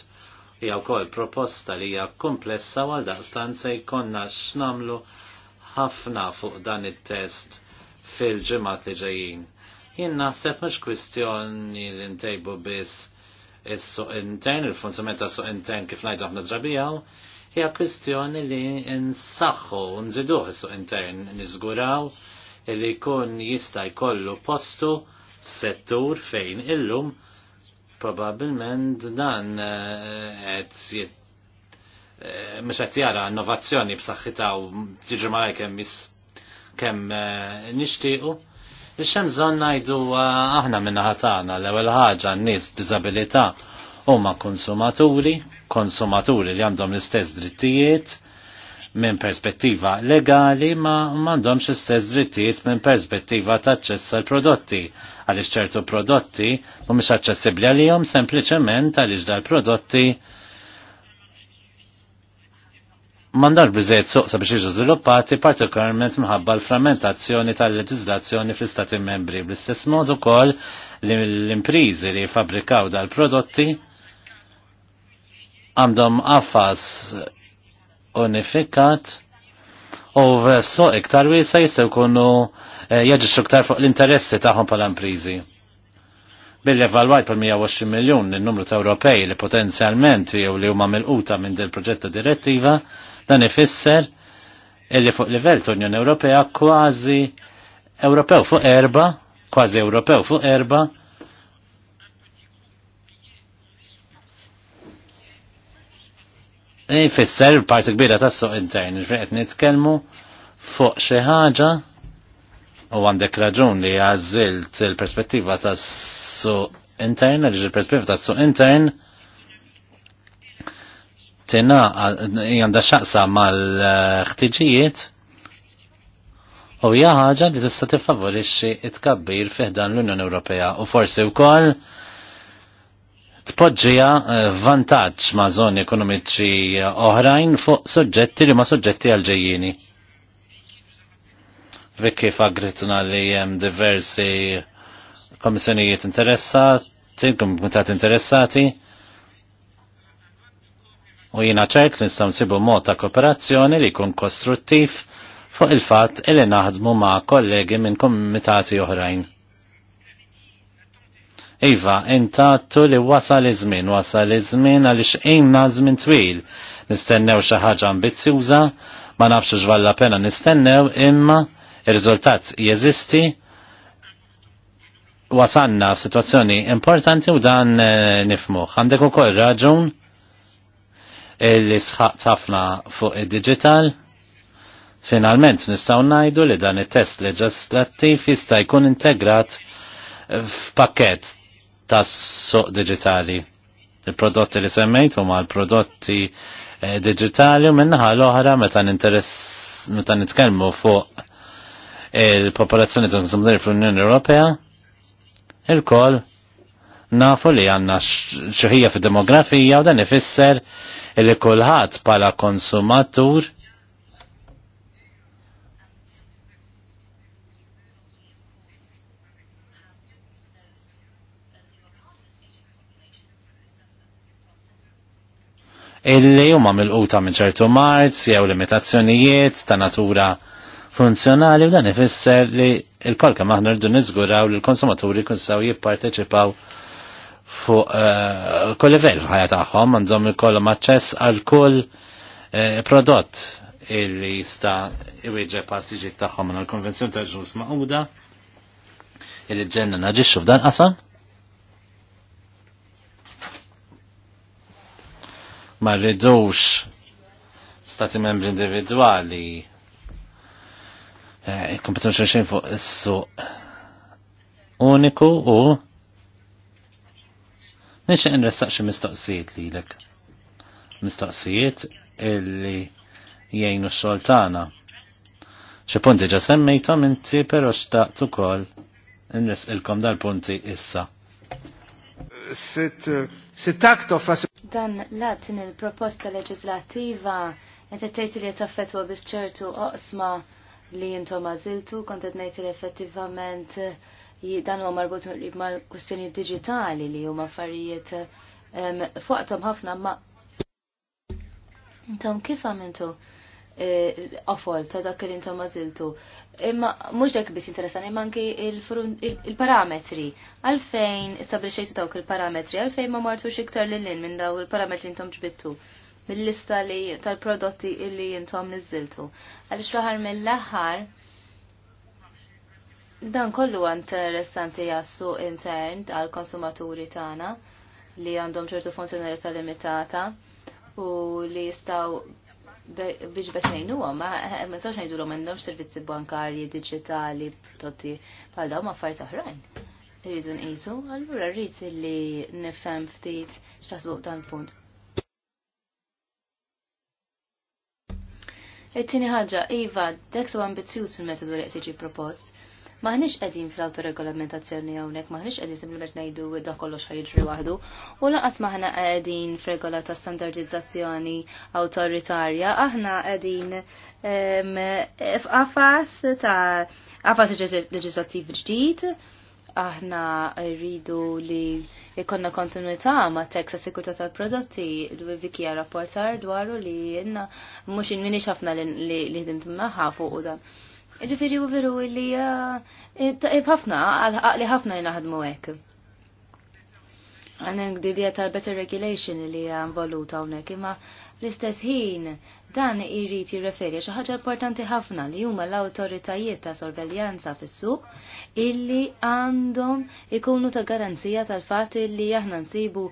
[SPEAKER 4] hija wkoll proposta li hija komplessa għal daqstan se jkollna x'namlu ħafna fuq dan it-test fil-ġimgħat li ġejjin. Jien naħseb mhux kwistjoni li ntejbu biss is-suq intern, il-funzjament ta' suq intern kif ngħidu aħna drabijaw, hija kwistjoni li nsaħħu nżiduh is-suq intern niżguraw li jkun jista' jkollu postu settur fejn illum probabilment dan qed eh, eh, mhux qed jara innovazzjoni b'saħħitaw u tiġi malaj kemm kemm eh, nixtiequ. Ix-xem ngħidu aħna minna ħatana l-ewwel ħaġa n-nies b'diżabilità huma konsumaturi, konsumaturi li għandhom l-istess drittijiet, minn perspettiva legali ma m'għandhomx istess drittijiet minn perspettiva ta' aċċess għal prodotti għaliex ċertu prodotti mhumiex aċċessibbli għalihom sempliċement għaliex dal-prodotti mandar biżejt soqsa biex iġu żviluppati partikolarment minħabba l-frammentazzjoni tal-leġizlazzjoni fl-Istati membri. Bl-istess mod ukoll l-imprizi li jfabbrikaw dal-prodotti għandhom affas unifikat u so iktar wiesa jistaw kunu eh, jadġiċu iktar fuq l-interessi tagħhom pala imprizi. Billi evalwajt pal 120 miljon il-numru ta' Ewropej li potenzjalment jew li huma mill-quta minn del proġetta direttiva dan ifisser illi fuq livell ta' Unjoni Ewropea kważi Ewropew fuq erba, kważi Ewropew fuq erba, jfisser parti kbira tas-suq intern, rrejt nitkellmu fuq xi ħaġa u għandek raġun li għażilt il-perspettiva tas-suq intern, għaliex il-perspettiva tas-suq intern tina għanda xaqsa mal-ħtiġijiet u hija ħaġa li tista' tiffavorixxi t tkabbir fih dan l-Unjoni Ewropea u forsi wkoll tpoġġija eh, vantaġġ ma' zoni ekonomiċi oħrajn fuq soġġetti li ma' soġġetti għalġejjini. Vekki fagritna li jem diversi komissjonijiet interessati, komitat interessati, u jina ċert li nistam sibu mod ta' kooperazzjoni li jkun kostruttiv fuq il-fatt li naħdmu ma' kollegi minn komitati oħrajn. Iva, intattu li wasal li żmien wasal li żmien għaliex għinna żmien twil. Nistennew xi ħaġa ambizzjuża, ma nafx ġvalla pena nistennew, imma ir-riżultat jeżisti wasanna f'sitwazzjoni importanti u dan eh, nifmuh. Għandek ukoll raġun li sħaq ħafna fuq id-digital. Finalment nistgħu ngħidu li dan it-test leġislattiv jista' jkun integrat f'pakket tas-soq digitali. Il-prodotti li semmejt huma l-prodotti eh, digitali u minnaħa l-oħra meta meta nitkellmu fuq il-popolazzjoni ta' konsumatori fl-Unjoni Ewropea il-koll nafu li għandna xħija fi demografija u dan ifisser li kulħadd bħala konsumatur illi huma mill-quta minn ċertu marz jew limitazzjonijiet ta' natura funzjonali u dan ifisser li l-kol kemm aħna rridu niżguraw li l-konsumaturi kun saw jipparteċipaw fuq eh, kull livell f'ħajja tagħhom għandhom ikollhom aċċess għal kull eh, prodott illi jista' iwieġeb partiġiet tagħhom għal konvenzjoni tal ġus maquda illi ġenna naġixxu f'dan qasam ma rridux stati membri individuali eh, kompetenza xejn fuq issu uniku u nixtieq nressaq xi mistoqsijiet lilek. Mistoqsijiet illi jgħinu x-xogħol tagħna. Xi punti ġa semmejthom inti però xtaqt ukoll kom dal-punti issa. Sit, sit act
[SPEAKER 2] dan latin il-proposta leġislativa qed tgħid li taffetwa biex ċertu oqsma li jintom għażiltu kont qed ngħid li effettivament dan huwa marbut mal kustjoni digitali li huma affarijiet fuqtom ħafna ma' Intom kif għamiltu qofol eh, ta' dak li intom mażiltu. Imma mhux dak biss interessani anki il-parametri. Għalfejn istabrixxejtu dawk il-parametri, għalfejn ma martux iktar lil lin minn dawk il-parametri li intom ġbittu mill-lista li tal-prodotti li intom niżiltu. Għaliex l-aħħar mill-aħħar dan kollu interessanti jassu intern għal konsumaturi tagħna li għandhom ċertu funzjonalità limitata u li jistaw biex betnejnu għom, eh, ma sox najdu l għom għandhom servizzi bankarji, digitali, prodotti pal daw ma affarijiet oħrajn. Irridu nqisu, allura rrid li nifhem ftit x'taħsbu dan punt. It-tieni ħaġa, Iva, dek so ambizzjuż fil-metodu li qed propost, Maħniex qegħdin fl-autoregolamentazzjoni hawnhekk, maħniex qegħdin simplement ngħidu da kollox ħajġri waħdu, u lanqas maħna qegħdin f'regola ta' standardizzazzjoni awtoritarja, aħna qegħdin f'qafas ta' qafas leġislattiv ġdid, aħna rridu li ikonna kontinuità ma' teksa sikurta tal-prodotti vikija rapportar dwaru li jenna mux minix ħafna li ħdimt maħħa fuq u dan. Ġifiri u veru illi eh, eh, taqib eh, ħafna, għalli ħafna jnaħdmu hekk. Għanna għdidija tal-better regulation li għanvoluta għonek, imma fl-istess ħin dan irrit jirreferi xi ħaġa importanti ħafna li huma l-awtoritajiet ta' sorveljanza fis-suq illi għandhom ikunu ta' garanzija tal fat li aħna nsibu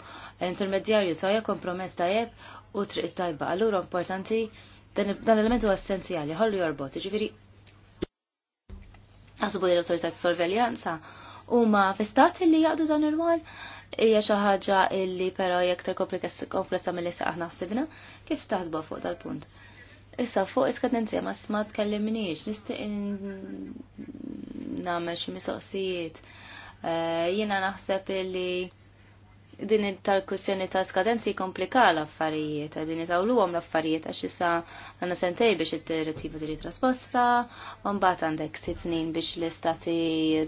[SPEAKER 2] intermedjarju tajja kompromess tajjeb u triq tajba. Allura importanti dan l-element huwa essenzjali, ħollu jorbot, ġifiri Għasubu l-autorità ta' sorveljanza u ma festati li jaqdu dan il-wal hija xi ħaġa li però jekk komplessa mill aħna ħsibna kif taħsbu fuq dal-punt. Issa fuq nenzija ma sma tkellimniex, nistaq nagħmel xi misoqsijiet. Eh, jiena naħseb li din tal-kussjoni ta' skadenzi komplika l-affarijiet, din il-tawlu għom l-affarijiet għax issa għanna sentej biex il direttiva tiġi trasposta, mbagħad għandek sitt snin biex l-istati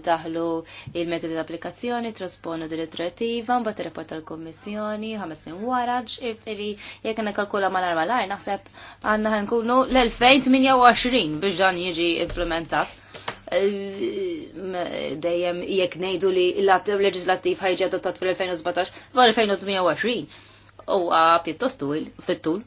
[SPEAKER 2] daħlu il-metodi ta' applikazzjoni, trasponu din it-direttiva, mbagħad tirreport tal-Kummissjoni, ħames snin wara, ġifieri jekk nikkalkula malar malar naħseb għandna għankunu l-2028 biex dan jiġi implementat. Eh, dejjem jekk ngħidu li l-att leġislattiv ħajġi adottat fil-2017 fil-2028 huwa pjuttost twil fit-tul.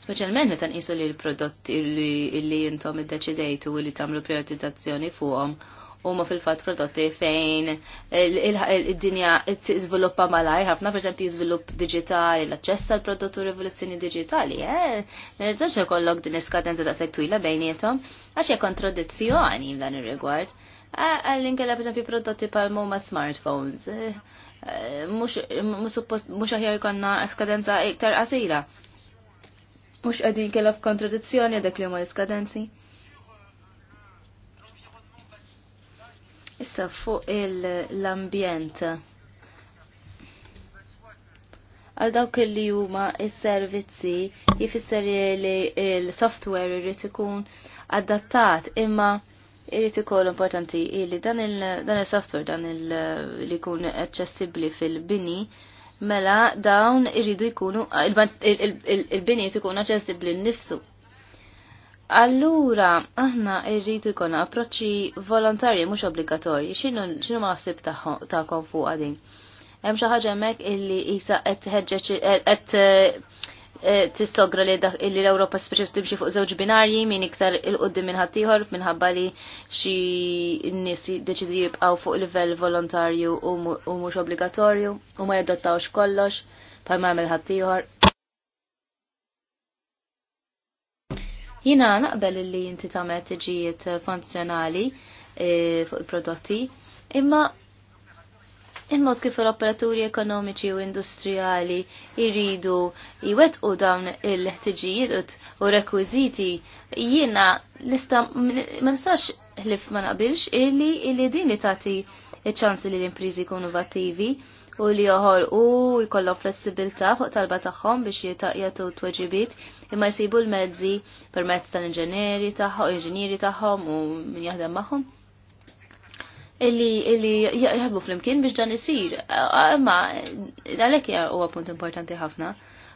[SPEAKER 2] Speċjalment meta nqisu li l-prodotti li intom iddeċidejtu li tagħmlu prioritizzazzjoni fuqhom huma fil-fatt prodotti fejn id-dinja t tiżviluppa malajr ħafna esempio jiżvilupp digitali, l-aċċess għal prodotti u rivoluzzjoni digitali, eh, tistax eh, ikollok din iskadenza ta' sektwila bejnietom għax hija kontradizzjoni dan ir-rigward. Għall-inkella esempio prodotti pal-moma smartphones, eh, eh, mux aħjar jkonna skadenza iktar għasira. Mux għadin kella f'kontradizzjoni dak li huma l-skadenzi. Issa fuq l-ambjent. Għal dawk li huma s-servizzi jifisser li l-software irrid ikun adattat imma irrid ikun importanti li dan il-software dan il li jkun aċċessibbli fil-bini mela dawn irridu jkunu il-bini jkun aċċessibbli nnifsu Allura, aħna irritu jkollna approċċi volontarji mhux obbligatorji, x'inhu ma maħsib tagħkom fuq din? Hemm xi ħaġa hemmhekk illi isa qed tħeġġeġ qed eh, eh, tissogra li illi l-Ewropa speċi timxi fuq żewġ binarji min iktar il-qudiem minn ħaddieħor minħabba li xi nies jiddeċidu jibqgħu fuq livell volontarju u mhux obbligatorju u ma jadattawx kollox bħal ma jagħmel ħaddieħor Jina naqbel li inti tamet tiġijiet funzjonali e, fuq il-prodotti, imma il-mod kif l-operaturi ekonomiċi u industrijali jiridu u dawn il-ħtiġijiet u rekwiziti jiena ma nistax ħlif ma naqbilx illi illi din li tagħti ċans li l-imprizi kunu vattivi u li joħol u jkollhom flessibilità fuq talba tagħhom biex jitaqjatu tweġibiet imma jsibu l-mezzi permezz tal-inġenieri tagħhom, inġinieri tagħhom u min jaħdem magħhom. Illi illi jaħbu flimkien biex dan isir. Imma għalhekk huwa punt importanti ħafna.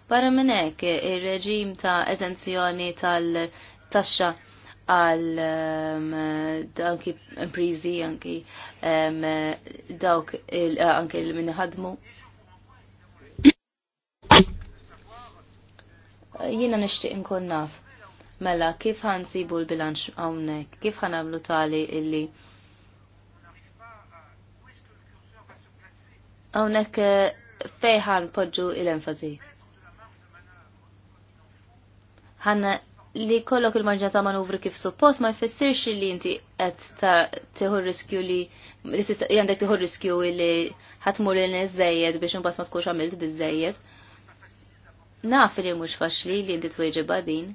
[SPEAKER 2] Barra minn hekk ir-reġim ta' eżenzjoni tal-taxxa għal um, anki imprizi, anki um, dawk uh, anki l-minħadmu. Jina nishtiq nkun naf. Mela, kif ħan sibu l-bilanċ għawnek? Kif ħan għamlu tali illi? Għawnek uh, fejħan podġu il-enfazi. ħanna li kollok il-marġa ta' manuvri kif suppost ma jfissirx li inti qed ta' tieħu riskju li jandek tieħu riskju li ħatmur lil niżejjed biex imbagħad ma tkunx għamilt biżejjed. Naf li mhux faċli li inti twieġibha din.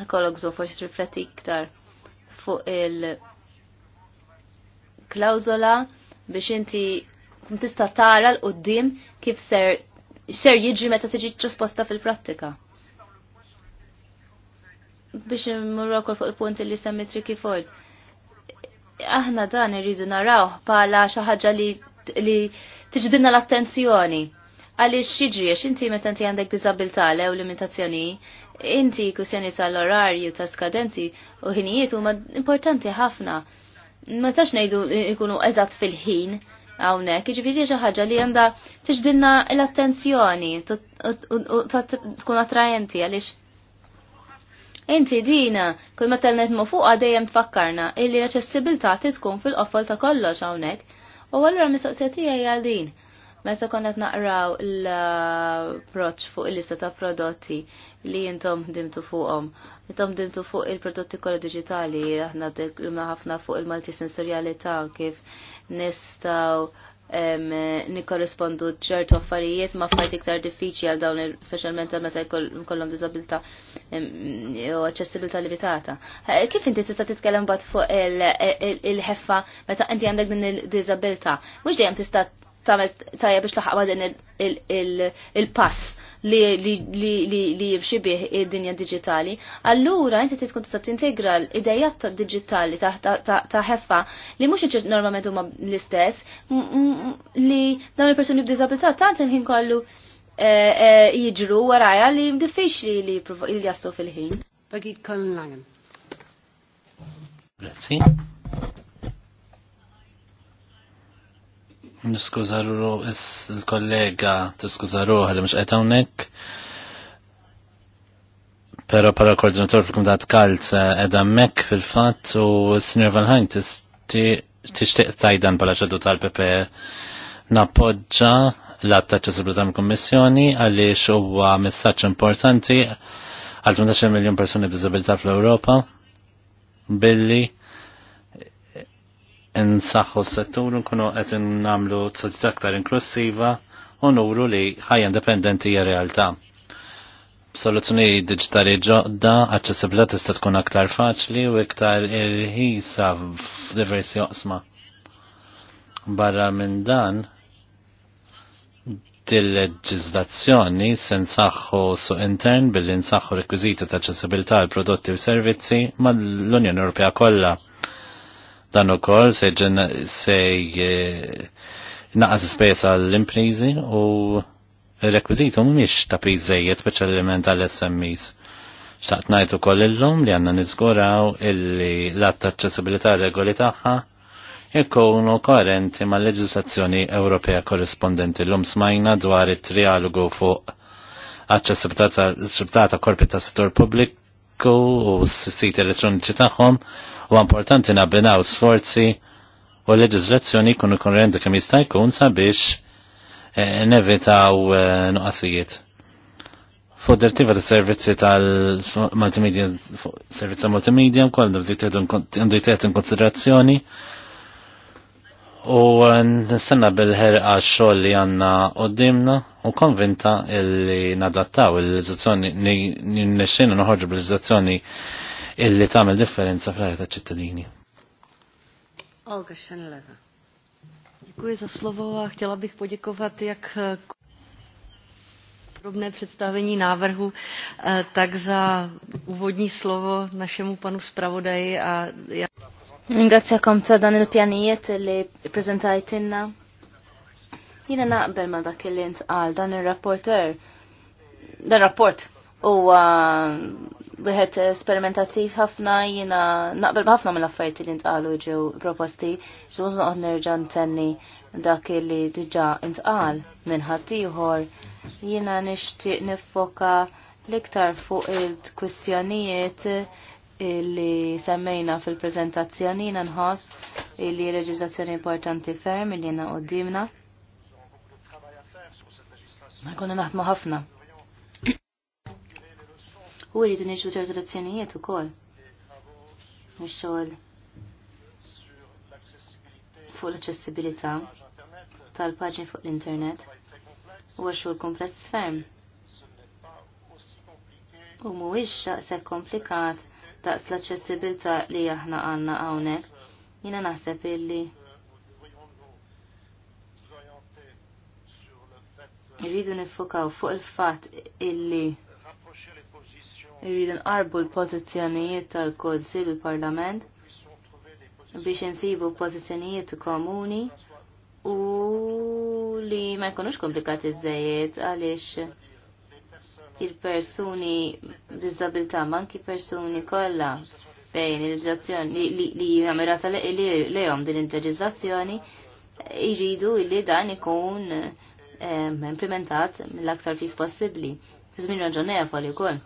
[SPEAKER 2] Ħkollok żo forsi rifletti iktar fuq il klawzola biex inti tista' tara l qoddim kif ser ser jiġri meta tiġi trasposta fil-prattika. Biex immurru wkoll fuq il-punt li semmi Tricky Ford. Aħna dan irridu naraw bħala xi ħaġa li li tiġdilna l-attenzjoni. Għaliex xiġri għax inti meta inti għandek diżabilità lew limitazzjoni, inti kwistjoni tal-orarju ta' skadenzi u ħinijiet huma importanti ħafna. Ma tax ngħidu eh, ikunu eżatt fil-ħin, hawnhekk. Jiġifieri xi ħaġa li għandha tiġdilna l-attenzjoni tkun attrajenti għaliex Inti dina, kull ma telnet ma fuqa dejjem tfakkarna illi l-aċċessibilità tkun fil-qofol ta' kollox hawnhekk. U allura mistoqsija tiegħi għal din. Meta konna naqraw l proċ fuq il-lista ta' prodotti li jintom dimtu fuqhom. Jintom dimtu fuq il-prodotti kollha diġitali, aħna ħafna fuq il-multisensorjalità kif nistaw nikorrespondu ċertu affarijiet ma' fajt iktar diffiċi għal dawn il-feċalment meta jkollhom disabilità u aċċessibilità limitata. Eh, kif inti tista' titkellem bad fuq il-ħeffa meta inti għandek din il-disabilità? Mhux dejjem tista' tagħmel tajja biex taħqaba din il-pass li jibxi bih id-dinja digitali, allura inti tkun tista' tintegra l-idejat ta' digitali ta' ħeffa li mhux normalment huma l-istess li dawn il-persuni b'diżabilità tant il-ħin kollu e, e, jiġru waraja li diffiċli li li jaslu fil-ħin. Bagid Colin Langen.
[SPEAKER 4] is il-kollega tiskuza għalli mux għetawnek. Pero para koordinator fil kumdat Kalt edha eh, mek fil-fat u s-Sinjor Van Hajn tixtieq tajdan bħala ċeddu tal-PP e. nappoġġa l-att aċċessibilità mill-Kummissjoni għaliex huwa messaċ importanti għal 18 miljon persuni b'diżabilità fl-Ewropa billi Insaħħu s-settur nkunu qed nagħmlu soċjetà aktar inklusiva u nuru li ħajja indipendenti hija realtà. Soluzzjoni diġitali ġodda, aċċessibilità tista' tkun aktar faċli u iktar irħisa f'diversi oqsma. Barra minn dan, dil-leġizlazzjoni se nsaħħu suq intern billi nsaħħu rekwiżiti ta' aċċessibilità l prodotti u servizzi mal-Unjoni Ewropea kollha Dan ukoll se se eh, naqas spes għall-imprizi u il-rekwizitu mhumiex ta' piżejjed speċjalment għall-SMEs. Xtaqt ngħid ukoll illum li għandna niżguraw illi l-att ta' aċċessibilità regoli tagħha jkunu koerenti mal leġislazzjoni Ewropea korrespondenti l-lum smajna dwar it-trialogu fuq aċċessibilità korpi ta' settur pubbliku Pesku u s-sit elettroniċi tagħhom u importanti nabbinaw sforzi u l-leġizlazzjoni kunu kun rendu jista' jkun sabiex eh, nevitaw eh, nuqqasijiet. Fuq dirtiva ta' servizzi tal-multimedia, servizzi tal-multimedia, wkoll għandu jtieħed in konsiderazzjoni u uh, nsenna bil-ħerqa xogħol li għanna u dimna u konvinta illi nadattaw il-leġizzazzjoni lizzazzjoni nixxina noħorġu bil-leġizzazzjoni illi tamil differenza fl-ħajja ta' ċittadini
[SPEAKER 3] Olga
[SPEAKER 1] Szenleva.
[SPEAKER 3] Děkuji za slovo a chtěla bych poděkovat jak eh, podrobné představení návrhu, eh, tak za úvodní slovo našemu panu
[SPEAKER 2] zpravodaji a já... Ningrazzjakom ta' dan il-pjanijiet li prezentajtinna. Jina naqbel ma dak li għal dan il-rapporter. Dan rapport huwa wieħed esperimentattiv ħafna jina naqbel ħafna mill-affarijiet li ntqalu ġew proposti żgħuż noqgħod nerġa' ntenni dak li diġà intqal minn ħadd ieħor jiena nixtieq niffoka l-iktar fuq il-kwistjonijiet li semmejna fil-prezentazzjoni nħoss li reġizzazzjoni importanti ferm li jina qoddimna. Ma konna naħdmu ħafna. U rridu nixu ċertu lezzjonijiet ukoll. ix fuq l-aċċessibilità tal-paġni fuq l-internet għaxu xogħol kompless ferm. U mhuwiex daqshekk komplikat daqs l-aċċessibilità li aħna għandna hawnhekk. Jiena naħseb illi irridu nifukaw fuq il-fatt illi irridu nqarbu l-pożizzjonijiet tal-Kunsill u l-Parlament biex insibu pożizzjonijiet komuni u li ma jkunux komplikati żejjed għaliex il-persuni ma manki persuni kollha bejn il-ġazzjoni li jgħamirata lejhom din il-leġizzazzjoni jridu li dan ikun implementat mill-aktar fis possibbli. Fizmin kol. wkoll.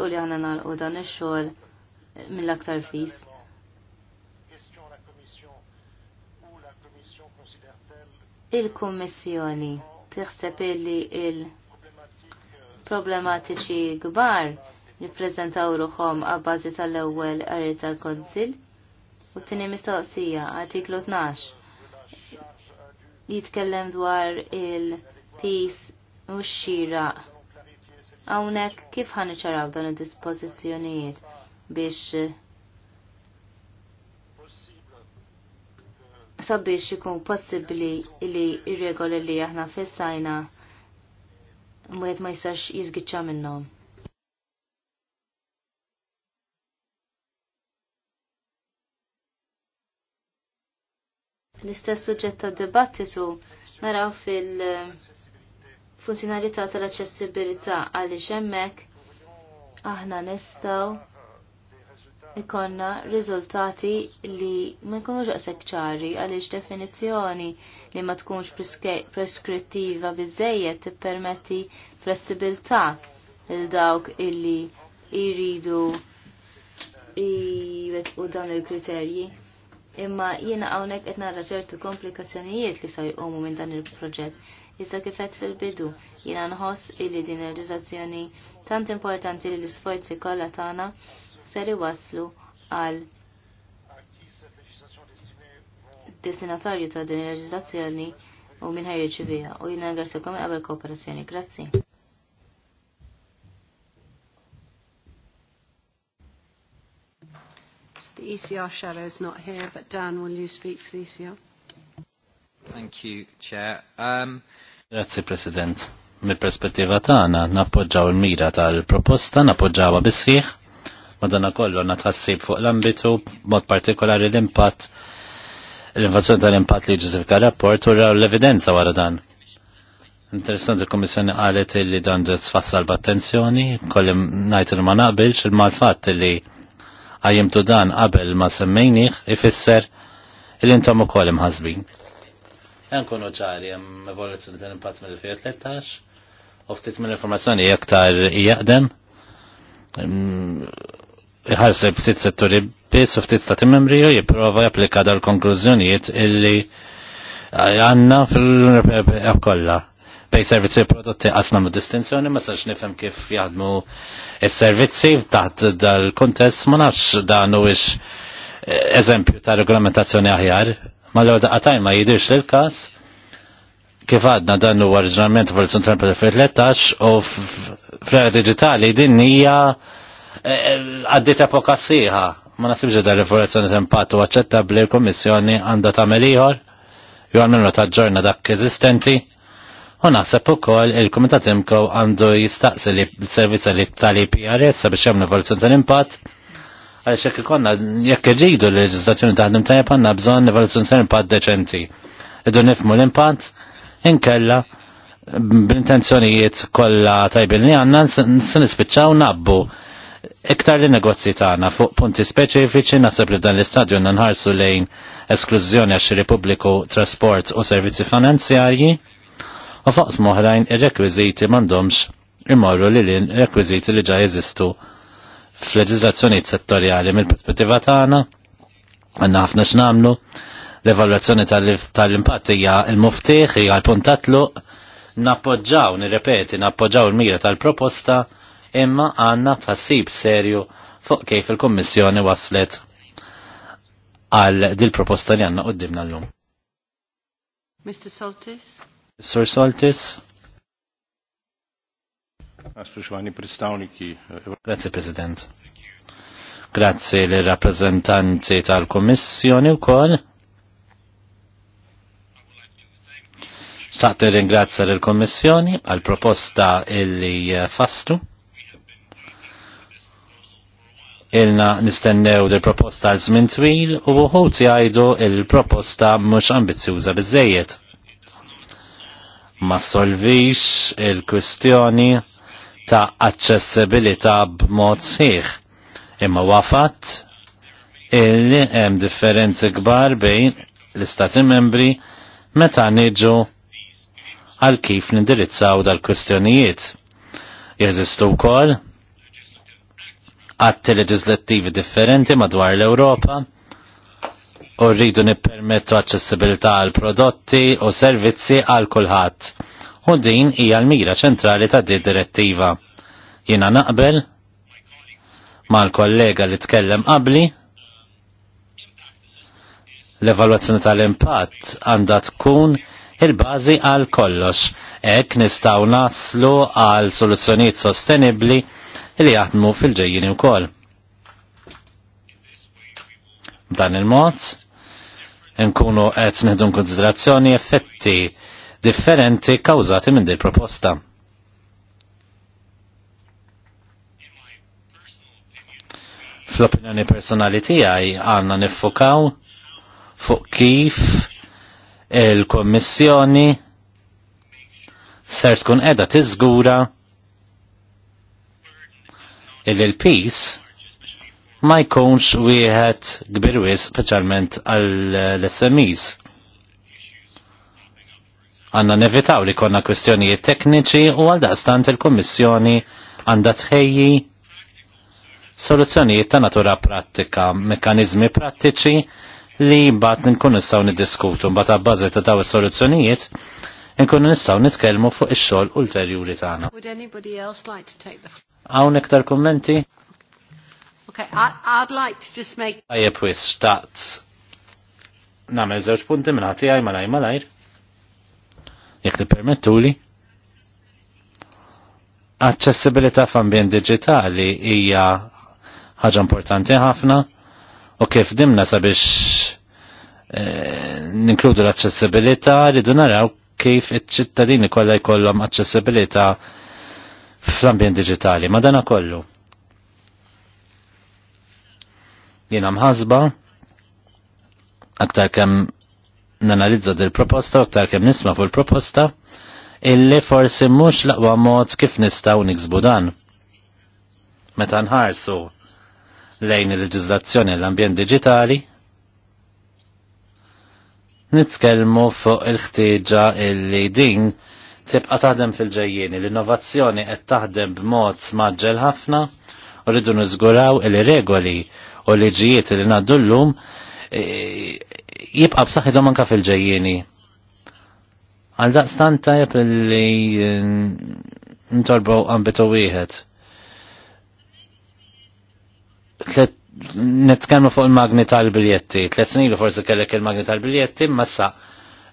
[SPEAKER 2] u li ħana nagħlqu dan ix-xogħol mill-aktar fis. Il-Kummissjoni tiħseb illi il-, -il problematiċi kbar li prezentaw ruħom għabbażi tal-ewwel qari tal-Konsil. U t-tieni mistoqsija, artiklu 12, jitkellem dwar il-peace u x-xira. Hawnhekk kif ħan ċaraw dan id-dispożizzjonijiet biex sabiex ikun possibbli li ir-regoli li aħna fissajna mwet ma jistax jizgitxa minnom. L-istess suġġett ta' dibattitu naraw fil-funzjonalità tal-aċċessibilità għaliex hemmhekk aħna nistgħu ikonna riżultati li ma jkunux għasek ċari għaliex definizzjoni li ma tkunx preskrittiva biżejjed tippermetti flessibilta il dawk illi jiridu jwetqu dawn il-kriterji. Imma jiena hawnhekk qed raċertu komplikazzjonijiet li saj jqumu minn dan il-proġett. Issa kifet fil-bidu, jiena nħoss illi din il rizazzjoni tant importanti li l-isforzi kollha tagħna ser iwaslu għal destinatarju ta' din il reġistrazzjoni u minn ħaj jirċivija u jina għasjakom għabel kooperazzjoni. Grazzi.
[SPEAKER 3] The ECR shadow is not here, but Dan, will you speak for the ECR?
[SPEAKER 4] Thank you, Chair. Um... Grazie, President. Mi perspettiva ta' għana, nappoġġaw il-mira tal-proposta, nappoġġawha bisħiħ Madonna kollu għanna tħassib fuq l-ambitu, mod partikolari l-impatt, l invazzjoni tal-impatt li ġizifika rapport u l-evidenza wara dan. Interessanti il-Komissjoni għalet li dan ġet tfassal b'attenzjoni, kollim najt il ma naqbilx il-malfat li għajimtu dan qabel ma semmejniħ ifisser il-intom u kollim ħazbin. Enkunu ċari, jem evoluzzjoni tal-impatt mill-2013, u ftit mill-informazzjoni jaktar jaqdem, mm, iħarsu ftit setturi biss u ftit stati membri u jipprova japplika dal konklużjonijiet illi għanna fil-Europea kollha. Bej servizzi prodotti għasna mu distinzjoni ma sarx nifhem kif jaħdmu s-servizzi taħt dal-kuntest ma nafx dan huwiex eżempju ta' regolamentazzjoni aħjar. Ma l daqatajn ma jidux l każ kif għadna dan huwa għarġnament fil-2013 u fl digitali din hija għaddit epoka siħa. Ma nasibx da rivoluzzjoni tempatu bli l għanda ta' tagħmel ieħor, jew għalmenu ġorna dak eżistenti. U naħseb ukoll il-Kumitat Imkow għandu jistaqsi li l-servizza li tali PRS sabiex hemm evoluzzjoni tal-impatt għaliex jekk ikonna jekk irridu l-leġiżlazzjoni taħdem tajjeb għandna bżonn evoluzzjoni tal-impatt deċenti. Idu nifmu l-impatt inkella b'intenzjonijiet kollha tajbin li għandna se nispiċċaw nabbu iktar li negozji tagħna fuq punti speċifiċi naħseb li dan l-istadju nħarsu lejn esklużjoni għax Republiku Trasport u Servizzi Finanzjarji u fuq smoħrajn ir-rekwiżiti m'għandhomx imorru li lin rekwiżiti li ġa jeżistu fl-leġizlazzjoni settorjali mill-perspettiva tagħna għandna ħafna x'namlu l-evalwazzjoni tal-impatt hija l-muftiħ hija l-puntatlu nappoġġaw nirrepeti nappoġġaw il-mira tal-proposta tal proposta imma għanna tħassib serju fuq kif il-Kommissjoni waslet għal dil-proposta li għanna għoddimna l-lum.
[SPEAKER 3] Mr. Soltis?
[SPEAKER 4] Sir Soltis? Eh, Grazie, President. Grazie l-rappresentanti tal-Kommissjoni u kol. Saqt ringrazzja l-Kommissjoni għal proposta illi eh, fastu ilna nistennew il proposta għal żmien twil u uħut jgħidu il-proposta mhux ambizzjuża biżejjed. Ma solvix il-kwistjoni ta' aċċessibilità b'mod sħiħ. Imma wafat illi hemm differenzi kbar bejn l-istati membri meta niġu għal kif nindirizzaw dal-kwistjonijiet. Jeżistu wkoll atti leġislattivi differenti madwar l-Ewropa u rridu nippermettu aċċessibilità għal prodotti u servizzi għal kulħadd. U din hija l-mira ċentrali ta' di direttiva. Jiena naqbel mal-kollega li tkellem qabli l-evalwazzjoni tal-impatt għandha tkun il-bażi għal kollox. Hekk nistgħu naslu għal soluzzjonijiet sostenibbli li jaħdmu fil-ġejjin wkoll. Dan il-mod nkunu qed neħdu konsiderazzjoni effetti differenti kawżati minn din proposta. Fl-opinjoni personali tiegħi għandna niffukaw fuq kif il-Kommissjoni ser tkun qiegħda tiżgura il il-peace ma jkunx wieħed kbir wis speċjalment għall-SMEs. Għanna nevitaw li konna kwestjonijiet tekniċi u għal daqstant il-Kommissjoni għandha tħejji soluzzjonijiet ta' natura prattika, mekkanizmi prattiċi li bat nkun nistgħu niddiskutu mbagħad b-bażi ta' daw is-soluzzjonijiet nkunu nistgħu nitkellmu fuq ix-xogħol ulterjuri
[SPEAKER 1] tagħna.
[SPEAKER 4] Hawn iktar kommenti?
[SPEAKER 1] Okay, I'd like to just make
[SPEAKER 4] Ajja pwis xtaqt nagħmel żewġ punti minn ħati għaj malaj malajr. Jekk tippermettuli. Aċċessibilità f'ambjent diġitali hija ħaġa importanti ħafna u kif dimna sabiex eh, ninkludu l-aċċessibilità rridu naraw kif iċ-ċittadini kollha jkollhom aċċessibilità fl-ambjent digitali, ma dana kollu. Jina mħazba, aktar kem nanalizza dil proposta aktar kem nisma fuq il-proposta, illi forsi mhux laqwa mod kif nistgħu niksbu dan. Meta nħarsu lejn il leġizlazzjoni l-ambjent digitali, nitkellmu fuq il-ħtieġa illi din tibqa' taħdem fil-ġejjieni. L-innovazzjoni qed taħdem b'mod maġġel ħafna u rridu niżguraw il-regoli u liġijiet li ngħaddu llum e, jibqa' b'saħħithom anke fil-ġejjieni. Għal daqstant tajjeb li e, ntorbu ambitu wieħed. Netkellmu fuq il-magni tal-biljetti. Tlet snin forsi kellek il-magni tal-biljetti, ma sa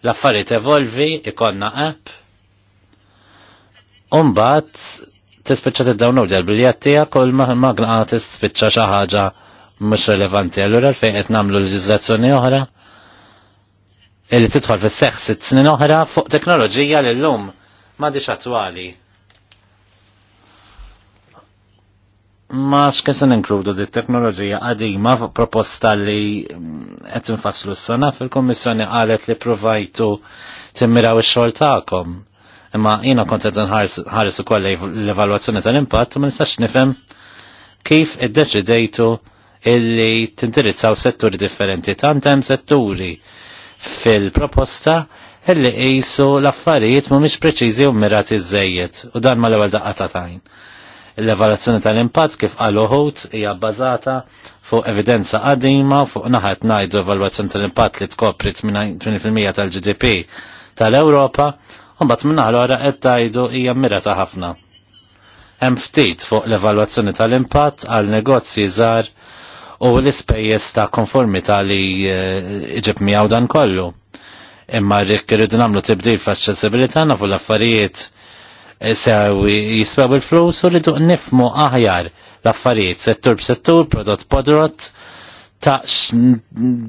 [SPEAKER 4] l-affarijiet evolvi, ikonna app, Umbat, tispeċċa t-download għal-biljat tija kol magna tispeċċa xaħġa mux relevanti. Allura fejqet qed nagħmlu leġiżlazzjoni oħra illi tidħol fis seħħ sitt snin oħra fuq teknoloġija li llum m'għadix attwali. Ma x'kien inkludu ninkludu di teknoloġija qadima proposta li mm, qed faslu s-sena fil-Kummissjoni qalet li provajtu timmiraw ix-xogħol tagħkom Imma jina kontet nħares u koll l-evaluazzjoni tal-impatt, ma nistax nifhem kif id-deċidejtu illi tindirizzaw setturi differenti. Tantem setturi fil-proposta illi jisu l-affarijiet mhumiex preċiżi u mirati iż u dan ma l-ewwel daqqa ta' tajn. L-evaluazzjoni tal-impatt kif għal uħut hija bbażata fuq evidenza qadima fuq naħat ngħidu evalwazzjoni tal-impatt li tkopri 80% tal-GDP tal-Ewropa Umbat minna għara għeddajdu ija hija mirata ħafna. Hemm ftit fuq l-evalwazzjoni tal-impatt għal negozji żar u l-ispejjeż ta' konformità li eh, iġib miegħu dan kollu. Imma rrik irridu nagħmlu tibdil f'aċċessibilità nafu l-affarijiet eh, sew jiswew il-flus u rridu nifmu aħjar l-affarijiet settur b'settur, prodott podrot, ta'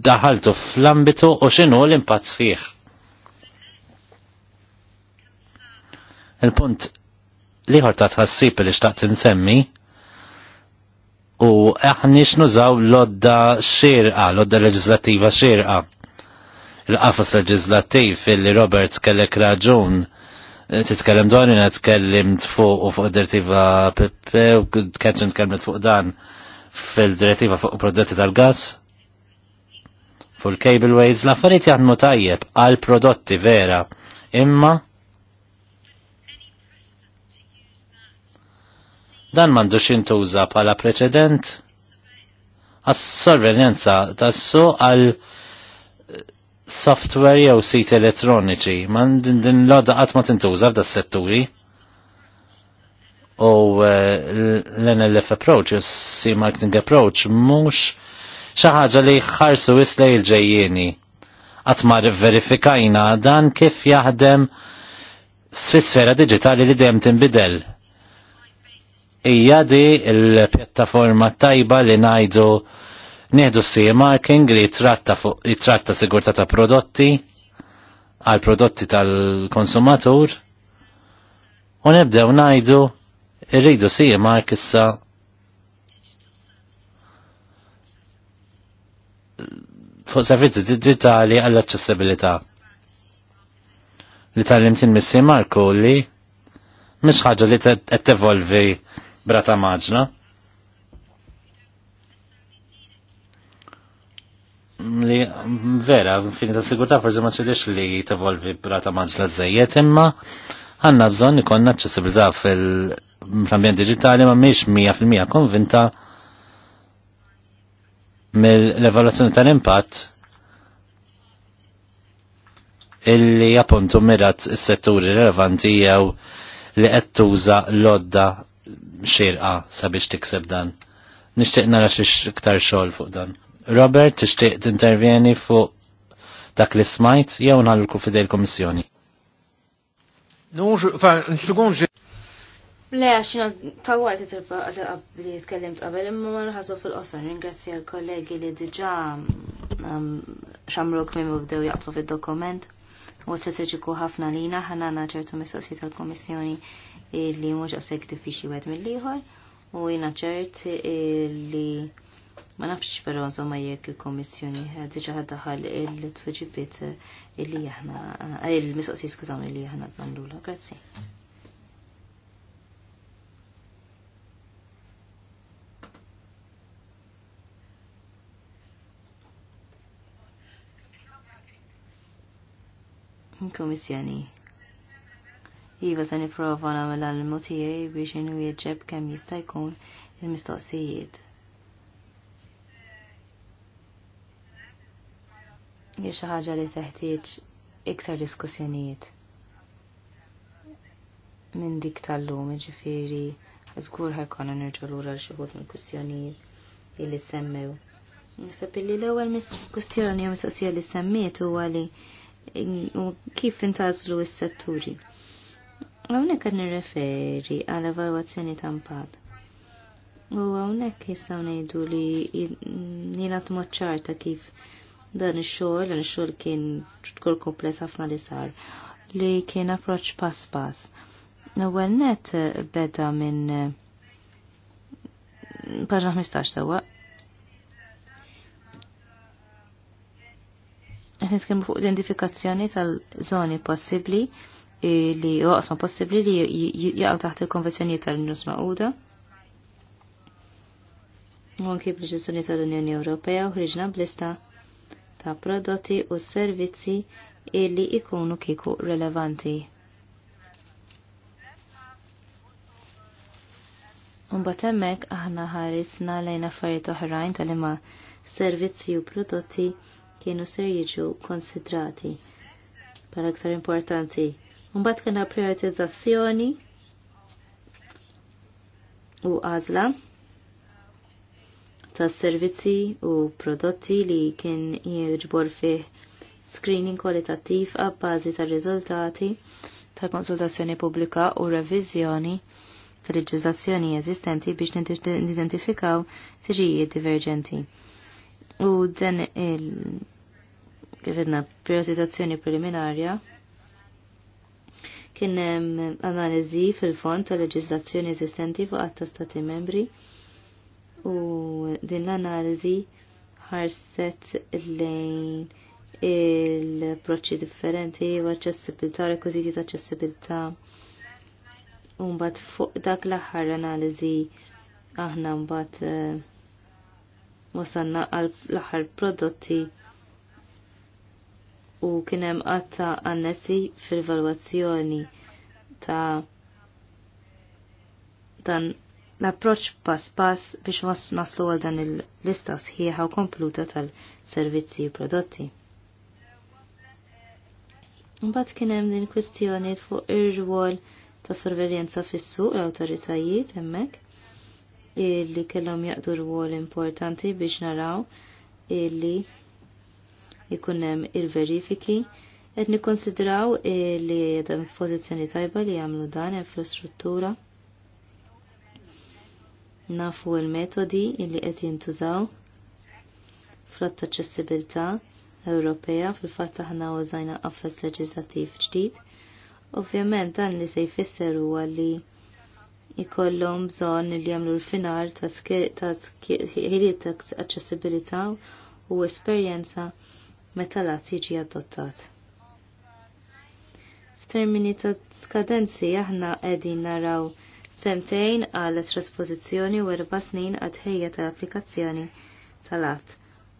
[SPEAKER 4] daħaltu fl-ambitu u xinu l-impatt sfiħ Il-punt liħor ta' tħassib li xtaqt insemmi u aħni xnużaw lodda xirqa, lodda leġislativa xirqa. Il-qafas leġislativ fil-li Robert kellek raġun eh, titkellem dwar jina tkellimt fuq u fuq direttiva Pepe u Ketrin tkellmet fuq dan fil-direttiva fuq prodotti tal-gas fuq il-cableways l-affarijiet jaħdmu tajjeb għal prodotti vera imma Dan m'għandux jintuża bħala preċedent għas sorvenjenza tassu għal eh, software jew sit elettroniċi. Man din, din l għat qatt ma tintuża f'da setturi. U eh, l-NLF approach, u C-marketing approach, mhux xi ħaġa li ħarsu islej il-ġejjieni. Għat ma verifikajna dan kif jaħdem s-sfera digitali li dejjem tinbidel hija di l-pjattaforma tajba li ngħidu neħdu sea marking li jitratta sigurtà ta' prodotti għal prodotti tal-konsumatur u nibdew ngħidu irridu sea mark issa fuq servizzi digitali għall-aċċessibilità. Li tal-imtin missi Marko li mhix ħaġa li qed tevolvi brata maġla. Li vera, fini ta' sigurta forse ma ċedix li tevolvi brata maġla zzejiet imma għanna bżon ikonna ċessibilità fil-ambjent digitali ma miex 100% konvinta mill-evaluazzjoni tal-impatt illi appuntu mirat is-setturi relevanti jew li qed tuża l-odda xirqa sabiex tikseb dan. Nishtiq nara xiex iktar xogħol fuq dan. Robert, tixtieq tintervjeni fuq dak li smajt jew nħallku fidej il-Kommissjoni.
[SPEAKER 1] No, enfin, une seconde,
[SPEAKER 2] Le, xina tawajt it-tirba li jitkellimt qabel, imma marħazu fil-qosor, ringrazzi għal-kollegi li diġa um, xamruk minn bdew jaqtu fil-dokument. U strategiku ħafna li jina ċertu mistoqsijiet tal-Komissjoni li mhux għasek diffiċli wieħed mill-ieħor u jiena ċert li ma nafx però insomma jekk il-Kommissjoni diġà ħaddaħal il-tweġibiet li aħna il-mistoqsijiet skużawni li aħna nagħmlula. Grazzi. Kommissjoni. Iva se niprofa nagħmel għall tiegħi biex inhu jieġeb kemm jista' jkun il-mistoqsijiet. Jiex xi ħaġa li teħtieġ iktar diskussjonijiet minn dik tal-lum, ġifieri żgur ħajkonna nerġgħu lura xi ħud mill-kwistjonijiet li semmew. Nisab li l-ewwel kwistjoni jew mistoqsija li semmiet huwa li kif intażlu s-setturi. Għawnek għad nirreferi għal evalwazzjoni ta' impatt. U għawnek jistaw nejdu li nilat moċċarta kif dan il-xol, dan il-xol kien ċutkol kompless għafna li sar li kien approċ pas-pas. U għennet beda minn paġna 15 sewwa. Qed nitkellmu fuq identifikazzjoni tal zoni possibli li joqsma possibli li jaqgħu taħt il-konvenzjonijiet tal-Nus Maquda. U anki bl-ġestjoni tal-Unjoni Ewropea u ħriġna blista ta' prodotti u servizzi illi ikunu kiku relevanti. Unbat hemmhekk aħna ħarisna lejn affarijiet oħrajn tal-imma servizzi u prodotti kienu ser jiġu konsidrati. Par aktar importanti, Mbagħad kena prioritizzazzjoni u għażla ta' servizzi u prodotti li kien jiġbor fih screening kwalitattiv għabbażi ta' riżultati ta' konsultazzjoni pubblika u reviżjoni ta' leġiżlazzjoni eżistenti biex nidentifikaw tiġijiet diverġenti. U dan il kif prioritizzazzjoni preliminarja kien hemm analiżi fil-fond tal leġiżlazzjoni eżistenti fuq qatt stati membri u din l-analiżi ħarset lejn il-approċċi differenti u aċċessibilità, rekwiżiti ta' aċċessibilità. U mbagħad fuq dak l-aħħar analiżi aħna mbagħad eh, wasanna għal l-aħħar prodotti u kienem għatta annessi fil-valwazzjoni ta' dan l-approċ pass pass biex mas naslu għal dan il-lista sħiħa u kompluta tal-servizzi u prodotti. Mbagħad kien hemm din kwestjoni fuq ir-rwol ta' sorveljenza fis-suq l-awtoritajiet hemmhekk illi kellhom jaqdu rwol importanti biex naraw illi jikunem hemm il-verifiki qed nikkonsidraw li dam pozizjoni tajba li jagħmlu dan infrastruttura. Nafu l-metodi li qed jintużaw flott att aċċessibilità Ewropea fil-fatt aħna użajna qafas leġislattiv ġdid. Ovvjament dan li se jfisser huwa li jkollhom bżonn li jagħmlu l-finar ta' ħiliet ta' aċċessibilità u esperjenza meta l-att jiġi adottat. F'termini ta' skadenzi aħna qegħdin naraw sentejn għal trasposizzjoni u erba' snin għad ħejja tal-applikazzjoni tal-att.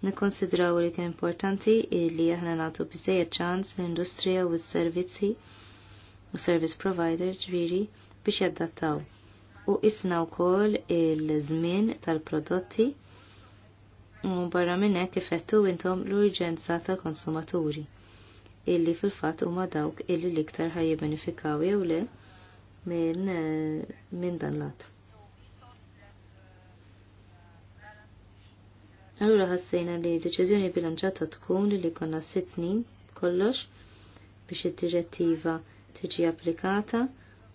[SPEAKER 2] Nikkonsidraw li kien importanti li aħna nagħtu biżejjed ċans l-industrija u s-servizzi u service providers ġviri biex jaddattaw u isna wkoll il-żmien tal-prodotti u barra minnek kifettu intom l-urġenza ta' konsumaturi illi fil-fat huma dawk illi l-iktar ħaj jew le minn eh, min dan lat. Allura ħassejna li deċiżjoni bilanċata tkun li konna sitt snin kollox biex id-direttiva tiġi applikata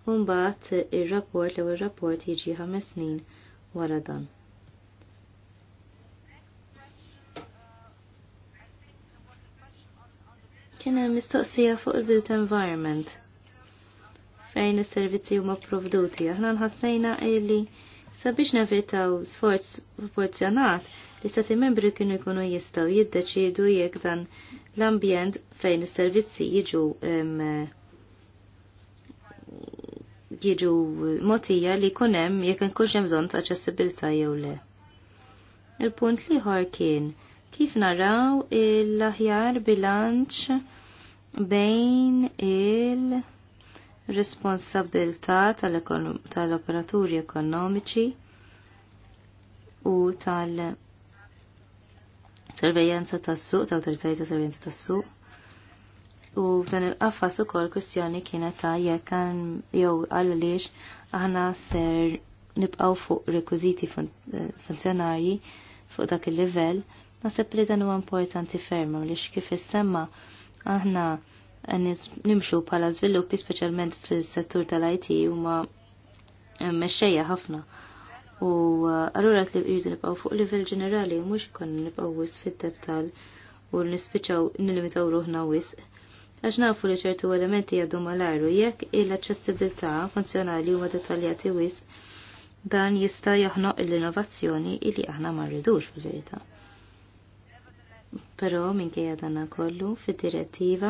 [SPEAKER 2] u mbagħad ir-rapport l-ewwel rapport jiġi ħames snin wara dan. Kien hemm mistoqsija fuq il-built environment fejn is-servizzi huma provduti. Aħna nħassejna li sabiex nevitaw sforz proporzjonat l stati membri kienu jkunu jistgħu jiddeċiedu jekk dan l-ambjent fejn is-servizzi jiġu jiġu motija li kunem jekk nkunx hemm bżonn ta' aċċessibilità jew le. Il-punt liħor kien kif naraw il-aħjar bilanċ bejn il-responsabilità tal-operaturi ekonomiċi u tal-servejenza tas-suq, tal-autoritajiet ta' servejenza tas-suq. U dan il-qafas ukoll kustjoni kienet ta' jekk jew għaliex aħna ser nibqgħu fuq rekwiżiti eh, funzjonarji fuq dak il-livell nasib li dan huwa importanti ferma li kif semma aħna nimxu pala żviluppi speċjalment fis-settur tal-IT huma mexxejja ħafna. U uh, allura li jridu nibqaw fuq livell ġenerali mhux kon nibqgħu wis fid-dettall u nispiċaw nilimitaw ruħna wisq. Għax nafu li ċertu elementi għadhom għal-arru jekk il accessibilta funzjonali huma dettaljati wis, dan jista' jaħnoq l-innovazzjoni illi aħna ma rridux fil-verità. Però minkejja dana kollu fid-direttiva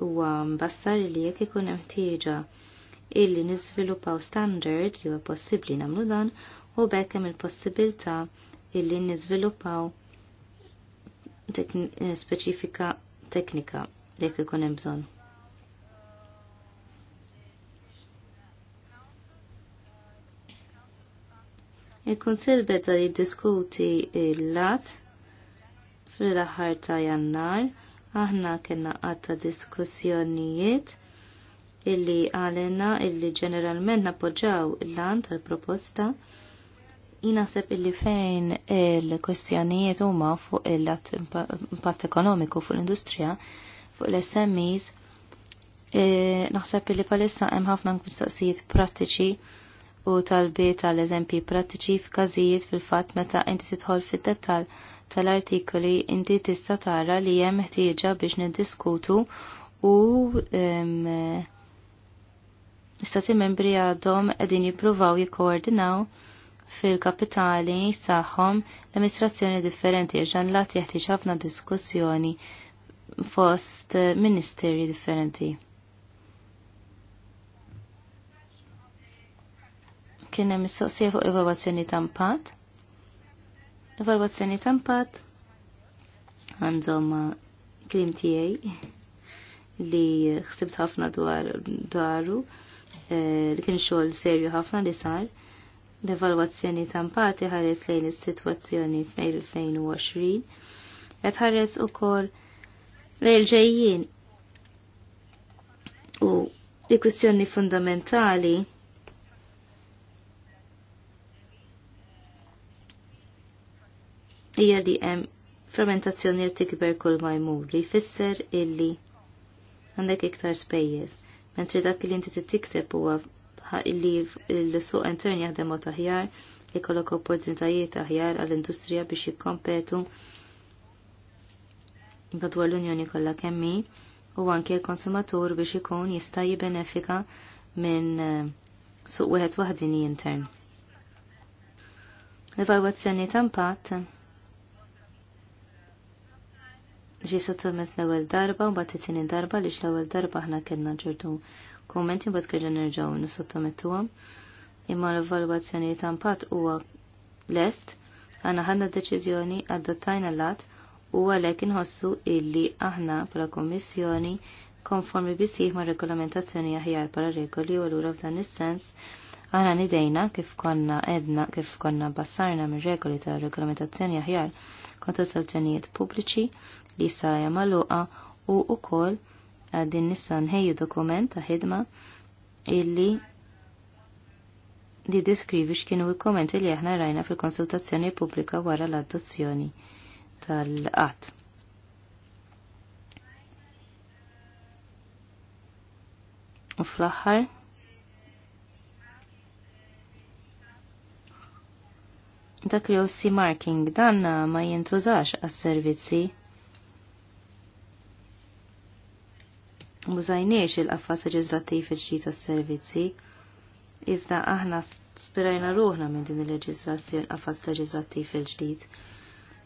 [SPEAKER 2] huwa mbassar li jekk ikun hemm ħtieġa illi niżviluppaw standard li huwa possibbli nagħmlu dan u bekk hemm il-possibilità illi niżviluppaw eh, speċifika teknika jekk ikun hemm bżonn. Il-Kunsill beda jiddiskuti l-lat fil-aħħar ta' jannar aħna kena għatta diskussjonijiet illi għalena illi ġeneralment napoġġaw il-lan tal-proposta jinaħseb illi fejn il-kwestjonijiet huma fuq il-impatt ekonomiku fuq l-industrija fuq l-SMEs e, naħseb illi palissa hemm ħafna mistoqsijiet prattiċi u talbiet tal eżempji prattiċi f'każijiet fil-fatt meta inti tidħol fid dettall tal-artikoli inti tista' tara li hemm ħtieġa biex niddiskutu u l-istati membri għadhom qegħdin jippruvaw jikkoordinaw fil-kapitali saħħom l-amministrazzjoni differenti ġan lat jeħtieġ ħafna diskussjoni fost ministeri differenti. Kien hemm mistoqsija fuq l-evalwazzjoni ta' Evalwazzjoni ta' impatt għandhom uh, klim li ħsibt ħafna dwar dwaru eh, li kien xogħol serju ħafna li sar. L-evalwazzjoni tampat impatt ħares lejn is-sitwazzjoni fl-2020 qed ħares ukoll lejl ġejjin u l kwistjoni fundamentali hija li hemm fermentazzjoni li tikber kull ma jmur li jfisser illi għandek iktar spejjeż, mentri dak li inti titikseb huwa illi l-suq intern jaħdem mod aħjar, li kollok opportunitajiet aħjar għall-industrija biex jikkompetu madwar l-Unjoni kollha kemmi u anke l-konsumatur biex ikun jista' jibbenefika minn eh, suq wieħed waħdini intern. L-evalwazzjoni ta' impatt ġi sottomet l-ewwel darba u bat it-tieni darba li l-ewwel darba aħna kellna ċertu kummenti mbagħad kellna sottomet nissottomettuhom. Imma l-evalwazzjoni ta' impatt huwa lest għandna ħadna deċiżjoni l lat u għalhekk inħossu illi aħna bħala Kommissjoni konformi bisih ma' regolamentazzjoni aħjar bħala regoli u allura f'dan is-sens Għana nidejna kif konna edna kif konna bassarna minn regoli ta' regolamentazzjoni aħjar kontra kontrastazzjonijiet pubbliċi li sajja maluqa u ukoll għaddin nissan nħejju dokument ta' ħidma illi di deskrivi x'kienu l-kommenti li aħna rajna fil-konsultazzjoni pubblika wara l-adozzjoni tal-qatt. U fl-aħħar dak li ossi marking dan ma jintużax għas-servizzi użajniex il-qaffas leġislattiv il-ġi tas-servizzi, iżda aħna spirajna ruħna minn din il-leġislazzjoni qaffas leġislattiv il-ġdid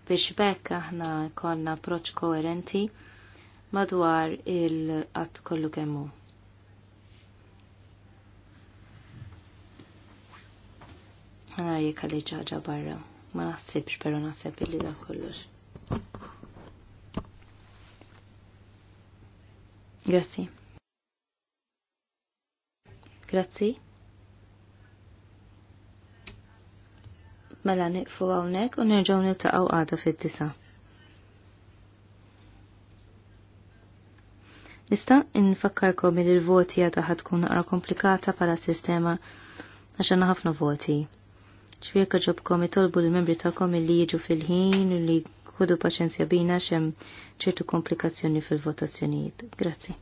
[SPEAKER 2] biex bekk aħna konna approċ koerenti madwar il-qatt kollu kemmu. Għana jekk għalli ġaġa barra, ma naħsibx, pero naħseb li da kollox. Grazzi. Grazzi. Mela niqfu hawnhekk u nerġgħu niltaqgħu għada fid-disa. Nista' infakkarkom li l-voti għadha ħad tkun naqra komplikata bħala sistema għax għandna ħafna voti. Ċvirka ġobkom itolbu l-membri tagħkom li jiġu fil-ħin u li Ħudu paċenzja bina xem ċertu komplikazzjoni fil-votazzjonijiet. Grazzi.